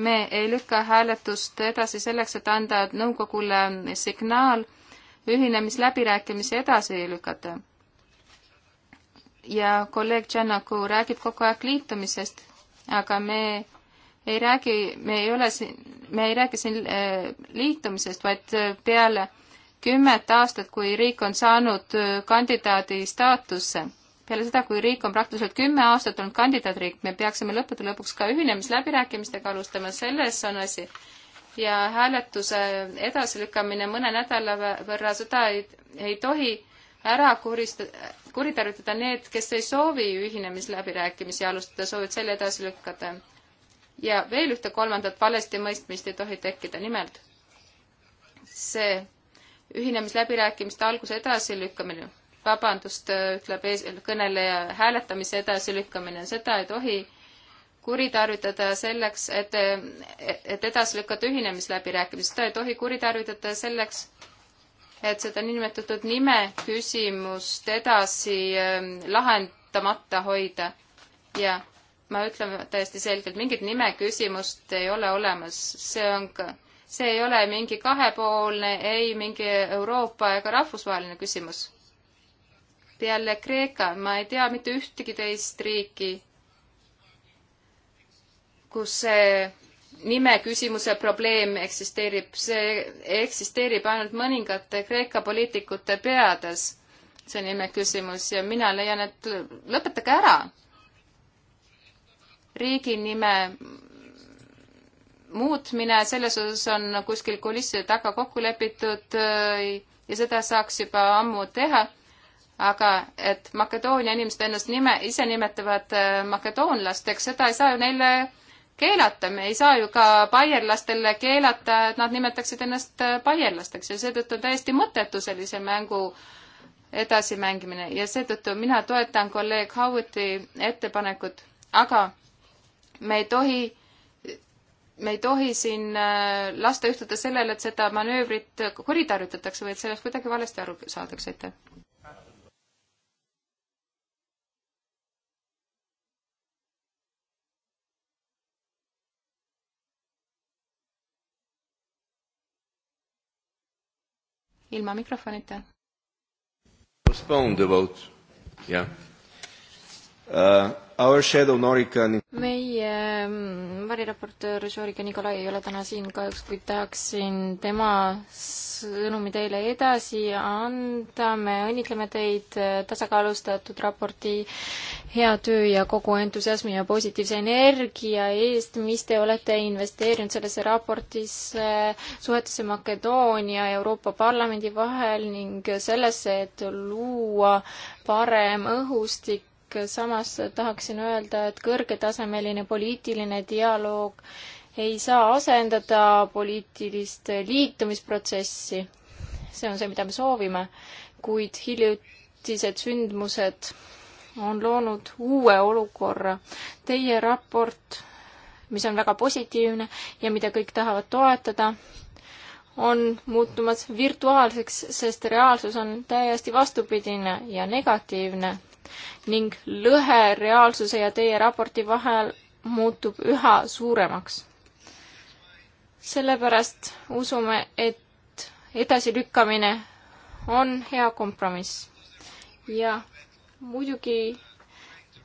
me ei lükka hääletust edasi selleks, et anda nõukogule signaal ühinemisläbirääkimisi edasi lükata. ja kolleeg Tšernaku räägib kogu aeg liitumisest, aga me ei räägi, me ei ole siin, me ei räägi siin äh, liitumisest, vaid äh, peale kümmet aastat, kui riik on saanud äh, kandidaadi staatusse. peale seda, kui riik on praktiliselt kümme aastat olnud kandidaatriik, me peaksime lõppude lõpuks ka ühinemisläbirääkimistega alustama, selles on asi. ja hääletuse edasilükkamine mõne nädala võrra, seda ei, ei tohi ära kurista-, kuritarvitada need, kes ei soovi ühinemisläbirääkimisi alustada, soovivad selle edasi lükata ja veel ühte kolmandat valesti mõistmist ei tohi tekkida, nimelt see ühinemisläbirääkimiste alguse edasilükkamine, vabandust, ütleb ees, kõneleja, hääletamise edasilükkamine, seda ei tohi kuritarvitada selleks, et, et edasi lükata ühinemisläbirääkimisi, seda ei tohi kuritarvitada selleks, et seda niinimetatud nime küsimust edasi ehm, lahendamata hoida ja ma ütlen täiesti selgelt, mingit nimeküsimust ei ole olemas, see on ka, see ei ole mingi kahepoolne, ei mingi Euroopa ega rahvusvaheline küsimus. peale Kreeka ma ei tea mitte ühtegi teist riiki, kus see nimeküsimuse probleem eksisteerib, see eksisteerib ainult mõningate Kreeka poliitikute peades, see nimeküsimus, ja mina leian, et lõpetage ära riigi nime muutmine, selles osas on kuskil kulisside taga kokku lepitud äh, ja seda saaks juba ammu teha, aga et Makedoonia inimesed ennast nime, ise nimetavad äh, makedoonlasteks, seda ei saa ju neile keelata, me ei saa ju ka baierlastele keelata, et nad nimetaksid ennast äh, baierlasteks ja seetõttu on täiesti mõttetu sellise mängu edasimängimine ja seetõttu mina toetan kolleeg Howardi ettepanekut, aga me ei tohi me ei tohi siin äh, lasta juhtuda sellele, et seda manöövrit kuritarvitatakse või et sellest kuidagi valesti aru saadakse, aitäh. ilma mikrofonita. Postpone the vote, jah yeah. uh.... Our shadow Norika meie mm, variraportöör Žorika Nikolai ei ole täna siin kahjuks, kuid tahaksin tema sõnumi teile edasi anda. me õnnitleme teid äh, tasakaalustatud raporti hea töö ja kogu entusiasmi ja positiivse energia eest, mis te olete investeerinud sellesse raportisse suhetesse Makedoonia ja Euroopa Parlamendi vahel ning sellesse, et luua parem õhustik kõik, samas tahaksin öelda, et kõrgetasemeline poliitiline dialoog ei saa asendada poliitilist liitumisprotsessi. see on see, mida me soovime, kuid hiljutised sündmused on loonud uue olukorra. Teie raport, mis on väga positiivne ja mida kõik tahavad toetada, on muutumas virtuaalseks, sest reaalsus on täiesti vastupidine ja negatiivne ning lõhe reaalsuse ja teie raporti vahel muutub üha suuremaks. sellepärast usume, et edasilükkamine on hea kompromiss ja muidugi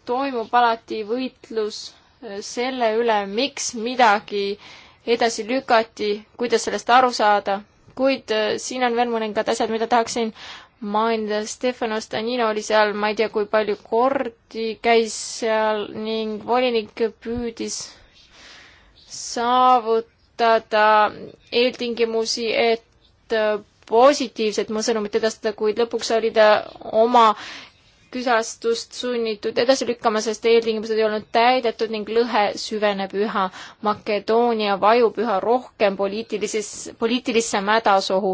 toimub alati võitlus äh, selle üle, miks midagi edasi lükati, kuidas sellest aru saada, kuid äh, siin on veel mõningad asjad, mida tahaksin mainida, Stefano Stanino oli seal ma ei tea kui palju kordi, käis seal ning volinik püüdis saavutada eeltingimusi, et positiivset mu sõnumit edastada, kuid lõpuks oli ta oma küsastust sunnitud edasi lükkama, sest eeltingimused ei olnud täidetud ning lõhe süveneb üha. Makedoonia vajub üha rohkem poliitilises, poliitilisse mädasohu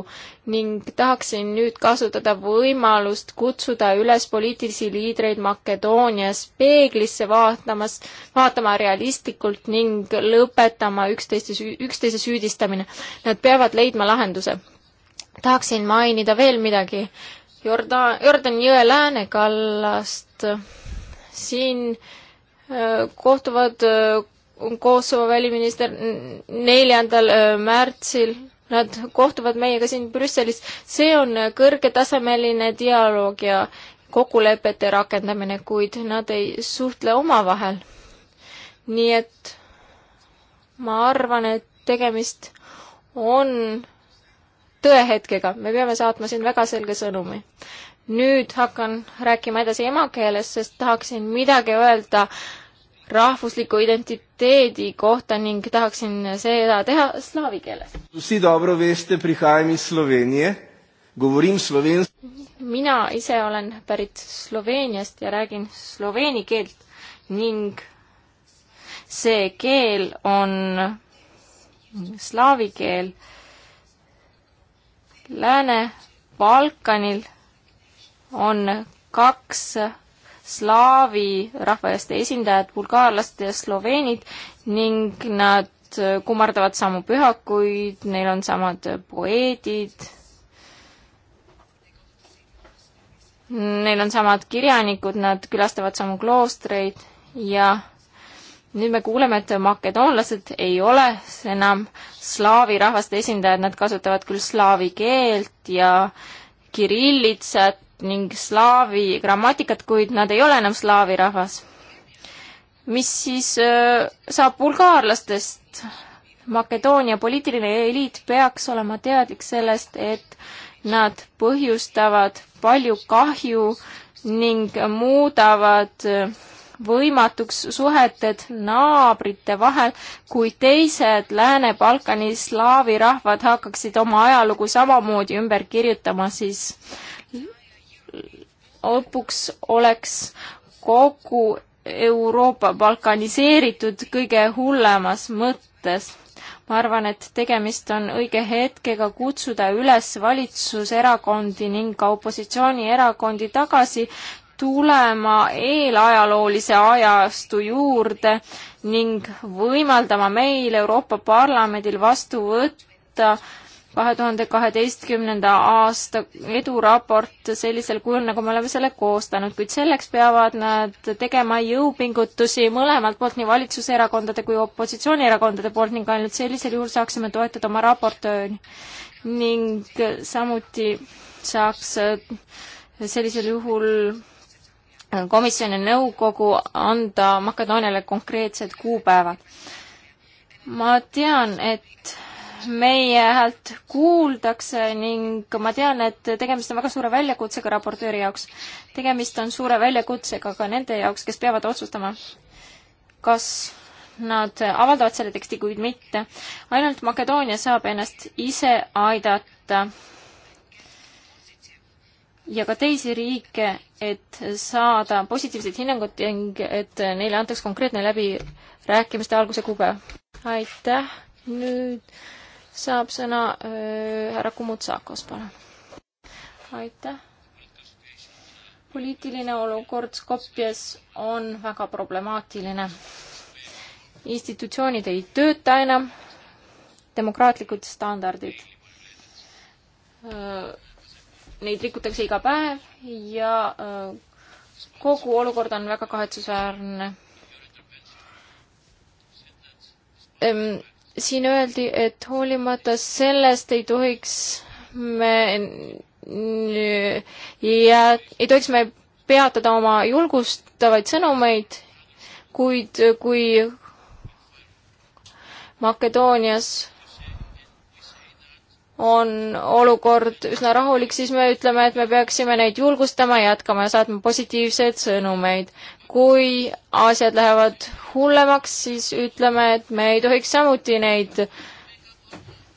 ning tahaksin nüüd kasutada võimalust kutsuda üles poliitilisi liidreid Makedoonias peeglisse vaatamas, vaatama realistlikult ning lõpetama üksteiste, üksteise süüdistamine. Nad peavad leidma lahenduse tahaksin mainida veel midagi. Jorda-, Jordani jõe läänekallast. siin äh, kohtuvad äh, Kosovo väliminister neljandal äh, märtsil. Nad kohtuvad meiega siin Brüsselis. see on kõrgetasemeline dialoog ja kokkulepete rakendamine, kuid nad ei suhtle omavahel. nii et ma arvan, et tegemist on tõehetkega, me peame saatma siin väga selge sõnumi. nüüd hakkan rääkima edasi emakeeles, sest tahaksin midagi öelda rahvusliku identiteedi kohta ning tahaksin seda teha slaavi keeles. mina ise olen pärit Sloveeniast ja räägin sloveeni keelt ning see keel on slaavi keel Lääne-Balkanil on kaks slaavi rahvaste esindajad, bulgaarlased ja sloveenid ning nad kummardavad samu pühakuid, neil on samad poeedid, neil on samad kirjanikud, nad külastavad samu kloostreid ja nüüd me kuuleme, et makedoonlased ei ole enam slaavi rahvaste esindajad, nad kasutavad küll slaavi keelt ja kirillitsat ning slaavi grammatikat, kuid nad ei ole enam slaavi rahvas. mis siis öö, äh, saab bulgaarlastest? Makedoonia poliitiline eliit peaks olema teadlik sellest, et nad põhjustavad palju kahju ning muudavad öö, äh, võimatuks suheted naabrite vahel, kui teised Lääne-Balkani slaavi rahvad hakkaksid oma ajalugu samamoodi ümber kirjutama, siis lõpuks oleks kogu Euroopa balkaniseeritud kõige hullemas mõttes ma arvan, et tegemist on õige hetkega kutsuda üles valitsuserakondi ning ka opositsioonierakondi tagasi tulema eelajaloolise ajastu juurde ning võimaldama meil Euroopa Parlamendil vastu võtta kahe tuhande kaheteistkümnenda aasta eduraport sellisel kujul, nagu me oleme selle koostanud, kuid selleks peavad nad tegema jõupingutusi mõlemalt poolt, nii valitsuserakondade kui opositsioonierakondade poolt ning ainult sellisel juhul saaksime toetada oma raportööri. ning samuti saaks sellisel juhul komisjon ja nõukogu anda Makedooniale konkreetsed kuupäevad. ma tean, et meie häält kuuldakse ning ma tean, et tegemist on väga suure väljakutsega raportööri jaoks. tegemist on suure väljakutsega ka nende jaoks, kes peavad otsustama, kas nad avaldavad selle teksti, kuid mitte. ainult Makedoonia saab ennast ise aidata ja ka teisi riike, et saada positiivset hinnangut ning et neile antaks konkreetne läbirääkimiste alguse kuupäev. aitäh, nüüd saab sõna äh, härra Kumutsakos, palun. aitäh. poliitiline olukord Skopjes on väga problemaatiline. institutsioonid ei tööta enam, demokraatlikud standardid öö, äh, neid rikutakse iga päev ja äh, kogu olukord on väga kahetsusväärne. siin öeldi, et hoolimata sellest ei tohiks me ja ei tohiks me peatada oma julgustavaid sõnumeid, kuid kui Makedoonias on olukord üsna rahulik, siis me ütleme, et me peaksime neid julgustama, jätkama ja saatma positiivseid sõnumeid. kui asjad lähevad hullemaks, siis ütleme, et me ei tohiks samuti neid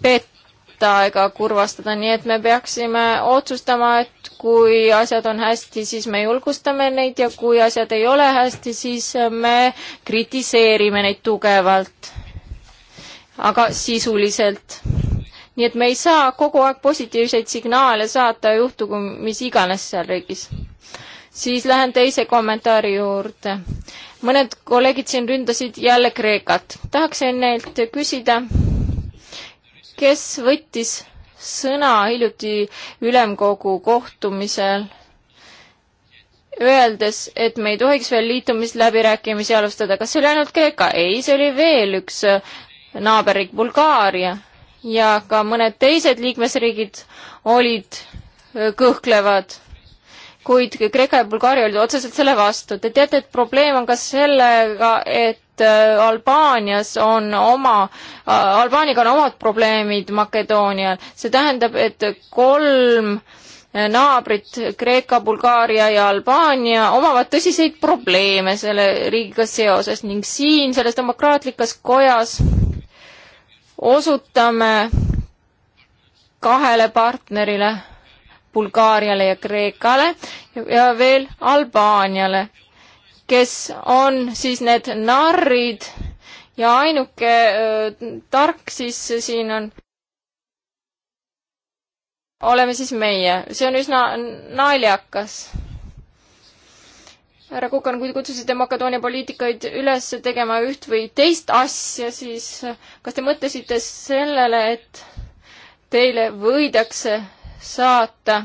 petta ega kurvastada, nii et me peaksime otsustama, et kui asjad on hästi, siis me julgustame neid ja kui asjad ei ole hästi, siis me kritiseerime neid tugevalt. aga sisuliselt nii et me ei saa kogu aeg positiivseid signaale saata, juhtugu mis iganes seal riigis. siis lähen teise kommentaari juurde. mõned kolleegid siin ründasid jälle Kreekat. tahaksin neilt küsida, kes võttis sõna hiljuti ülemkogu kohtumisel öeldes, et me ei tohiks veel liitumisläbirääkimisi alustada. kas see oli ainult Kreeka? ei, see oli veel üks naaberriik Bulgaaria ja ka mõned teised liikmesriigid olid kõhklevad, kuid Kreeka ja Bulgaaria olid otseselt selle vastu. Te teate, et probleem on ka sellega, et Albaanias on oma, Albaaniaga on omad probleemid Makedoonial. see tähendab, et kolm naabrit Kreeka, Bulgaaria ja Albaania omavad tõsiseid probleeme selle riigiga seoses ning siin selles demokraatlikas kojas osutame kahele partnerile, Bulgaariale ja Kreekale ja veel Albaaniale, kes on siis need narrid ja ainuke öö, tark siis siin on oleme siis meie, see on üsna naljakas härra Kukan, kui te kutsusite Makedoonia poliitikaid üles tegema üht või teist asja, siis eh, kas te mõtlesite sellele, et teile võidakse saata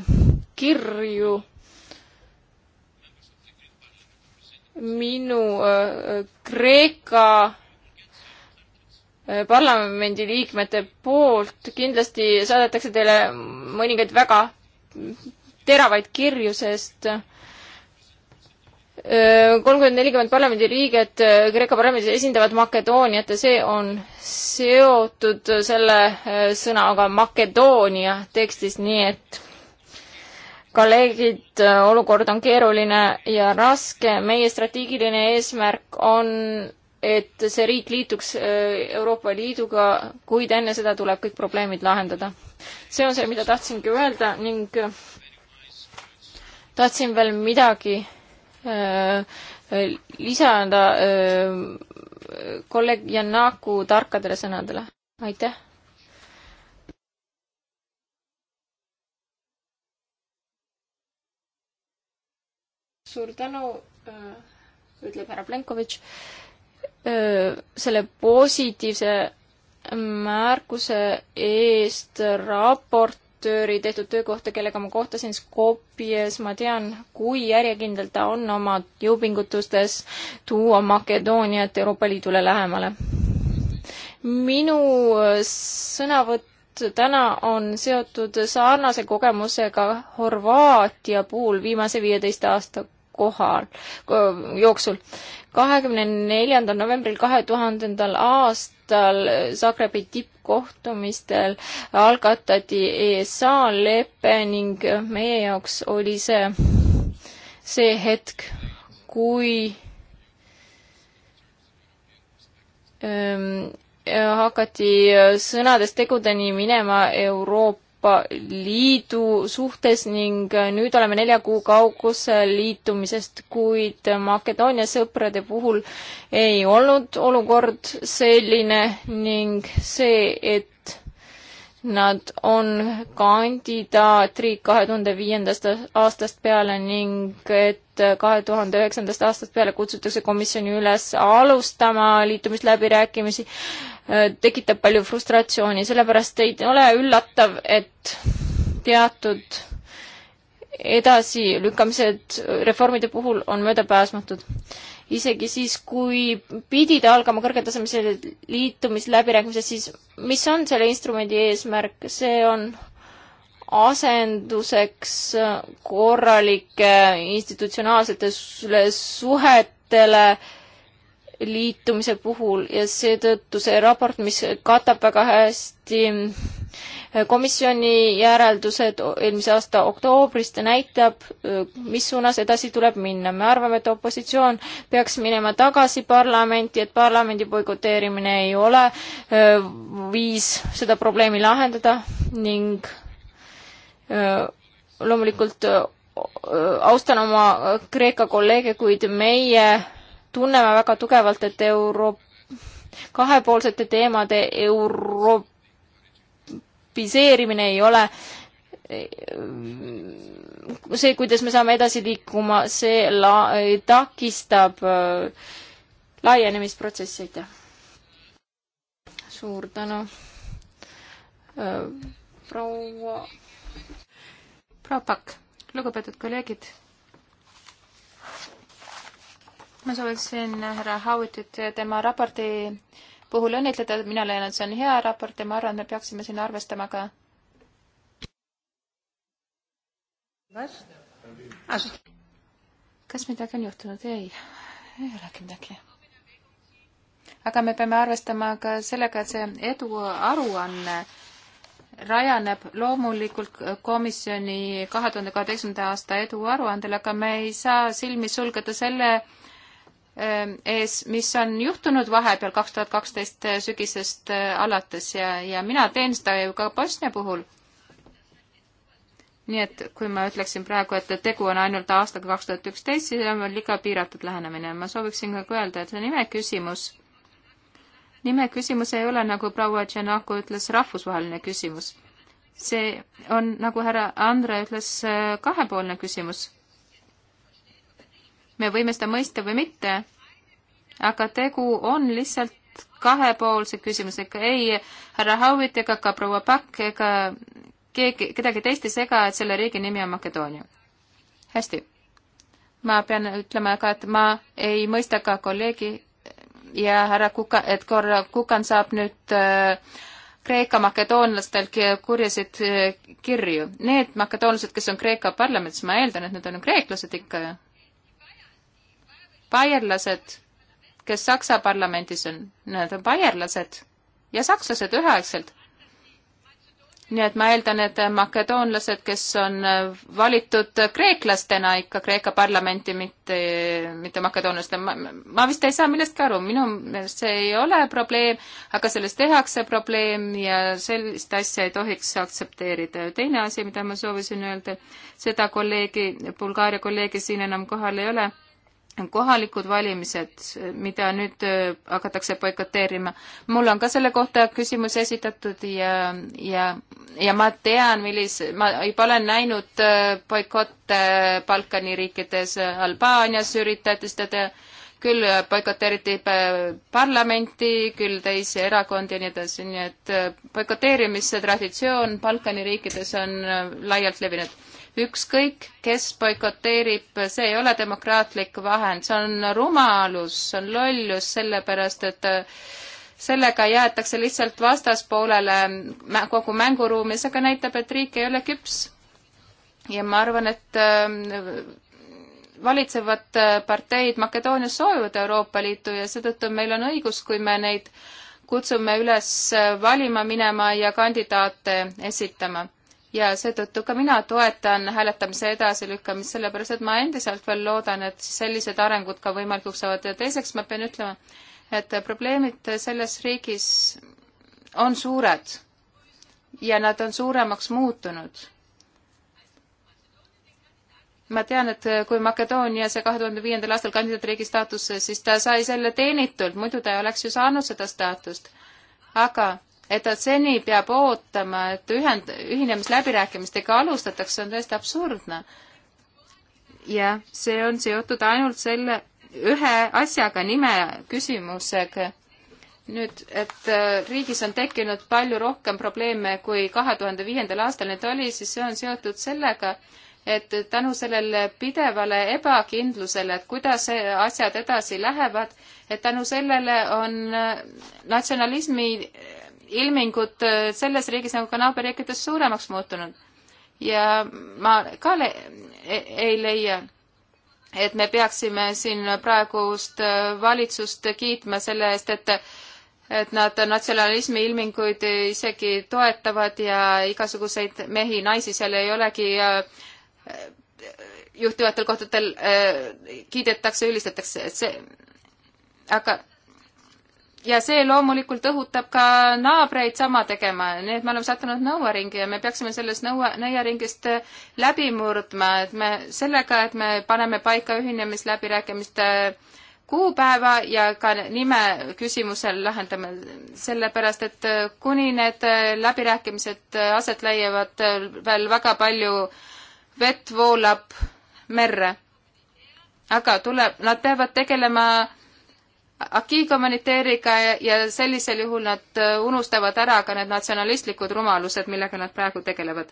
kirju minu eh, Kreeka eh, parlamendi liikmete poolt, kindlasti saadetakse teile mõningaid väga teravaid kirju, sest äh, kolmkümmend, nelikümmend parlamendiliiget äh, Kreeka parlamendis esindavad Makedooniat ja see on seotud selle äh, sõnaga Makedoonia tekstis, nii et kolleegid, äh, olukord on keeruline ja raske. meie strateegiline eesmärk on, et see riik liituks Euroopa Liiduga, kuid enne seda tuleb kõik probleemid lahendada. see on see, mida tahtsingi öelda ning tahtsin veel midagi Äh, lisada äh, kolleeg Janaku tarkadele sõnadele. aitäh! suur tänu, äh, ütleb härra Plenkovitš, selle positiivse märkuse eest raport raportööri tehtud töökohta, kellega ma kohtasin Skopjes, ma tean, kui järjekindel ta on oma jõupingutustes tuua Makedooniat Euroopa Liidule lähemale. minu sõnavõtt täna on seotud sarnase kogemusega Horvaatia puhul viimase viieteist aasta kohal, jooksul. kahekümne neljandal novembril kahe tuhandendal aastal Zagrebi tippkohtumistel algatati ESA lepe ning meie jaoks oli see, see hetk, kui ähm, hakati sõnadest tegudeni minema Euroopa Euroopa Liidu suhtes ning nüüd oleme nelja kuu kaugusel liitumisest, kuid Makedoonia sõprade puhul ei olnud olukord selline ning see, et nad on kandidaatriik kahe tuhande viiendast aastast peale ning et kahe tuhande üheksandast aastast peale kutsutakse komisjoni üles alustama liitumisläbirääkimisi Äh, tekitab palju frustratsiooni, sellepärast ei ole üllatav, et teatud edasilükkamised reformide puhul on möödapääsmatud. isegi siis, kui pidid algama kõrgetasemelise liitumisläbirääkimised, siis mis on selle instrumendi eesmärk, see on asenduseks korralike institutsionaalsetele suhetele äh, liitumise puhul ja seetõttu see raport, mis katab väga hästi komisjoni järeldused eelmise aasta oktoobrist näitab, mis suunas edasi tuleb minna. me arvame, et opositsioon peaks minema tagasi parlamenti, et parlamendi boikoteerimine ei ole viis seda probleemi lahendada ning loomulikult austan oma Kreeka kolleege, kuid meie tunneme väga tugevalt, et euro-, kahepoolsete teemade europiseerimine ei ole see, kuidas me saame edasi liikuma, see la-, takistab äh, laienemisprotsessi, aitäh. suur tänu. Äh, proua. proua Pakk, lugupeetud kolleegid ma sooviksin härra Howitit tema raporti puhul õnnitleda, mina leian, et see on hea raport ja ma arvan, et me peaksime siin arvestama ka kas midagi on juhtunud? ei, ei olegi midagi. aga me peame arvestama ka sellega, et see eduaruanne rajaneb loomulikult komisjoni kahe tuhande kaheteistkümnenda aasta eduaruandel, aga me ei saa silmi sulgeda selle Ähm, ees, mis on juhtunud vahepeal kaks tuhat kaksteist äh, sügisest äh, alates ja, ja mina teen seda ju ka Bosnia puhul. nii et kui ma ütleksin praegu, et tegu on ainult aastaga kaks tuhat üksteist, siis on veel liiga piiratud lähenemine. ma sooviksin ka öelda, et see nime küsimus, nime küsimus ei ole, nagu proua Tšenahku ütles, rahvusvaheline küsimus. see on, nagu härra Andre ütles, äh, kahepoolne küsimus me võime seda mõista või mitte, aga tegu on lihtsalt kahepoolse küsimusega, ei härra Howitt ega ka proua Pakk ega keegi, kedagi teist ei sega, et selle riigi nimi on Makedoonia. hästi. ma pean ütlema ka, et ma ei mõista ka kolleegi ja härra Kuka, et korra Kukan saab nüüd äh, Kreeka makedoonlastel kurjasid äh, kirju. Need makedoonlased, kes on Kreeka parlamendis, ma eeldan, et need on kreeklased ikka ju baierlased, kes Saksa parlamendis on, need on baierlased ja sakslased üheaegselt. nii et ma eeldan, et makedoonlased, kes on äh, valitud kreeklastena ikka Kreeka parlamenti, mitte, mitte makedoonlastena, ma, ma vist ei saa millestki aru, minu meelest see ei ole probleem, aga sellest tehakse probleem ja sellist asja ei tohiks aktsepteerida. teine asi, mida ma soovisin öelda, seda kolleegi, Bulgaaria kolleegi siin enam kohal ei ole kohalikud valimised, mida nüüd äh, hakatakse boikoteerima. mul on ka selle kohta küsimus esitatud ja, ja, ja ma tean, millise, ma juba olen näinud äh, boikotte Balkani riikides, Albaanias üritati seda teha, küll boikoteeriti äh, parlamenti, küll teisi erakondi ja nii edasi, nii et boikoteerimise traditsioon Balkani riikides on laialt levinud ükskõik, kes boikoteerib, see ei ole demokraatlik vahend, see on rumalus, see on lollus, sellepärast et äh, sellega jäetakse lihtsalt vastaspoolele kogu mänguruumi, see aga näitab, et riik ei ole küps. ja ma arvan, et äh, valitsevad äh, parteid Makedoonias soovivad Euroopa Liitu ja seetõttu meil on õigus, kui me neid kutsume üles valima minema ja kandidaate esitama ja seetõttu ka mina toetan hääletamise edasilükkamist, sellepärast et ma endiselt veel loodan, et sellised arengud ka võimalikuks saavad ja teiseks ma pean ütlema, et probleemid selles riigis on suured ja nad on suuremaks muutunud. ma tean, et kui Makedoonia see kahe tuhande viiendal aastal kandidaatriigi staatusse, siis ta sai selle teenitult, muidu ta ei oleks ju saanud seda staatust. aga et ta seni peab ootama, et ühend, ühinemisläbirääkimistega alustatakse, on täiesti absurdne. ja see on seotud ainult selle ühe asjaga, nime küsimusega. nüüd, et äh, riigis on tekkinud palju rohkem probleeme, kui kahe tuhande viiendal aastal neid oli, siis see on seotud sellega, et tänu sellele pidevale ebakindlusele, et kuidas asjad edasi lähevad, et tänu sellele on äh, natsionalismi ilmingud äh, selles riigis nagu ka naaberriikides suuremaks muutunud. ja ma ka le e-, ei leia, et me peaksime siin praegust äh, valitsust kiitma selle eest, et et nad natsionalismi ilminguid isegi toetavad ja igasuguseid mehi, naisi seal ei olegi ja äh, juhtivatel kohtadel äh, kiidetakse, ülistatakse, et see, aga ja see loomulikult õhutab ka naabreid sama tegema, nii et me oleme sattunud nõuaringi ja me peaksime sellest nõua, nõiaringist äh, läbi murdma, et me sellega, et me paneme paika ühinemisläbirääkimiste äh, kuupäeva ja ka nime küsimusel lahendame, sellepärast et äh, kuni need läbirääkimised aset leiavad, veel väga palju vett voolab merre. aga tuleb, nad peavad tegelema Aki kommuniteeriga ja, ja sellisel juhul nad äh, unustavad ära ka need natsionalistlikud rumalused, millega nad praegu tegelevad.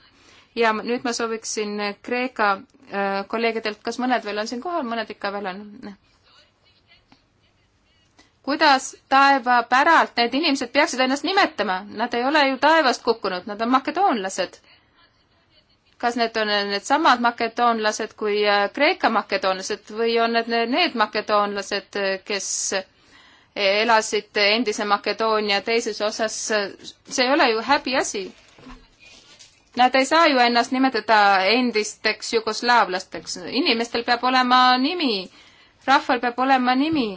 ja nüüd ma sooviksin äh, Kreeka äh, kolleegidelt, kas mõned veel on siin kohal, mõned ikka veel on? kuidas taeva päralt need inimesed peaksid ennast nimetama, nad ei ole ju taevast kukkunud, nad on makedoonlased kas need on needsamad makedoonlased kui äh, Kreeka makedoonlased või on need need makedoonlased, kes elasid endise Makedoonia teises osas, see ei ole ju häbiasi. Nad ei saa ju ennast nimetada endisteks jugoslaavlasteks, inimestel peab olema nimi, rahval peab olema nimi.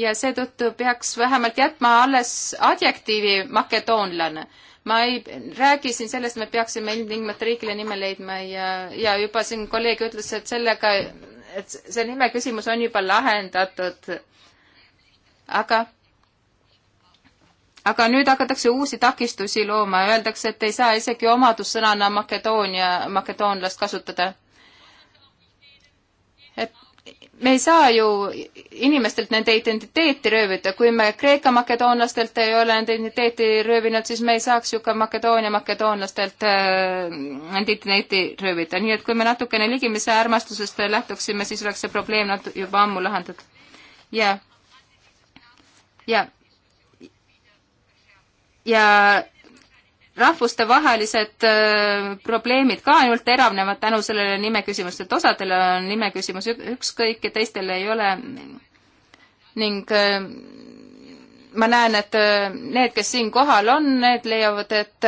ja seetõttu peaks vähemalt jätma alles adjektiivi makedoonlane ma ei räägi siin sellest, me peaksime ilmtingimata riigile nime leidma ja, ja juba siin kolleeg ütles, et sellega, et see nime küsimus on juba lahendatud aga aga nüüd hakatakse uusi takistusi looma, öeldakse, et ei saa isegi omadussõnana Makedoonia, makedoonlast kasutada. et me ei saa ju inimestelt nende identiteeti röövida, kui me Kreeka makedoonlastelt ei ole nende identiteeti röövinud, siis me ei saaks ju ka Makedoonia makedoonlastelt äh, nende identiteeti röövida, nii et kui me natukene ligimise armastusest lähtuksime, siis oleks see probleem natu-, juba ammu lahendatud. jah yeah ja, ja rahvustevahelised äh, probleemid ka ainult teravnevad tänu sellele nimeküsimustele, et osadele on nimeküsimus ükskõik ja teistel ei ole. ning äh, ma näen, et äh, need, kes siin kohal on, need leiavad, et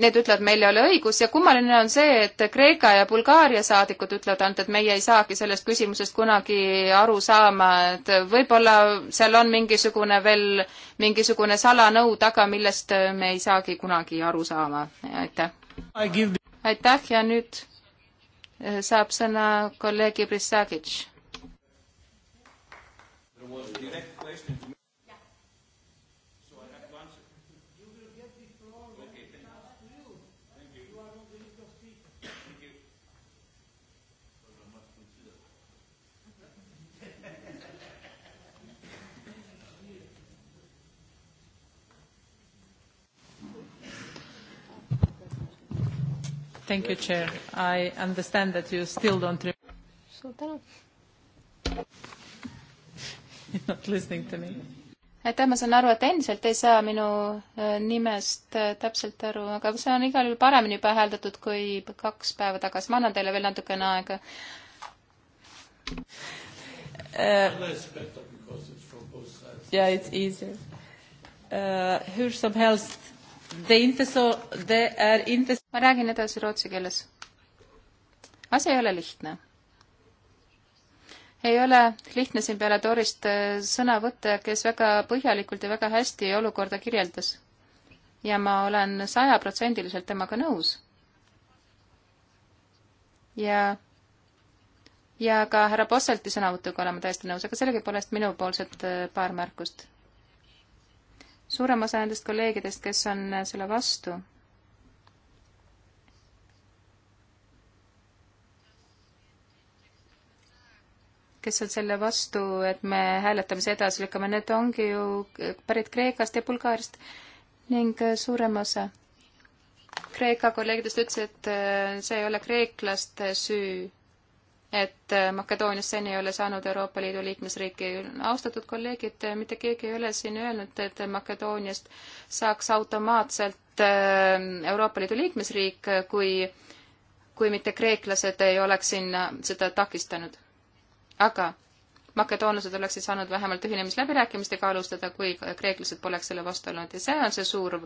need ütlevad, meil ei ole õigus ja kummaline on see, et Kreeka ja Bulgaaria saadikud ütlevad ainult, et meie ei saagi sellest küsimusest kunagi aru saama, et võib-olla seal on mingisugune veel, mingisugune salanõu taga, millest me ei saagi kunagi aru saama. aitäh. aitäh ja nüüd eh, saab sõna kolleeg Ibris Sagic. Thank you, Chair. I understand that you still don't re- Suur tänu! You're not listening to me. aitäh, ma saan aru, et endiselt ei saa minu äh, nimest äh, täpselt aru, aga see on igal juhul paremini juba hääldatud kui kaks päeva tagasi. ma annan teile veel natukene aega uh,. Yeah, it's easier uh,. Here's some health ma räägin edasi rootsi keeles. asi ei ole lihtne. ei ole lihtne siin peale Dorist äh, sõna võtta, kes väga põhjalikult ja väga hästi olukorda kirjeldas. ja ma olen sajaprotsendiliselt temaga nõus. ja ja ka härra Posselti sõnavõtuga olen ma täiesti nõus, aga sellegipoolest minupoolsed äh, paar märkust suurem osa nendest kolleegidest, kes on selle vastu, kes on selle vastu, et me hääletamise edasi lükkame, need ongi ju pärit Kreekast ja Bulgaariast ning suurem osa Kreeka kolleegidest ütles, et see ei ole kreeklaste süü et Makedoonias seni ei ole saanud Euroopa Liidu liikmesriiki. austatud kolleegid, mitte keegi ei ole siin öelnud, et Makedooniast saaks automaatselt äh, Euroopa Liidu liikmesriik, kui, kui mitte kreeklased ei oleks sinna seda takistanud. aga makedoonlased oleksid saanud vähemalt ühinemisläbirääkimistega alustada, kui kreeklased poleks selle vastu olnud ja see on see suur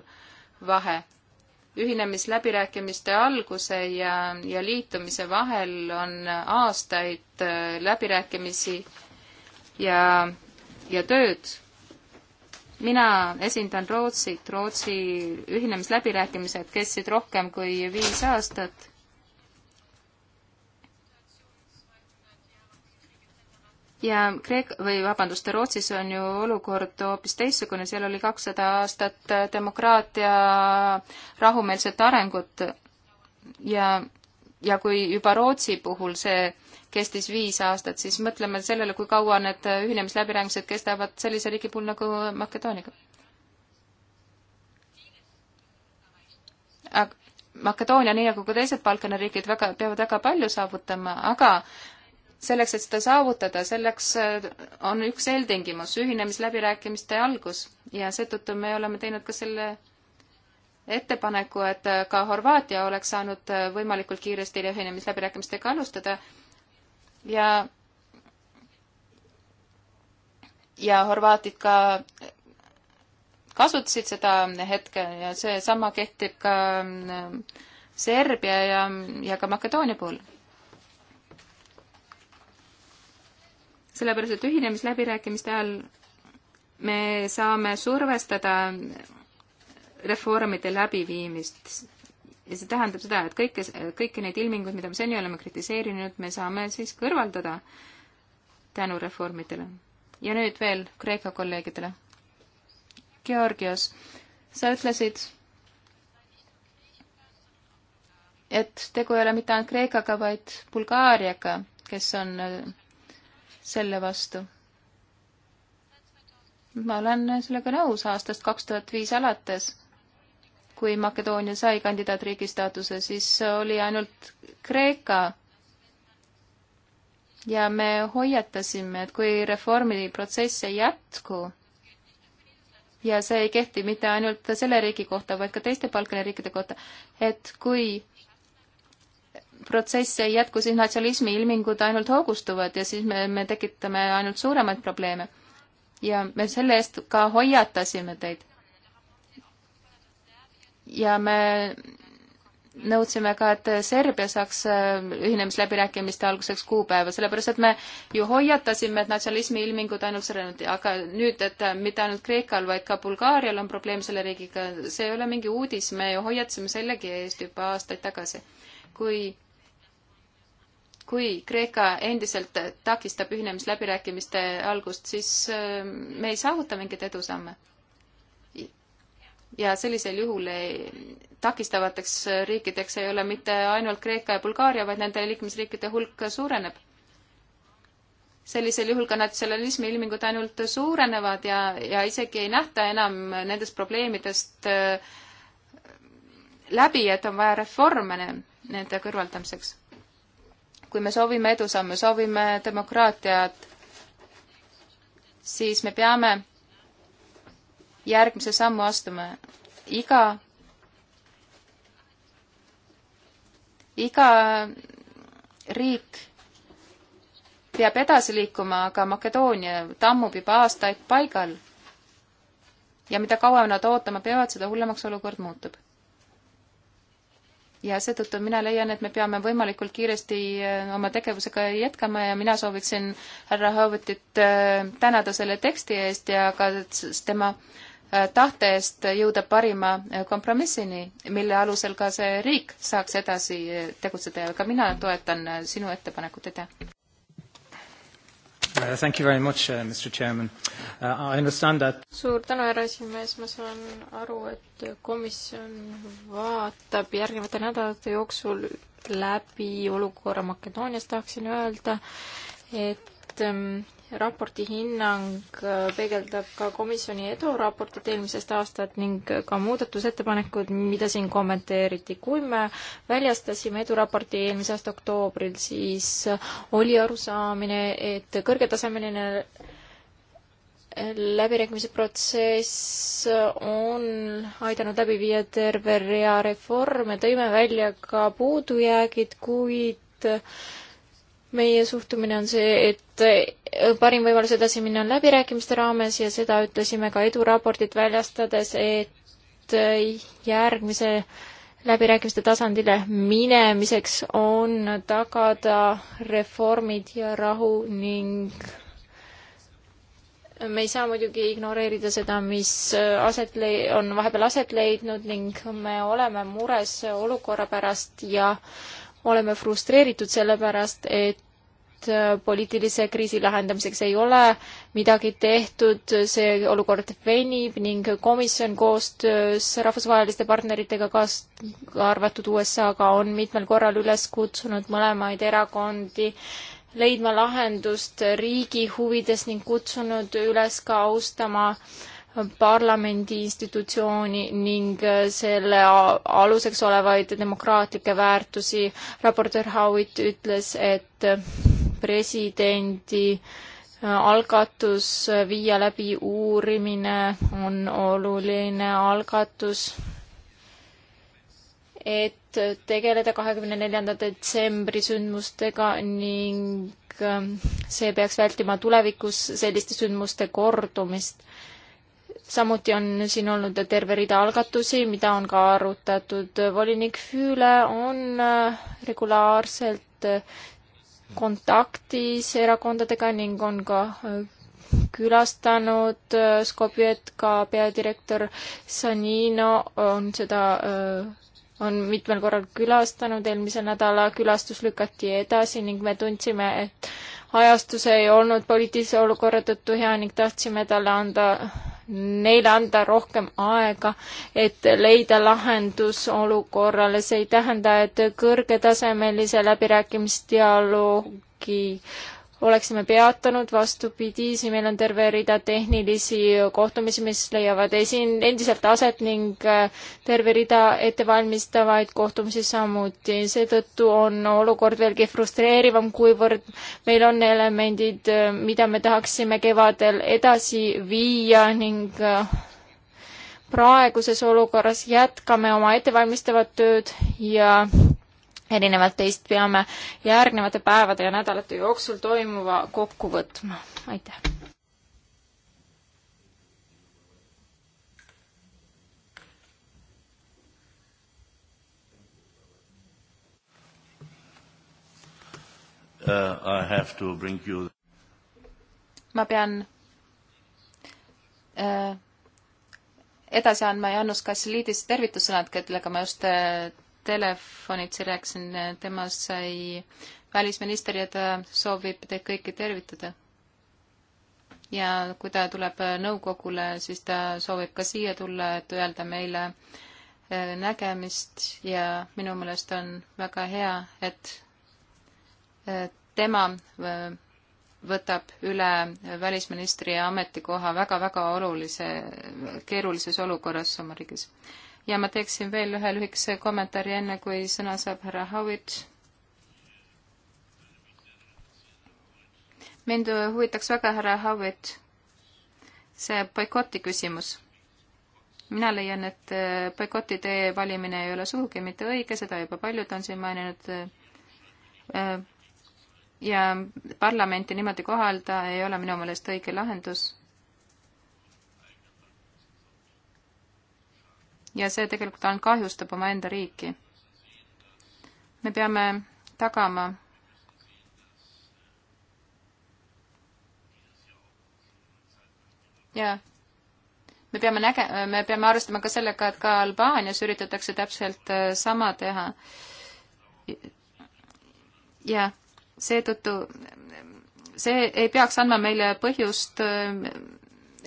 vahe ühinemisläbirääkimiste alguse ja, ja liitumise vahel on aastaid äh, läbirääkimisi ja, ja tööd mina esindan Rootsit, Rootsi ühinemisläbirääkimised kestsid rohkem kui viis aastat ja Kreek- või vabandust, Rootsis on ju olukord hoopis teistsugune, seal oli kakssada aastat äh, demokraatia rahumeelset arengut ja, ja kui juba Rootsi puhul see kestis viis aastat, siis mõtleme sellele, kui kaua need äh, ühinemisläbirääkimised kestavad sellise riigi puhul nagu Makedooniaga. Makedoonia, nii nagu ka teised Balkani riigid, väga, peavad väga palju saavutama, aga selleks, et seda saavutada, selleks äh, on üks eeltingimus, ühinemisläbirääkimiste algus ja seetõttu me oleme teinud ka selle ettepaneku, et ka Horvaatia oleks saanud äh, võimalikult kiiresti ühinemisläbirääkimistega alustada ja ja horvaatid ka kasutasid seda hetke ja seesama kehtib ka äh, Serbia ja, ja ka Makedoonia puhul sellepärast et ühinemisläbirääkimiste ajal me saame survestada reformide läbiviimist ja see tähendab seda, et kõike, kõiki neid ilminguid, mida me seni oleme kritiseerinud, me saame siis kõrvaldada tänu reformidele. ja nüüd veel Kreeka kolleegidele. Georgios, sa ütlesid, et tegu ei ole mitte ainult Kreekaga, vaid Bulgaariaga, kes on selle vastu. ma olen sellega nõus aastast kaks tuhat viis alates, kui Makedoonia sai kandidaatriigi staatuse, siis oli ainult Kreeka. ja me hoiatasime, et kui reformiprotsess ei jätku, ja see ei kehti mitte ainult selle riigi kohta, vaid ka teiste Balkani riikide kohta, et kui protsess ei jätku, siis natsionalismi ilmingud ainult hoogustuvad ja siis me, me tekitame ainult suuremaid probleeme. ja me selle eest ka hoiatasime teid. ja me nõudsime ka, et Serbia saaks äh, ühinemisläbirääkimiste alguseks kuupäeva, sellepärast et me ju hoiatasime, et natsionalismi ilmingud ainult sellele, aga nüüd, et mitte ainult Kreekal, vaid ka Bulgaarial on probleem selle riigiga, see ei ole mingi uudis, me ju hoiatasime sellegi eest juba aastaid tagasi. kui kui Kreeka endiselt takistab ühinemisläbirääkimiste algust, siis ähm, me ei saavuta mingeid edusamme. ja sellisel juhul ei, takistavateks riikideks ei ole mitte ainult Kreeka ja Bulgaaria, vaid nende liikmesriikide hulk suureneb. sellisel juhul ka natsionalismi ilmingud ainult suurenevad ja, ja isegi ei nähta enam nendest probleemidest äh, läbi, et on vaja reforme nende kõrvaldamiseks kui me soovime edusamme, soovime demokraatiat, siis me peame järgmise sammu astuma. iga, iga riik peab edasi liikuma, aga Makedoonia tammub juba aastaid paigal. ja mida kauem nad ootama peavad, seda hullemaks olukord muutub ja seetõttu mina leian, et me peame võimalikult kiiresti äh, oma tegevusega jätkama ja mina sooviksin härra Haavutit äh, tänada selle teksti eest ja ka tema äh, tahte eest jõuda parima kompromissini, mille alusel ka see riik saaks edasi tegutseda ja ka mina toetan sinu ettepanekut, aitäh! Uh, thank you very much uh,, Mr Chairman uh,. I understand that suur tänu, härra esimees, ma saan aru, et komisjon vaatab järgnevate nädalate jooksul läbi olukorra Makedoonias, tahaksin öelda, et um, raporti hinnang äh, peegeldab ka komisjoni eduraportit eelmisest aastat ning ka muudatusettepanekud, mida siin kommenteeriti. kui me väljastasime eduraporti eelmise aasta oktoobril, siis oli arusaamine, et kõrgetasemeline läbirääkimise protsess on aidanud läbi viia terve rea reforme, tõime välja ka puudujäägid, kuid meie suhtumine on see, et äh, parim võimalus edasi minna on läbirääkimiste raames ja seda ütlesime ka eduraportit väljastades, et äh, järgmise läbirääkimiste tasandile minemiseks on tagada reformid ja rahu ning me ei saa muidugi ignoreerida seda, mis äh, aset lei-, on vahepeal aset leidnud ning me oleme mures olukorra pärast ja äh, oleme frustreeritud sellepärast, et äh, poliitilise kriisi lahendamiseks ei ole midagi tehtud, see olukord venib ning komisjon koostöös rahvusvaheliste partneritega, kaasa arvatud USA-ga, on mitmel korral üles kutsunud mõlemaid erakondi leidma lahendust riigi huvides ning kutsunud üles ka austama äh, parlamendi institutsiooni ning äh, selle aluseks olevaid demokraatlikke väärtusi. raportöör Howitt ütles, et presidendi äh, algatus äh, viia läbi uurimine on oluline algatus, et tegeleda kahekümne neljanda detsembri sündmustega ning see peaks vältima tulevikus selliste sündmuste kordumist samuti on siin olnud terve rida algatusi, mida on ka arutatud. volinik Füüle on äh, regulaarselt äh, kontaktis erakondadega ning on ka äh, külastanud Skopjet, ka peadirektor Sanino on seda, on mitmel korral külastanud, eelmisel nädalal külastus lükati edasi ning me tundsime, et ajastus ei olnud poliitilise olukorra tõttu hea ning tahtsime talle anda neile anda rohkem aega, et leida lahendus olukorrale, see ei tähenda, et kõrgetasemelise läbirääkimisdialoogi oleksime peatanud, vastupidi, siin meil on terve rida tehnilisi kohtumisi, mis leiavad esin-, endiselt aset ning äh, terve rida ettevalmistavaid kohtumisi samuti. seetõttu on olukord veelgi frustreerivam, kuivõrd meil on elemendid, äh, mida me tahaksime kevadel edasi viia ning äh, praeguses olukorras jätkame oma ettevalmistavat tööd ja erinevalt teist peame järgnevate päevade ja nädalate jooksul toimuva kokku võtma. aitäh! Uh, you... ma pean uh, edasi andma Janus Kassiliidis tervitussõnad, kellega ma just uh, telefonitsi rääkisin, temast sai välisminister ja ta soovib teid kõiki tervitada. ja kui ta tuleb nõukogule, siis ta soovib ka siia tulla, et öelda meile eh, nägemist ja minu meelest on väga hea, et eh, tema eh, võtab üle välisministri ametikoha väga-väga olulise, keerulises olukorras oma riigis ja ma teeksin veel ühe lühikese kommentaari, enne kui sõna saab härra Howitt. mind huvitaks väga, härra Howitt, see boikoti küsimus. mina leian, et äh, boikoti tee valimine ei ole sugugi mitte õige, seda juba paljud on siin maininud. Äh, ja parlamenti niimoodi kohalda ei ole minu meelest õige lahendus ja see tegelikult ainult kahjustab omaenda riiki. me peame tagama ja me peame näge-, me peame arvestama ka sellega, et ka Albaanias üritatakse täpselt äh, sama teha. ja seetõttu see ei peaks andma meile põhjust äh,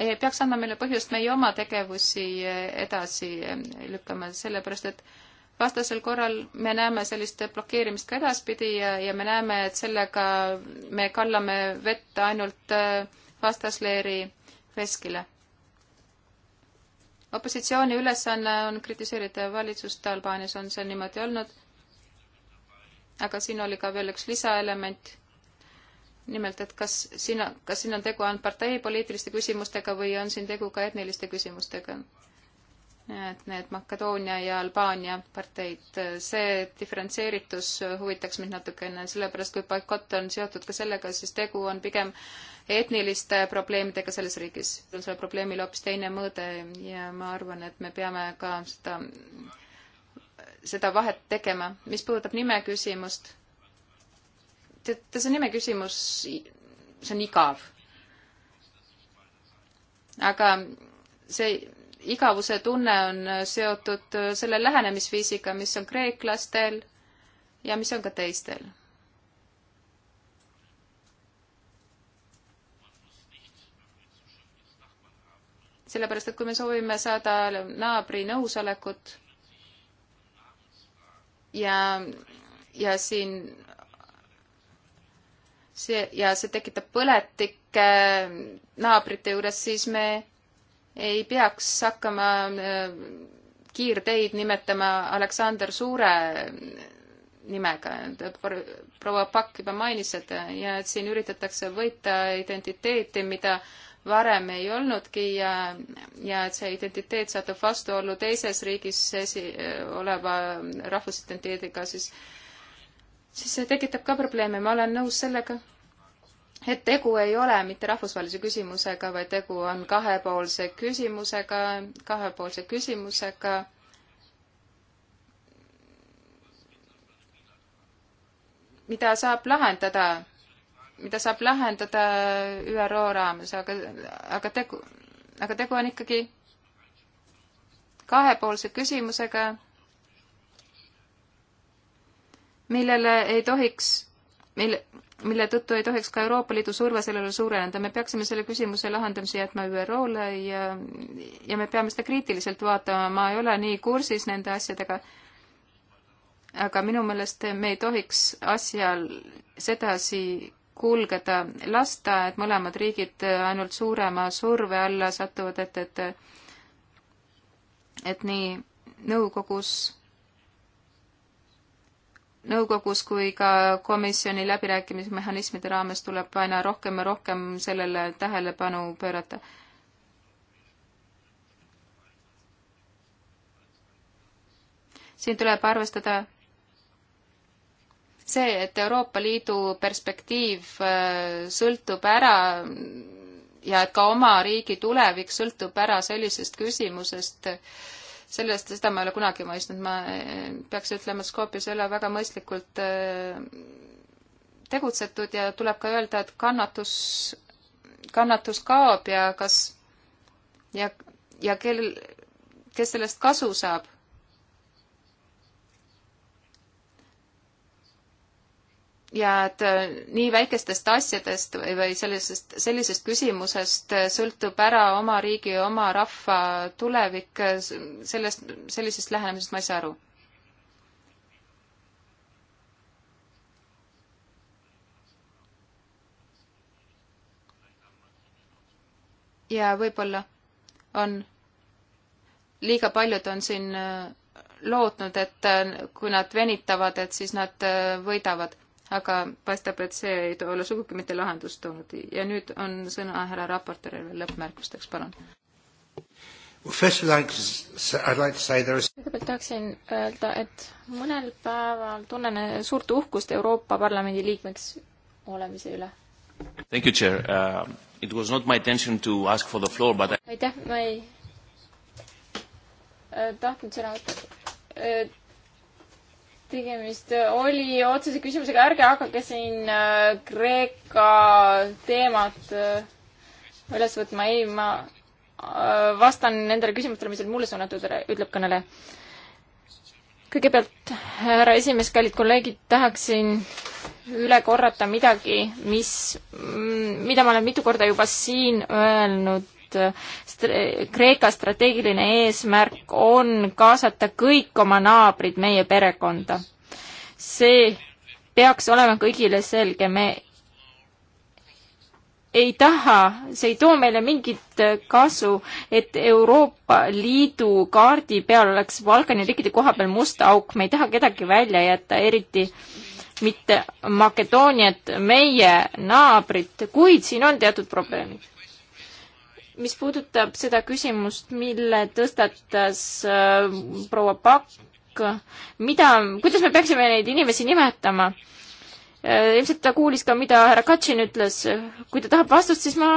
Eh, peaks andma meile põhjust meie oma tegevusi eh, edasi eh, lükkama, sellepärast et vastasel korral me näeme sellist blokeerimist ka edaspidi ja, ja me näeme, et sellega me kallame vett ainult vastasleeri veskile. opositsiooni ülesanne on kritiseerida valitsust, Albaanias on see niimoodi olnud, aga siin oli ka veel üks lisaelement nimelt, et kas siin, kas siin on tegu ainult parteipoliitiliste küsimustega või on siin tegu ka etniliste küsimustega? et need Makedoonia ja Albaania parteid, see diferentseeritus huvitaks mind natukene, sellepärast kui boikott on seotud ka sellega, siis tegu on pigem etniliste probleemidega selles riigis. sellel probleemil hoopis teine mõõde ja ma arvan, et me peame ka seda, seda vahet tegema. mis puudutab nime küsimust teate, see on ime küsimus, see on igav. aga see igavuse tunne on seotud selle lähenemisviisiga, mis on kreeklastel ja mis on ka teistel. sellepärast, et kui me soovime saada naabri nõusolekut ja, ja siin see ja see tekitab põletikke naabrite juures, siis me ei peaks hakkama äh, kiirteid nimetama Aleksander Suure nimega, proua Pakk juba mainis seda ja et siin üritatakse võita identiteeti, mida varem ei olnudki ja, ja et see identiteet satub vastuollu teises riigis esi, oleva rahvusidentiteediga, siis äh, siis see tekitab ka probleeme. ma olen nõus sellega, et tegu ei ole mitte rahvusvahelise küsimusega, vaid tegu on kahepoolse küsimusega, kahepoolse küsimusega. mida saab lahendada, mida saab lahendada ÜRO raames, aga, aga tegu, aga tegu on ikkagi kahepoolse küsimusega millele ei tohiks, mille, mille tõttu ei tohiks ka Euroopa Liidu surve sellele suureneda. me peaksime selle küsimuse lahendamise jätma ÜRO-le ja, ja me peame seda kriitiliselt vaatama. ma ei ole nii kursis nende asjadega. aga minu meelest me ei tohiks asjal sedasi kulgeda, lasta, et mõlemad riigid ainult suurema surve alla satuvad, et, et et nii nõukogus nõukogus kui ka komisjoni läbirääkimismehhanismide raames tuleb aina rohkem ja rohkem sellele tähelepanu pöörata. siin tuleb arvestada see, et Euroopa Liidu perspektiiv äh, sõltub ära ja et ka oma riigi tulevik sõltub ära sellisest küsimusest äh,, sellest, seda ma ei ole kunagi mõistnud, ma eh, peaks ütlema, et Skopjas ei ole väga mõistlikult eh, tegutsetud ja tuleb ka öelda, et kannatus, kannatus kaob ja kas ja, ja kel, kes sellest kasu saab. ja et äh, nii väikestest asjadest või sellisest, sellisest küsimusest äh, sõltub ära oma riigi, oma rahva tulevik, äh, sellest, sellisest lähenemisest ma ei saa aru. ja võib-olla on, liiga paljud on siin lootnud, et kui nad venitavad, et siis nad võidavad aga paistab, et see ei ole sugugi mitte lahendust toonud ja nüüd on sõna härra raportööril veel lõppmärkusteks, palun. kõigepealt tahaksin öelda, et mõnel päeval tunnen suurt uhkust Euroopa Parlamendi liikmeks olemise üle. Thank you, chair uh,. It was not my intention to ask for the floor, but I... aitäh, ma ei äh, tahtnud sõna võtta äh, tegemist oli otsese küsimusega, ärge hakake siin äh, Kreeka teemat äh, üles võtma, ei, ma äh, vastan nendele küsimustele, mis olid mulle suunatud, ütleb kõneleja. kõigepealt, härra esimees, kallid kolleegid, tahaksin üle korrata midagi, mis, mm, mida ma olen mitu korda juba siin öelnud et Kreeka strateegiline eesmärk on kaasata kõik oma naabrid meie perekonda. see peaks olema kõigile selge, me ei taha, see ei too meile mingit kasu, et Euroopa Liidu kaardi peal oleks Balkani riikide koha peal must auk, me ei taha kedagi välja jätta, eriti mitte Makedooniat, meie naabrit, kuid siin on teatud probleemid mis puudutab seda küsimust, mille tõstatas äh, proua Pakk, mida, kuidas me peaksime neid inimesi nimetama äh,? ilmselt ta kuulis ka, mida härra Katšin ütles. kui ta tahab vastust, siis ma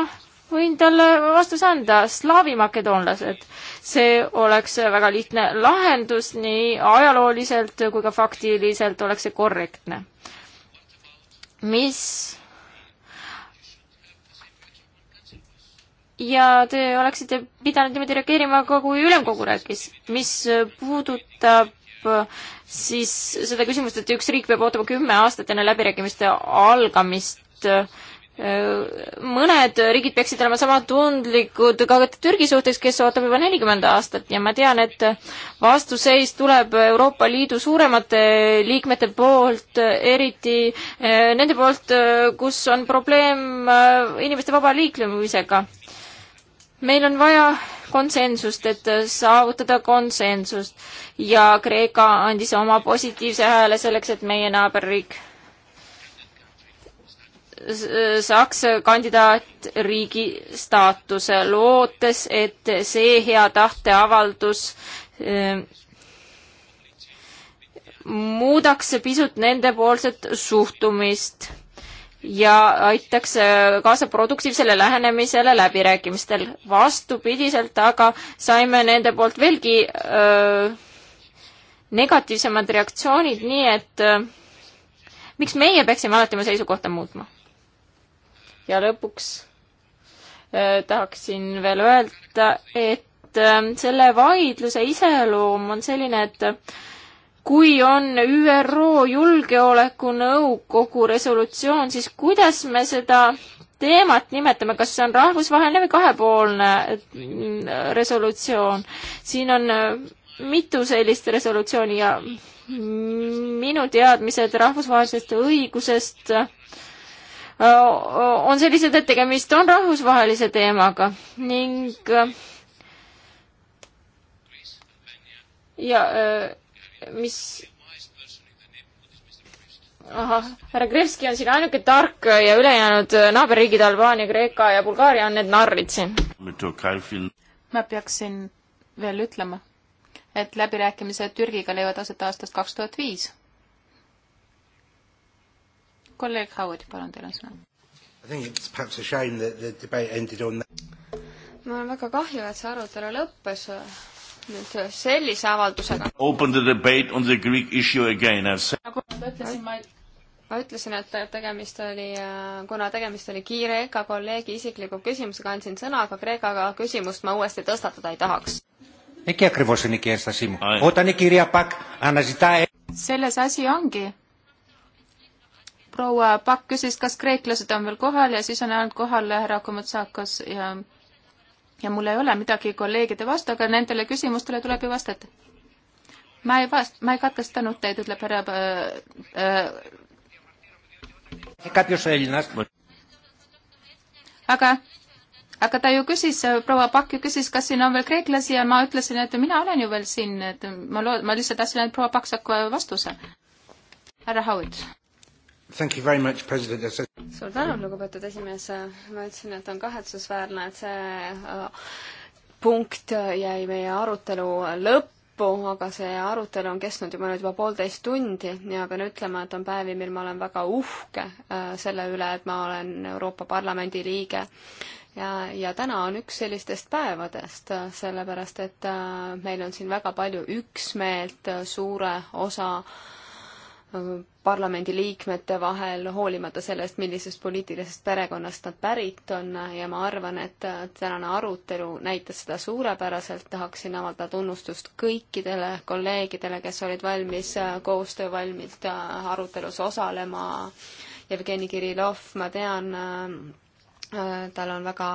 võin talle vastuse anda, slaavi makedoonlased. see oleks väga lihtne lahendus nii ajalooliselt kui ka faktiliselt oleks see korrektne. mis ja te oleksite pidanud niimoodi reageerima ka, kui ülemkogu rääkis. mis puudutab siis seda küsimust, et üks riik peab ootama kümme aastat enne läbirääkimiste algamist, mõned riigid peaksid olema sama tundlikud ka Türgi suhtes, kes ootab juba nelikümmend aastat ja ma tean, et vastuseis tuleb Euroopa Liidu suuremate liikmete poolt, eriti eh, nende poolt, eh, kus on probleem eh, inimeste vaba liiklemisega meil on vaja konsensust, et äh, saavutada konsensust ja Kreeka andis oma positiivse hääle selleks, et meie naaberriik saaks kandidaatriigi staatuse, lootes, et see hea tahte avaldus ähm, muudaks pisut nendepoolset suhtumist ja aitaks äh, kaasa produktiivsele lähenemisele läbirääkimistel. vastupidiselt aga saime nende poolt veelgi öö, äh, negatiivsemad reaktsioonid, nii et öö, äh, miks meie peaksime alati oma seisukohta muutma? ja lõpuks öö, tahaksin veel öelda, et öö, selle vaidluse iseloom on selline, et öö, kui on ÜRO Julgeolekunõukogu resolutsioon, siis kuidas me seda teemat nimetame, kas see on rahvusvaheline või kahepoolne mm, resolutsioon? siin on äh, mitu sellist resolutsiooni ja minu teadmised rahvusvahelisest õigusest äh, on sellised, et tegemist on rahvusvahelise teemaga ning äh, ja mis ahah, härra Krevski on siin ainuke tark ja ülejäänud naaberriigid Albaania, Kreeka ja Bulgaaria on need narrid siin. ma peaksin veel ütlema, et läbirääkimised Türgiga leiavad aset aastast kaks tuhat viis. kolleeg Howard, palun, teil on sõna. mul on väga kahju, et see arutelu lõppes nüüd äh, sellise avaldusega. Open the debate on the Greek issue again. nagu ma ütlesin, ma ma ütlesin, et äh, tegemist oli, äh, kuna tegemist oli Kreeka kolleegi isikliku küsimusega, andsin sõna, aga Kreeka küsimust ma uuesti tõstatada ei tahaks. selles asi ongi. proua Pakk küsis, kas kreeklased on veel kohal ja siis on ainult kohal härra Komotsakos ja ja mul ei ole midagi kolleegide vastu, aga nendele küsimustele tuleb ju vastata. ma ei vast-, ma ei katkestanud teid, ütleb härra äh, äh aga, aga ta ju küsis, proua Pakk ju küsis, kas siin on veel kreeklasi ja ma ütlesin, et mina olen ju veel siin, et ma loo-, ma lihtsalt tahtsin, et proua Pakk saab kohe vastuse. härra Howard Much, suur tänu, lugupeetud esimees. ma ütlesin, et on kahetsusväärne, et see äh, punkt jäi meie arutelu lõppu, aga see arutelu on kestnud juba nüüd juba poolteist tundi ja pean ütlema, et on päevi, mil ma olen väga uhke äh, selle üle, et ma olen Euroopa Parlamendi liige ja, ja täna on üks sellistest päevadest, äh, sellepärast et meil on siin väga palju üksmeelt suure osa parlamendiliikmete vahel, hoolimata sellest, millisest poliitilisest perekonnast nad pärit on ja ma arvan, et tänane arutelu näitas seda suurepäraselt, tahaksin avaldada tunnustust kõikidele kolleegidele, kes olid valmis, äh, koostöövalmid äh, arutelus osalema. Jevgeni Kirillov, ma tean, äh, tal on väga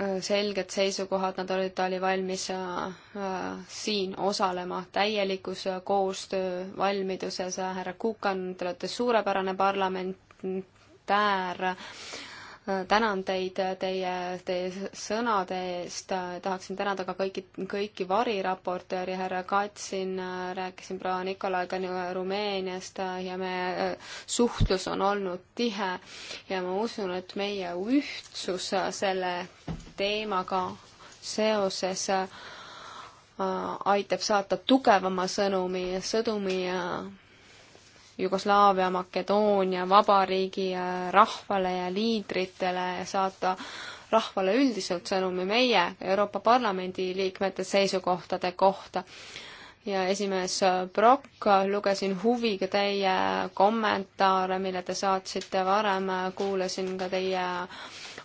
Äh, selged seisukohad, nad olid, ta oli valmis äh, äh, siin osalema täielikus koostöö valmiduses, härra Kukan, te olete suurepärane parlamentär, tänan teid teie, teie sõnade eest, tahaksin tänada ka kõiki, kõiki variraportööri, härra Katsin, äh, rääkisin proua Nikolaiga Rumeeniast äh, ja meie äh, suhtlus on olnud tihe ja ma usun, et meie ühtsus selle teemaga seoses aitab saata tugevama sõnumi, sõdumi Jugoslaavia, Makedoonia vabariigi äh, rahvale ja liidritele ja saata rahvale üldiselt sõnumi meie Euroopa Parlamendi liikmete seisukohtade kohta. ja esimees Brock, lugesin huviga teie kommentaare, mille te saatsite varem, kuulasin ka teie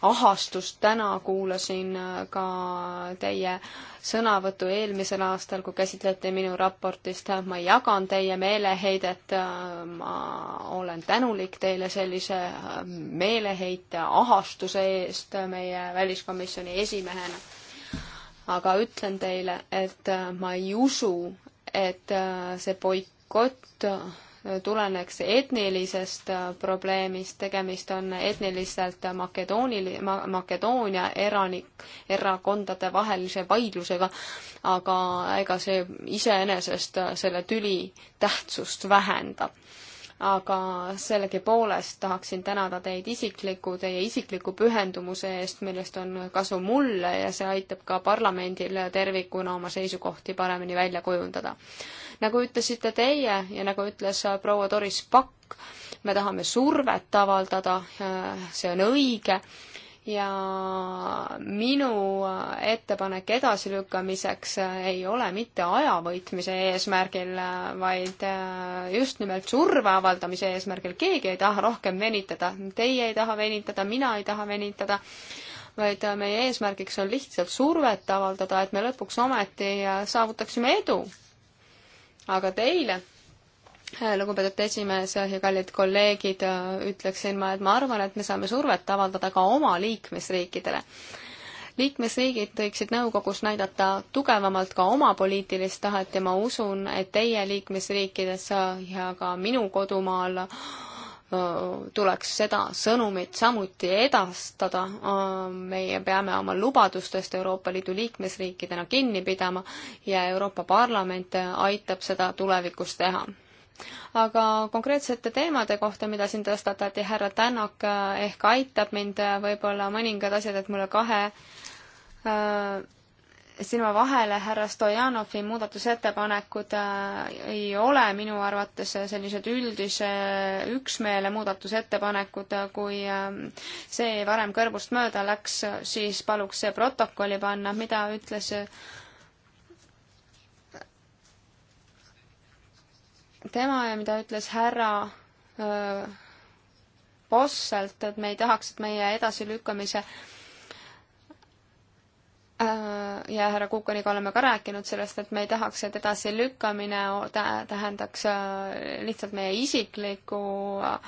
ahastust täna, kuulasin äh, ka teie sõnavõttu eelmisel aastal, kui käsitleti minu raportist, ma jagan teie meeleheidet, äh, ma olen tänulik teile sellise äh, meeleheite ahastuse eest meie väliskomisjoni esimehena. aga ütlen teile, et ma ei usu, et see boikott tuleneks etnilisest äh, probleemist, tegemist on etniliselt makedoonili-, ma-, Makedoonia eranik, erakondade vahelise vaidlusega, aga ega see iseenesest äh, selle tüli tähtsust vähenda aga sellegipoolest tahaksin tänada teid isikliku, teie isikliku pühendumuse eest, millest on kasu mulle ja see aitab ka parlamendil tervikuna oma seisukohti paremini välja kujundada. nagu ütlesite teie ja nagu ütles proua Doris Pakk, me tahame survet avaldada, see on õige ja minu ettepanek edasilükkamiseks ei ole mitte aja võitmise eesmärgil, vaid äh, just nimelt surve avaldamise eesmärgil. keegi ei taha rohkem venitada, teie ei taha venitada, mina ei taha venitada, vaid äh, meie eesmärgiks on lihtsalt survet avaldada, et me lõpuks ometi äh, saavutaksime edu. aga teile lugupeetud esimees ja kallid kolleegid, ütleksin ma, et ma arvan, et me saame survet avaldada ka oma liikmesriikidele. liikmesriigid võiksid nõukogus näidata tugevamalt ka oma poliitilist tahet ja ma usun, et teie liikmesriikides ja ka minu kodumaal tuleks seda sõnumit samuti edastada. meie peame oma lubadustest Euroopa Liidu liikmesriikidena kinni pidama ja Euroopa Parlament aitab seda tulevikus teha aga konkreetsete teemade kohta, mida siin tõstatati, härra Tänak eh, ehk aitab mind eh, võib-olla mõningad asjad, et mulle kahe äh, silma vahele härra Stojanovi muudatusettepanekud äh, ei ole minu arvates sellised üldise üksmeele muudatusettepanekud, kui äh, see varem kõrvust mööda läks, siis paluks see protokolli panna, mida ütles äh, tema ja mida ütles härra Posselt, et me ei tahaks, et meie edasilükkamise ja härra Kukaniga oleme ka rääkinud sellest, et me ei tahaks, et edasilükkamine tähendaks lihtsalt meie isiklikku äh,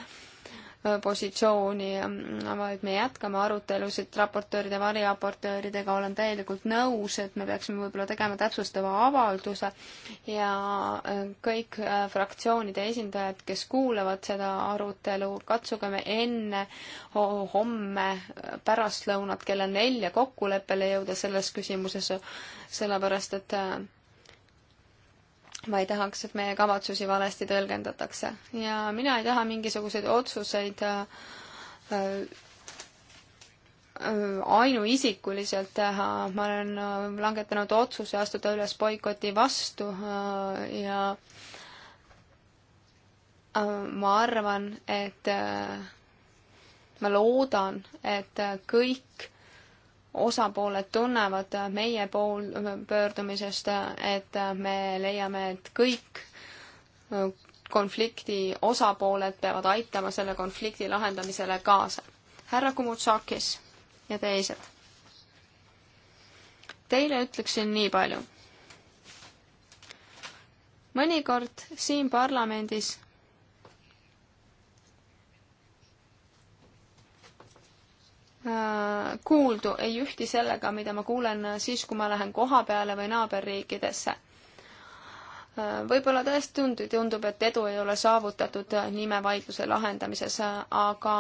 Äh, positsiooni, mm, vaid me jätkame arutelusid raportööride, variraportööridega, olen täielikult nõus, et me peaksime võib-olla tegema täpsustava avalduse ja äh, kõik äh, fraktsioonide esindajad, kes kuulavad seda arutelu, katsugeme enne oh, homme pärastlõunat kella nelja kokkuleppele jõuda selles küsimuses, sellepärast et ma ei tahaks, et meie kavatsusi valesti tõlgendatakse ja mina ei taha mingisuguseid otsuseid äh, äh, ainuisikuliselt teha, ma olen äh, langetanud otsuse astuda üles boikoti vastu ja ma arvan, et ma loodan, et kõik osapooled tunnevad meie pool pöördumisest, et me leiame, et kõik äh, konflikti osapooled peavad aitama selle konflikti lahendamisele kaasa. härra Kumutsakis ja teised. Teile ütleksin nii palju. mõnikord siin parlamendis Äh, kuuldu ei ühti sellega, mida ma kuulen siis, kui ma lähen koha peale või naaberriikidesse. Äh, võib-olla tõesti tundub, tundub, et edu ei ole saavutatud äh, nimevaidluse lahendamises, aga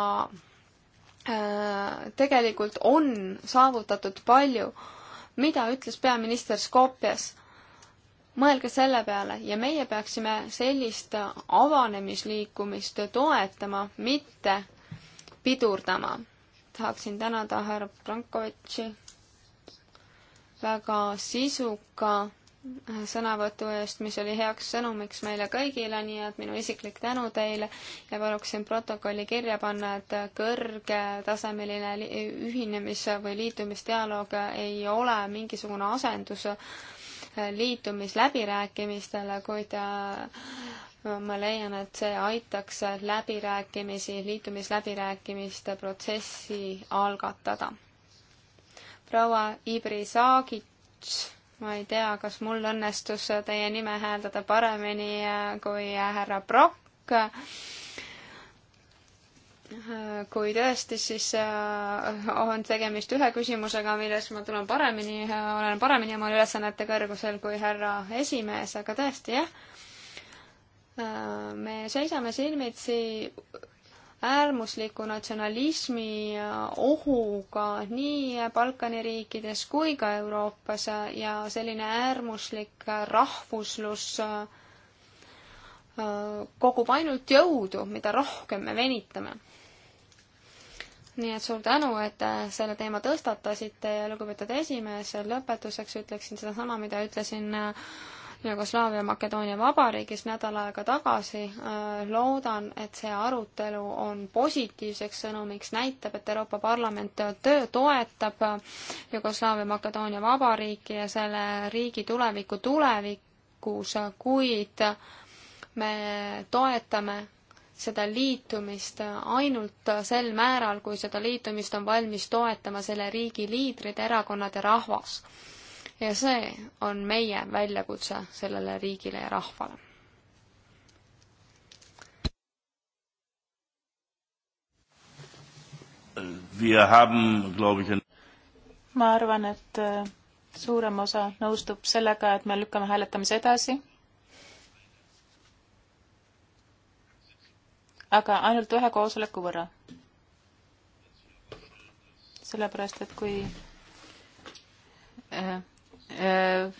tegelikult on saavutatud palju. mida ütles peaminister Skopjas? mõelge selle peale ja meie peaksime sellist avanemisliikumist toetama, mitte pidurdama tahaksin tänada härra Brankovitši väga sisuka sõnavõtu eest, mis oli heaks sõnumiks meile kõigile, nii et minu isiklik tänu teile ja paluksin protokolli kirja panna, et kõrgetasemeline ühinemis- või liitumisdialoog ei ole mingisugune asendus liitumisläbirääkimistele, kuid ma leian, et see aitaks läbirääkimisi, liitumisläbirääkimiste protsessi algatada. proua Ibri Saagits, ma ei tea, kas mul õnnestus teie nime hääldada paremini kui härra Brock. kui tõesti, siis äh, on tegemist ühe küsimusega, milles ma tulen paremini, olen paremini oma ülesannete kõrgusel kui härra esimees, aga tõesti jah me seisame silmitsi äärmusliku natsionalismi ohuga nii Balkani riikides kui ka Euroopas ja selline äärmuslik rahvuslus äh, kogub ainult jõudu, mida rohkem me venitame. nii et suur tänu, et äh, selle teema tõstatasite ja lugupeetud esimees, lõpetuseks ütleksin sedasama, mida ütlesin äh, Jugoslaavia Makedoonia Vabariigis nädal aega tagasi. Äh, loodan, et see arutelu on positiivseks sõnumiks, näitab, et Euroopa Parlament töö toetab äh, Jugoslaavia Makedoonia Vabariiki ja selle riigi tulevikku tulevikus, kuid me toetame seda liitumist ainult sel määral, kui seda liitumist on valmis toetama selle riigi liidrid, erakonnad ja rahvas ja see on meie väljakutse sellele riigile ja rahvale. ma arvan, et äh, suurem osa nõustub sellega, et me lükkame hääletamise edasi aga ainult ühe koosoleku võrra. sellepärast, et kui äh, Äh,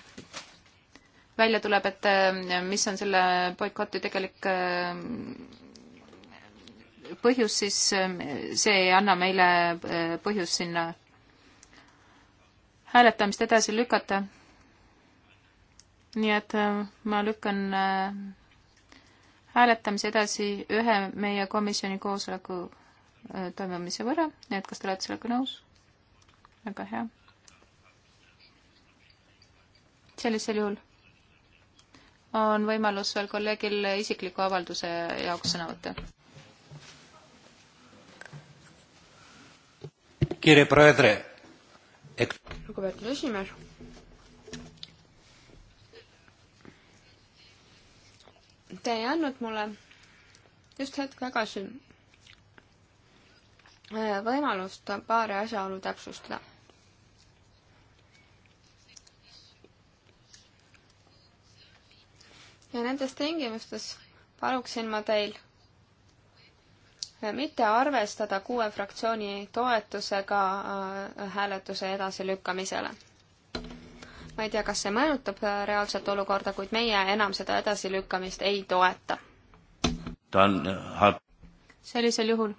välja tuleb, et äh, mis on selle boikoti tegelik äh, põhjus, siis see ei anna meile põhjust sinna hääletamist edasi lükata. nii et ma lükkan hääletamise edasi ühe meie komisjoni koosoleku toimumise võrra, nii et kas te olete sellega nõus? väga hea sellisel juhul on võimalus veel kolleegil isikliku avalduse jaoks sõna võtta. lugupeetud esimees. Te ei andnud mulle just hetk tagasi äh, võimalust paari asjaolu täpsustada ja nendes tingimustes paluksin ma teil äh, mitte arvestada kuue fraktsiooni toetusega äh, hääletuse edasilükkamisele. ma ei tea, kas see mõjutab äh, reaalset olukorda, kuid meie enam seda edasilükkamist ei toeta. ta on sellisel juhul?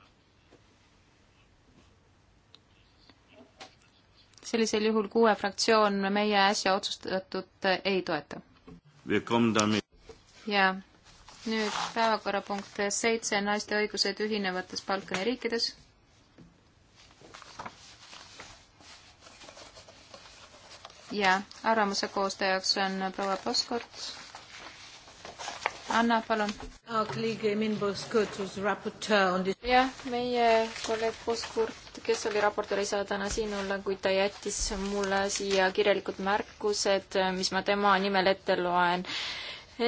sellisel juhul kuue fraktsioon meie äsja otsustatud ei toeta ja nüüd päevakorrapunkt seitse, naiste õigused ühinevates Balkani riikides. ja arvamuse koostajaks on proua Poskort. Anna, palun. jah, meie kolleeg Poskurt, kes oli raportöör, ei saa täna siin olla, kuid ta jättis mulle siia kirjalikud märkused, mis ma tema nimel ette loen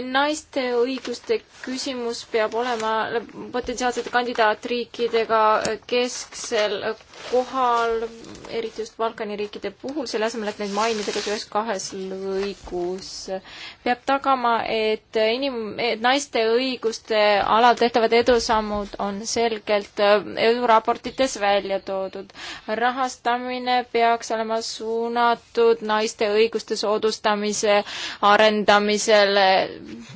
naiste õiguste küsimus peab olema potentsiaalsete kandidaatriikidega kesksel kohal, eriti just Balkani riikide puhul, selle asemel, et neid mainida kas ühes-kahes lõigus. peab tagama, et inim-, et naiste õiguste alal tehtavad edusammud on selgelt äh, eduraportites välja toodud. rahastamine peaks olema suunatud naiste õiguste soodustamise arendamisele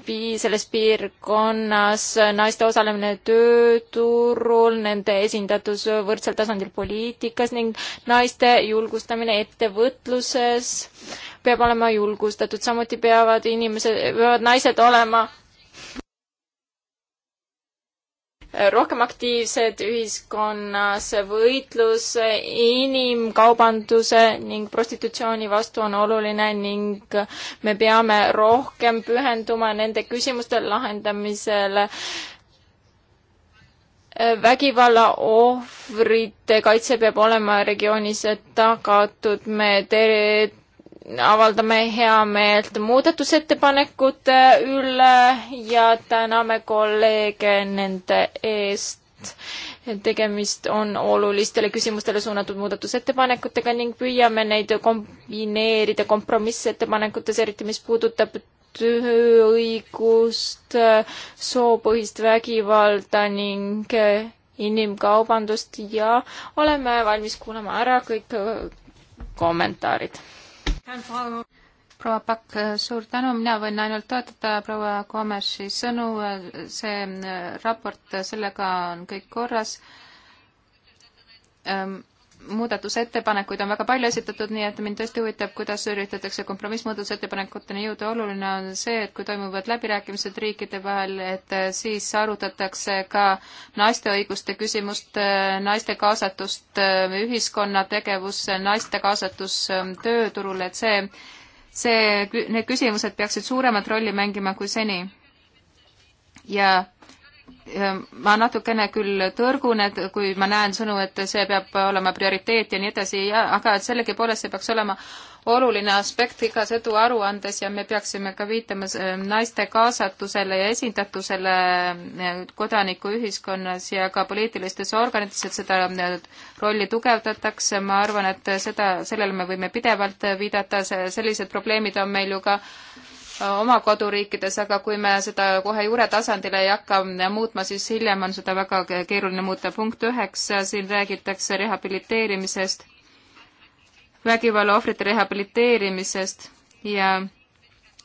pii-, selles piirkonnas, naiste osalemine tööturul, nende esindatus võrdsel tasandil poliitikas ning naiste julgustamine ettevõtluses peab olema julgustatud, samuti peavad inimesed, peavad naised olema rohkem aktiivsed ühiskonnas, võitlus inimkaubanduse ning prostitutsiooni vastu on oluline ning me peame rohkem pühenduma nende küsimuste lahendamisele vägivalla ohvrite kaitse peab olema regioonis tagatud, me ter-, avaldame heameelt muudatusettepanekute üle ja täname kolleege nende eest. tegemist on olulistele küsimustele suunatud muudatusettepanekutega ning püüame neid kombineerida kompromissettepanekutes, eriti mis puudutab tööõigust, soopõhist vägivalda ning inimkaubandust ja oleme valmis kuulama ära kõik kommentaarid proua Pakk, suur tänu, mina võin ainult toetada proua Komeši sõnu, see äh, raport, sellega on kõik korras ähm muudatusettepanekuid on väga palju esitatud, nii et mind tõesti huvitab, kuidas üritatakse kompromissmuudatusettepanekuteni jõuda. oluline on see, et kui toimuvad läbirääkimised riikide vahel, et siis arutatakse ka naiste õiguste küsimust, naiste kaasatust ühiskonna tegevusse, naiste kaasatus tööturule, et see, see, need küsimused peaksid suuremat rolli mängima kui seni. ja ma natukene küll tõrgun, et kui ma näen sõnu, et see peab olema prioriteet ja nii edasi, aga sellegipoolest see peaks olema oluline aspekt igas eduaruandes ja me peaksime ka viitama äh, naiste kaasatusele ja esindatusele äh, kodanikuühiskonnas ja ka poliitilistes organites, et seda äh, rolli tugevdatakse, ma arvan, et seda, sellele me võime pidevalt viidata, sellised probleemid on meil ju ka oma koduriikides, aga kui me seda kohe juure tasandil ei hakka muutma, siis hiljem on seda väga keeruline muuta. punkt üheksa, äh, siin räägitakse rehabiliteerimisest, vägivalla ohvrite rehabiliteerimisest ja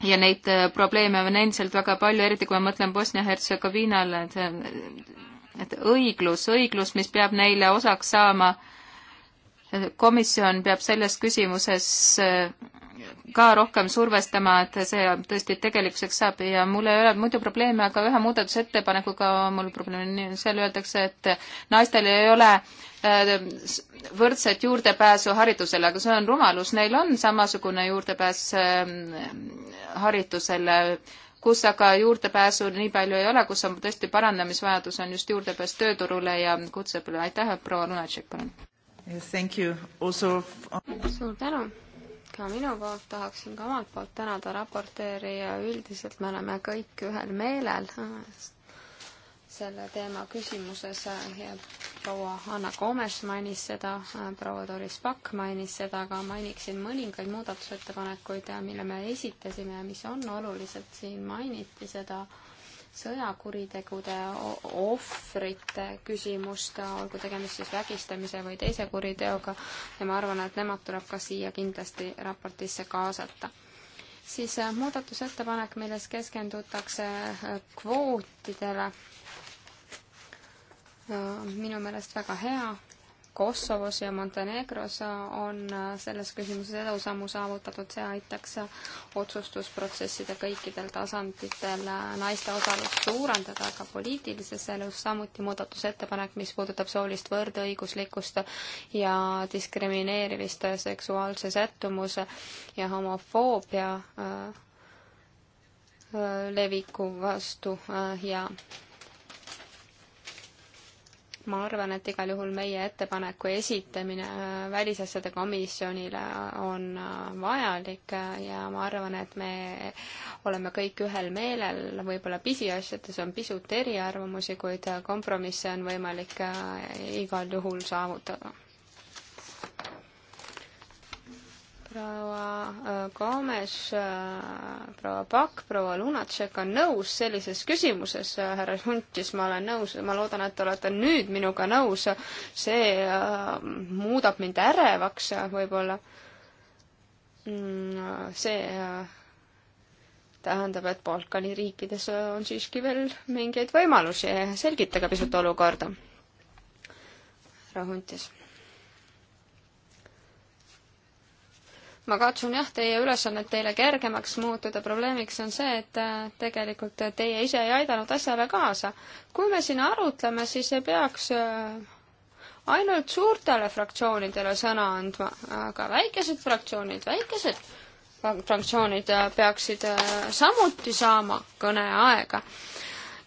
ja neid äh, probleeme on endiselt väga palju, eriti kui ma mõtlen Bosnia-Hertsegoviinale, et et õiglus, õiglus, mis peab neile osaks saama äh, komisjon peab selles küsimuses eh, ka rohkem survestama, et see tõesti tegelikkuseks saab ja mul ei ole muidu probleeme, aga ühe muudatusettepanekuga mul probleem on, seal öeldakse, et naistel ei ole eh, võrdset juurdepääsu haridusele, aga see on rumalus, neil on samasugune juurdepääs eh, haridusele, kus aga juurdepääsu nii palju ei ole, kus on tõesti parandamisvajadus, on just juurdepääs tööturule ja kutseõppele. aitäh, proua Lunatšik, palun! Thank you also uh, suur tänu! ka minu poolt tahaksin ka omalt poolt tänada raportööri ja üldiselt me oleme kõik ühel meelel äh, selle teema küsimuses äh, ja proua Anna Komes mainis seda, äh, proua Doris Pakk mainis seda, aga mainiksin mõningaid muudatusettepanekuid, mille me esitasime ja mis on olulised, siin mainiti seda äh, sõjakuritegude ohvrite küsimust, olgu tegemist siis vägistamise või teise kuriteoga ja ma arvan, et nemad tuleb ka siia kindlasti raportisse kaasata siis äh, muudatusettepanek, milles keskendutakse äh, kvootidele, äh, minu meelest väga hea Kosovos ja Montenegros on selles küsimuses edusammu saavutatud, see aitaks otsustusprotsesside kõikidel tasanditel naiste osalust suurendada ka poliitilises elus, samuti muudatusettepanek, mis puudutab soolist võrdõiguslikkust ja diskrimineerimist seksuaalse sättumuse ja homofoobia äh, äh, leviku vastu äh, ja ma arvan, et igal juhul meie ettepaneku esitamine äh, Välisasjade Komisjonile on äh, vajalik äh, ja ma arvan, et me oleme kõik ühel meelel, võib-olla pisiasjades on pisut eriarvamusi, kuid kompromisse on võimalik igal juhul saavutada proua äh, Gomes, äh, proua Pakk, proua Lunatšek on nõus sellises küsimuses, äh, härra Šuntis, ma olen nõus, ma loodan, et te olete nüüd minuga nõus, see muudab mind ärevaks võib-olla. Mm, see tähendab, et Balkani riikides on siiski veel mingeid võimalusi, selgitage pisut olukorda, härra Huntis ma katsun jah, teie ülesannet teile kergemaks muutuda, probleemiks on see, et äh, tegelikult teie ise ei aidanud asjale kaasa. kui me siin arutleme, siis ei peaks äh, ainult suurtele fraktsioonidele sõna andma, aga väikesed fraktsioonid, väikesed fraktsioonid äh, peaksid samuti saama kõneaega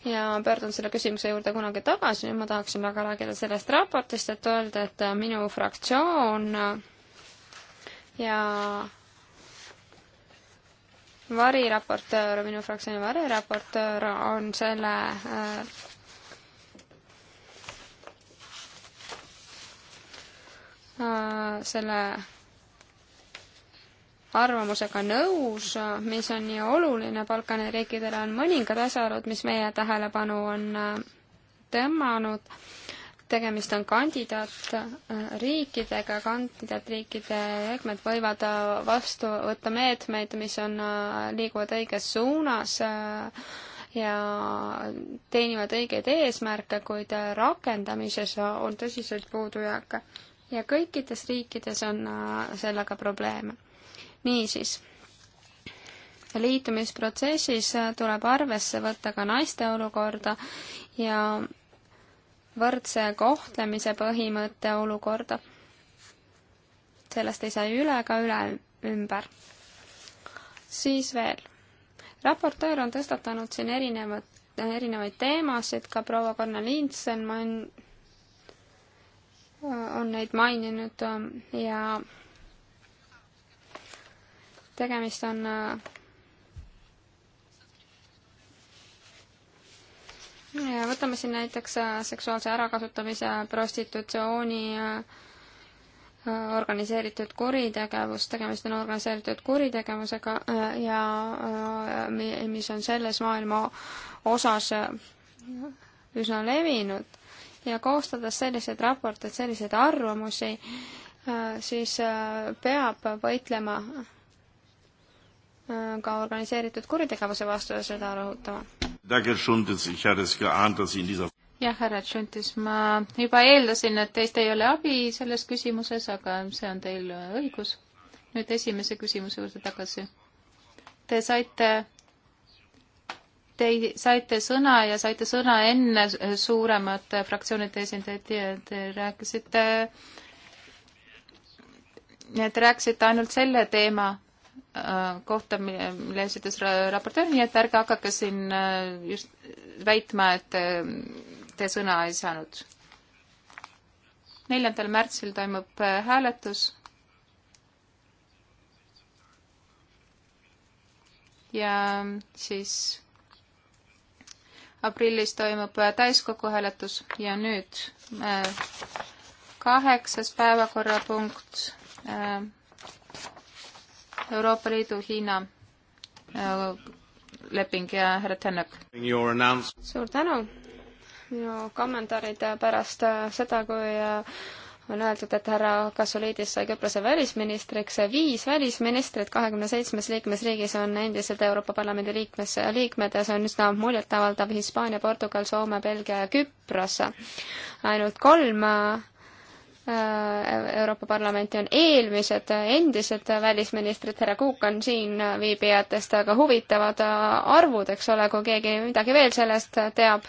ja pöördun selle küsimuse juurde kunagi tagasi, nüüd ma tahaksin väga rääkida sellest raportist, et öelda, et minu fraktsioon ja variraportöör, minu fraktsiooni variraportöör on selle äh, äh, selle arvamusega nõus, mis on nii oluline Balkani riikidele, on mõningad asjaolud, mis meie tähelepanu on äh, tõmmanud tegemist on kandidaatriikidega, kandidaatriikide liikmed võivad äh, vastu võtta meetmeid, mis on, äh, liiguvad õiges suunas äh, ja teenivad õigeid eesmärke, kuid rakendamises on tõsiselt puudujääke. ja kõikides riikides on sellega probleeme. niisiis liitumisprotsessis tuleb arvesse võtta ka naiste olukorda ja võrdse kohtlemise põhimõtte olukorda. sellest ei saa üle ega üle ümber. siis veel. raportöör on tõstatanud siin erinevad, erinevaid teemasid, ka proua Kornelinsen main-, on neid maininud ja tegemist on võtame siin näiteks äh, seksuaalse ärakasutamise, prostitutsiooni, äh, äh, organiseeritud kuritegevus, tegemist on organiseeritud kuritegevusega ja mis on selles maailma osas üsna levinud ja koostades selliseid raporteid, selliseid arvamusi, siis peab võitlema ka organiseeritud kuritegevuse vastu ja seda rõhutama jah, härra Tšuntis, ma juba eeldasin, et teist ei ole abi selles küsimuses, aga see on teil õigus. nüüd esimese küsimuse juurde tagasi. Te saite, te saite sõna ja saite sõna enne suuremate fraktsioonide esindajaid ja te rääkisite, te rääkisite ainult selle teema Äh, kohta, mille esitas raportöör, nii et ärge hakake siin äh, just väitma, et te sõna ei saanud. neljandal märtsil toimub äh, hääletus. ja siis aprillis toimub täiskogu hääletus ja nüüd kaheksas päevakorrapunkt äh, Euroopa Liidu Hiina äh, leping ja härra Tänak. suur tänu. minu kommentaarid pärast äh, seda, kui äh, on öeldud, et härra Kasuliidis sai Küprose välisministriks, viis välisministrit kahekümne seitsmes liikmesriigis on endiselt Euroopa Parlamendi liikmes, liikmed ja see on üsna muljetavaldav Hispaania, Portugal, Soome, Belgia ja Küpros. ainult kolm Äh, Euroopa Parlamenti on eelmised endised välisministrid, härra Kuuk on siin viibijatest, aga huvitavad äh, arvud, eks ole, kui keegi midagi veel sellest äh, teab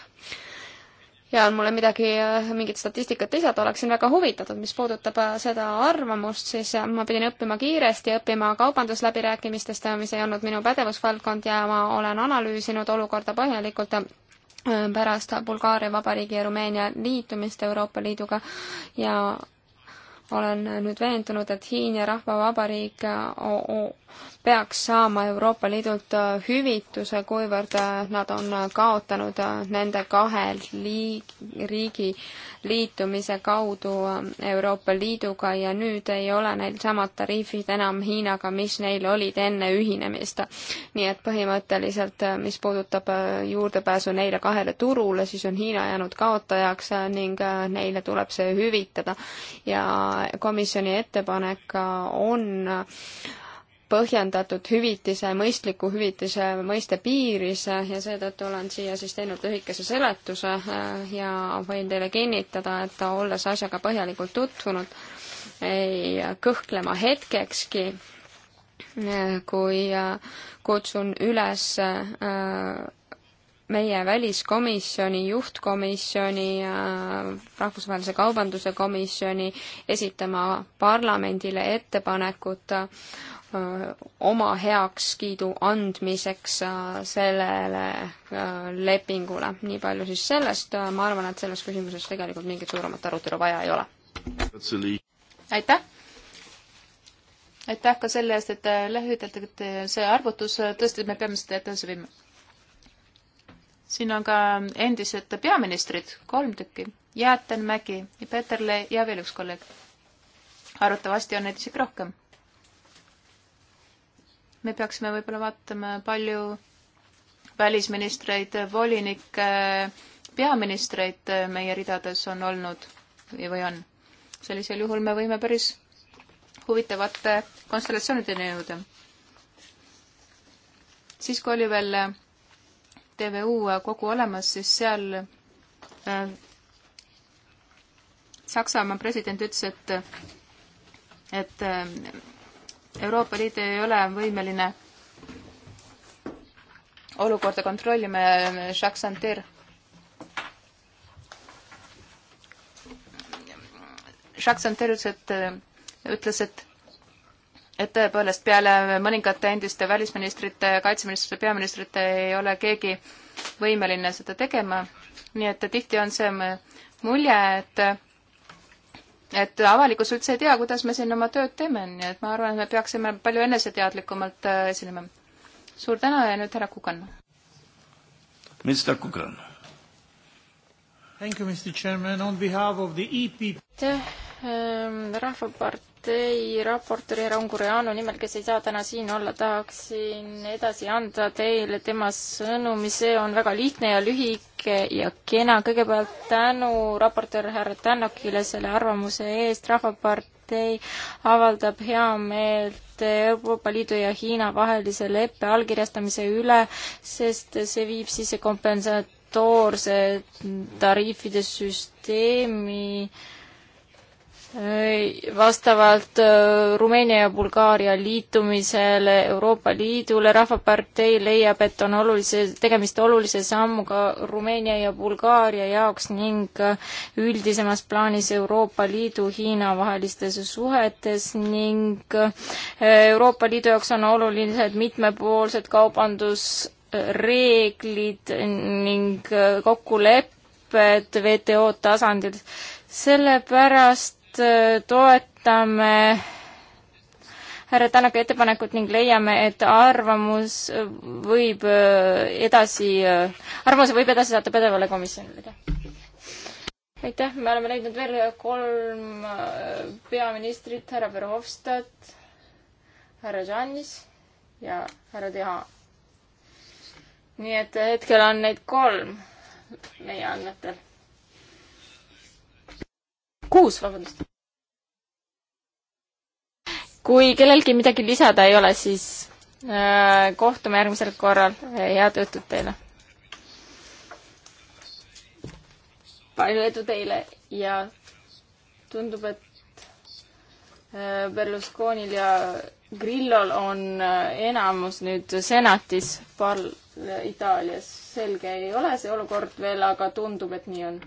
ja on mulle midagi, mingit statistikat lisada, oleksin väga huvitatud. mis puudutab seda arvamust, siis ma pidin õppima kiiresti, õppima kaubandusläbirääkimistest, mis ei olnud minu pädevusvaldkond ja ma olen analüüsinud olukorda põhjalikult pärast Bulgaaria Vabariigi ja Rumeenia liitumist Euroopa Liiduga ja olen nüüd veendunud, et Hiina Rahvavabariik peaks saama Euroopa Liidult äh, hüvituse, kuivõrd äh, nad on äh, kaotanud nende kahe liig, riigi liitumise kaudu Euroopa Liiduga ja nüüd ei ole neil samad tariifid enam Hiinaga, mis neil olid enne ühinemist. nii et põhimõtteliselt, mis puudutab juurdepääsu neile kahele turule, siis on Hiina jäänud kaotajaks ning neile tuleb see hüvitada ja komisjoni ettepanek on põhjendatud hüvitise, mõistliku hüvitise mõiste piiris ja seetõttu olen siia siis teinud lühikese seletuse äh, ja võin teile kinnitada, et olles asjaga põhjalikult tutvunud, ei kõhkle ma hetkekski, äh, kui äh, kutsun üles meie väliskomisjoni, juhtkomisjoni, Rahvusvahelise Kaubanduse Komisjoni esitama parlamendile ettepanekut Äh, oma heakskiidu andmiseks äh, sellele äh, lepingule. nii palju siis sellest, ma arvan, et selles küsimuses tegelikult mingit suuremat arutelu vaja ei ole. aitäh! aitäh ka selle eest, et lühidalt, et see arvutus, tõesti, me peame seda edasi viima. siin on ka endised peaministrid, kolm tükki, Jäätenmägi, Peterle ja veel üks kolleeg. arvatavasti on neid isegi rohkem me peaksime võib-olla vaatama, palju välisministreid, volinikke, peaministreid meie ridades on olnud või on. sellisel juhul me võime päris huvitavate konstellatsioonideni jõuda. siis, kui oli veel TVU kogu olemas, siis seal äh, Saksamaa president ütles, et, et äh, Euroopa Liit ei ole võimeline olukorda kontrollima ja Jacques Santer Jacques Santer ütles, et ütles, et et tõepoolest peale mõningate endiste välisministrite, kaitseministrite, peaministrite ei ole keegi võimeline seda tegema, nii et tihti on see mulje, et et avalikkus üldse ei tea, kuidas me siin oma tööd teeme, nii et ma arvan, et me peaksime palju eneseteadlikumalt äh, esinema. suur tänu ja nüüd härra Kukan. Mr Kukan. Thank you, Mr Chairman, on behalf of the EP. aitäh, ähm, Rahvapart-, Rahvapartei raportööri härra Ungureanu nimel, kes ei saa täna siin olla, tahaksin edasi anda teile tema sõnumi, see on väga lihtne ja lühike ja kena. kõigepealt tänu raportöör härra Tännokile selle arvamuse eest, Rahvapartei avaldab heameelt Euroopa Liidu ja Hiina vahelise leppe allkirjastamise üle, sest see viib sisse kompensatoorse tariifide süsteemi äh, vastavalt äh, Rumeenia ja Bulgaaria liitumisele Euroopa Liidule Rahvapartei leiab, et on olulise, tegemist olulise sammuga Rumeenia ja Bulgaaria jaoks ning äh, üldisemas plaanis Euroopa Liidu-Hiina vahelistes suhetes ning äh, Euroopa Liidu jaoks on olulised mitmepoolsed kaubandusreeglid ning kokkulepped WTO tasandil sellepärast Äh, toetame härra Tanaka ettepanekut ning leiame, et arvamus võib äh, edasi, äh, arvamuse võib edasi saata pädevale komisjonile. aitäh, me oleme leidnud veel kolm peaministrit, härra Verhofstadt, härra Janis ja härra Teha. nii et hetkel on neid kolm meie andmetel kuus, vabandust. kui kellelgi midagi lisada ei ole, siis äh, kohtume järgmisel korral, head õhtut teile! palju edu teile ja tundub, et äh, Berlusconil ja Grillol on äh, enamus nüüd senatis pal-, Itaalias. selge ei ole see olukord veel, aga tundub, et nii on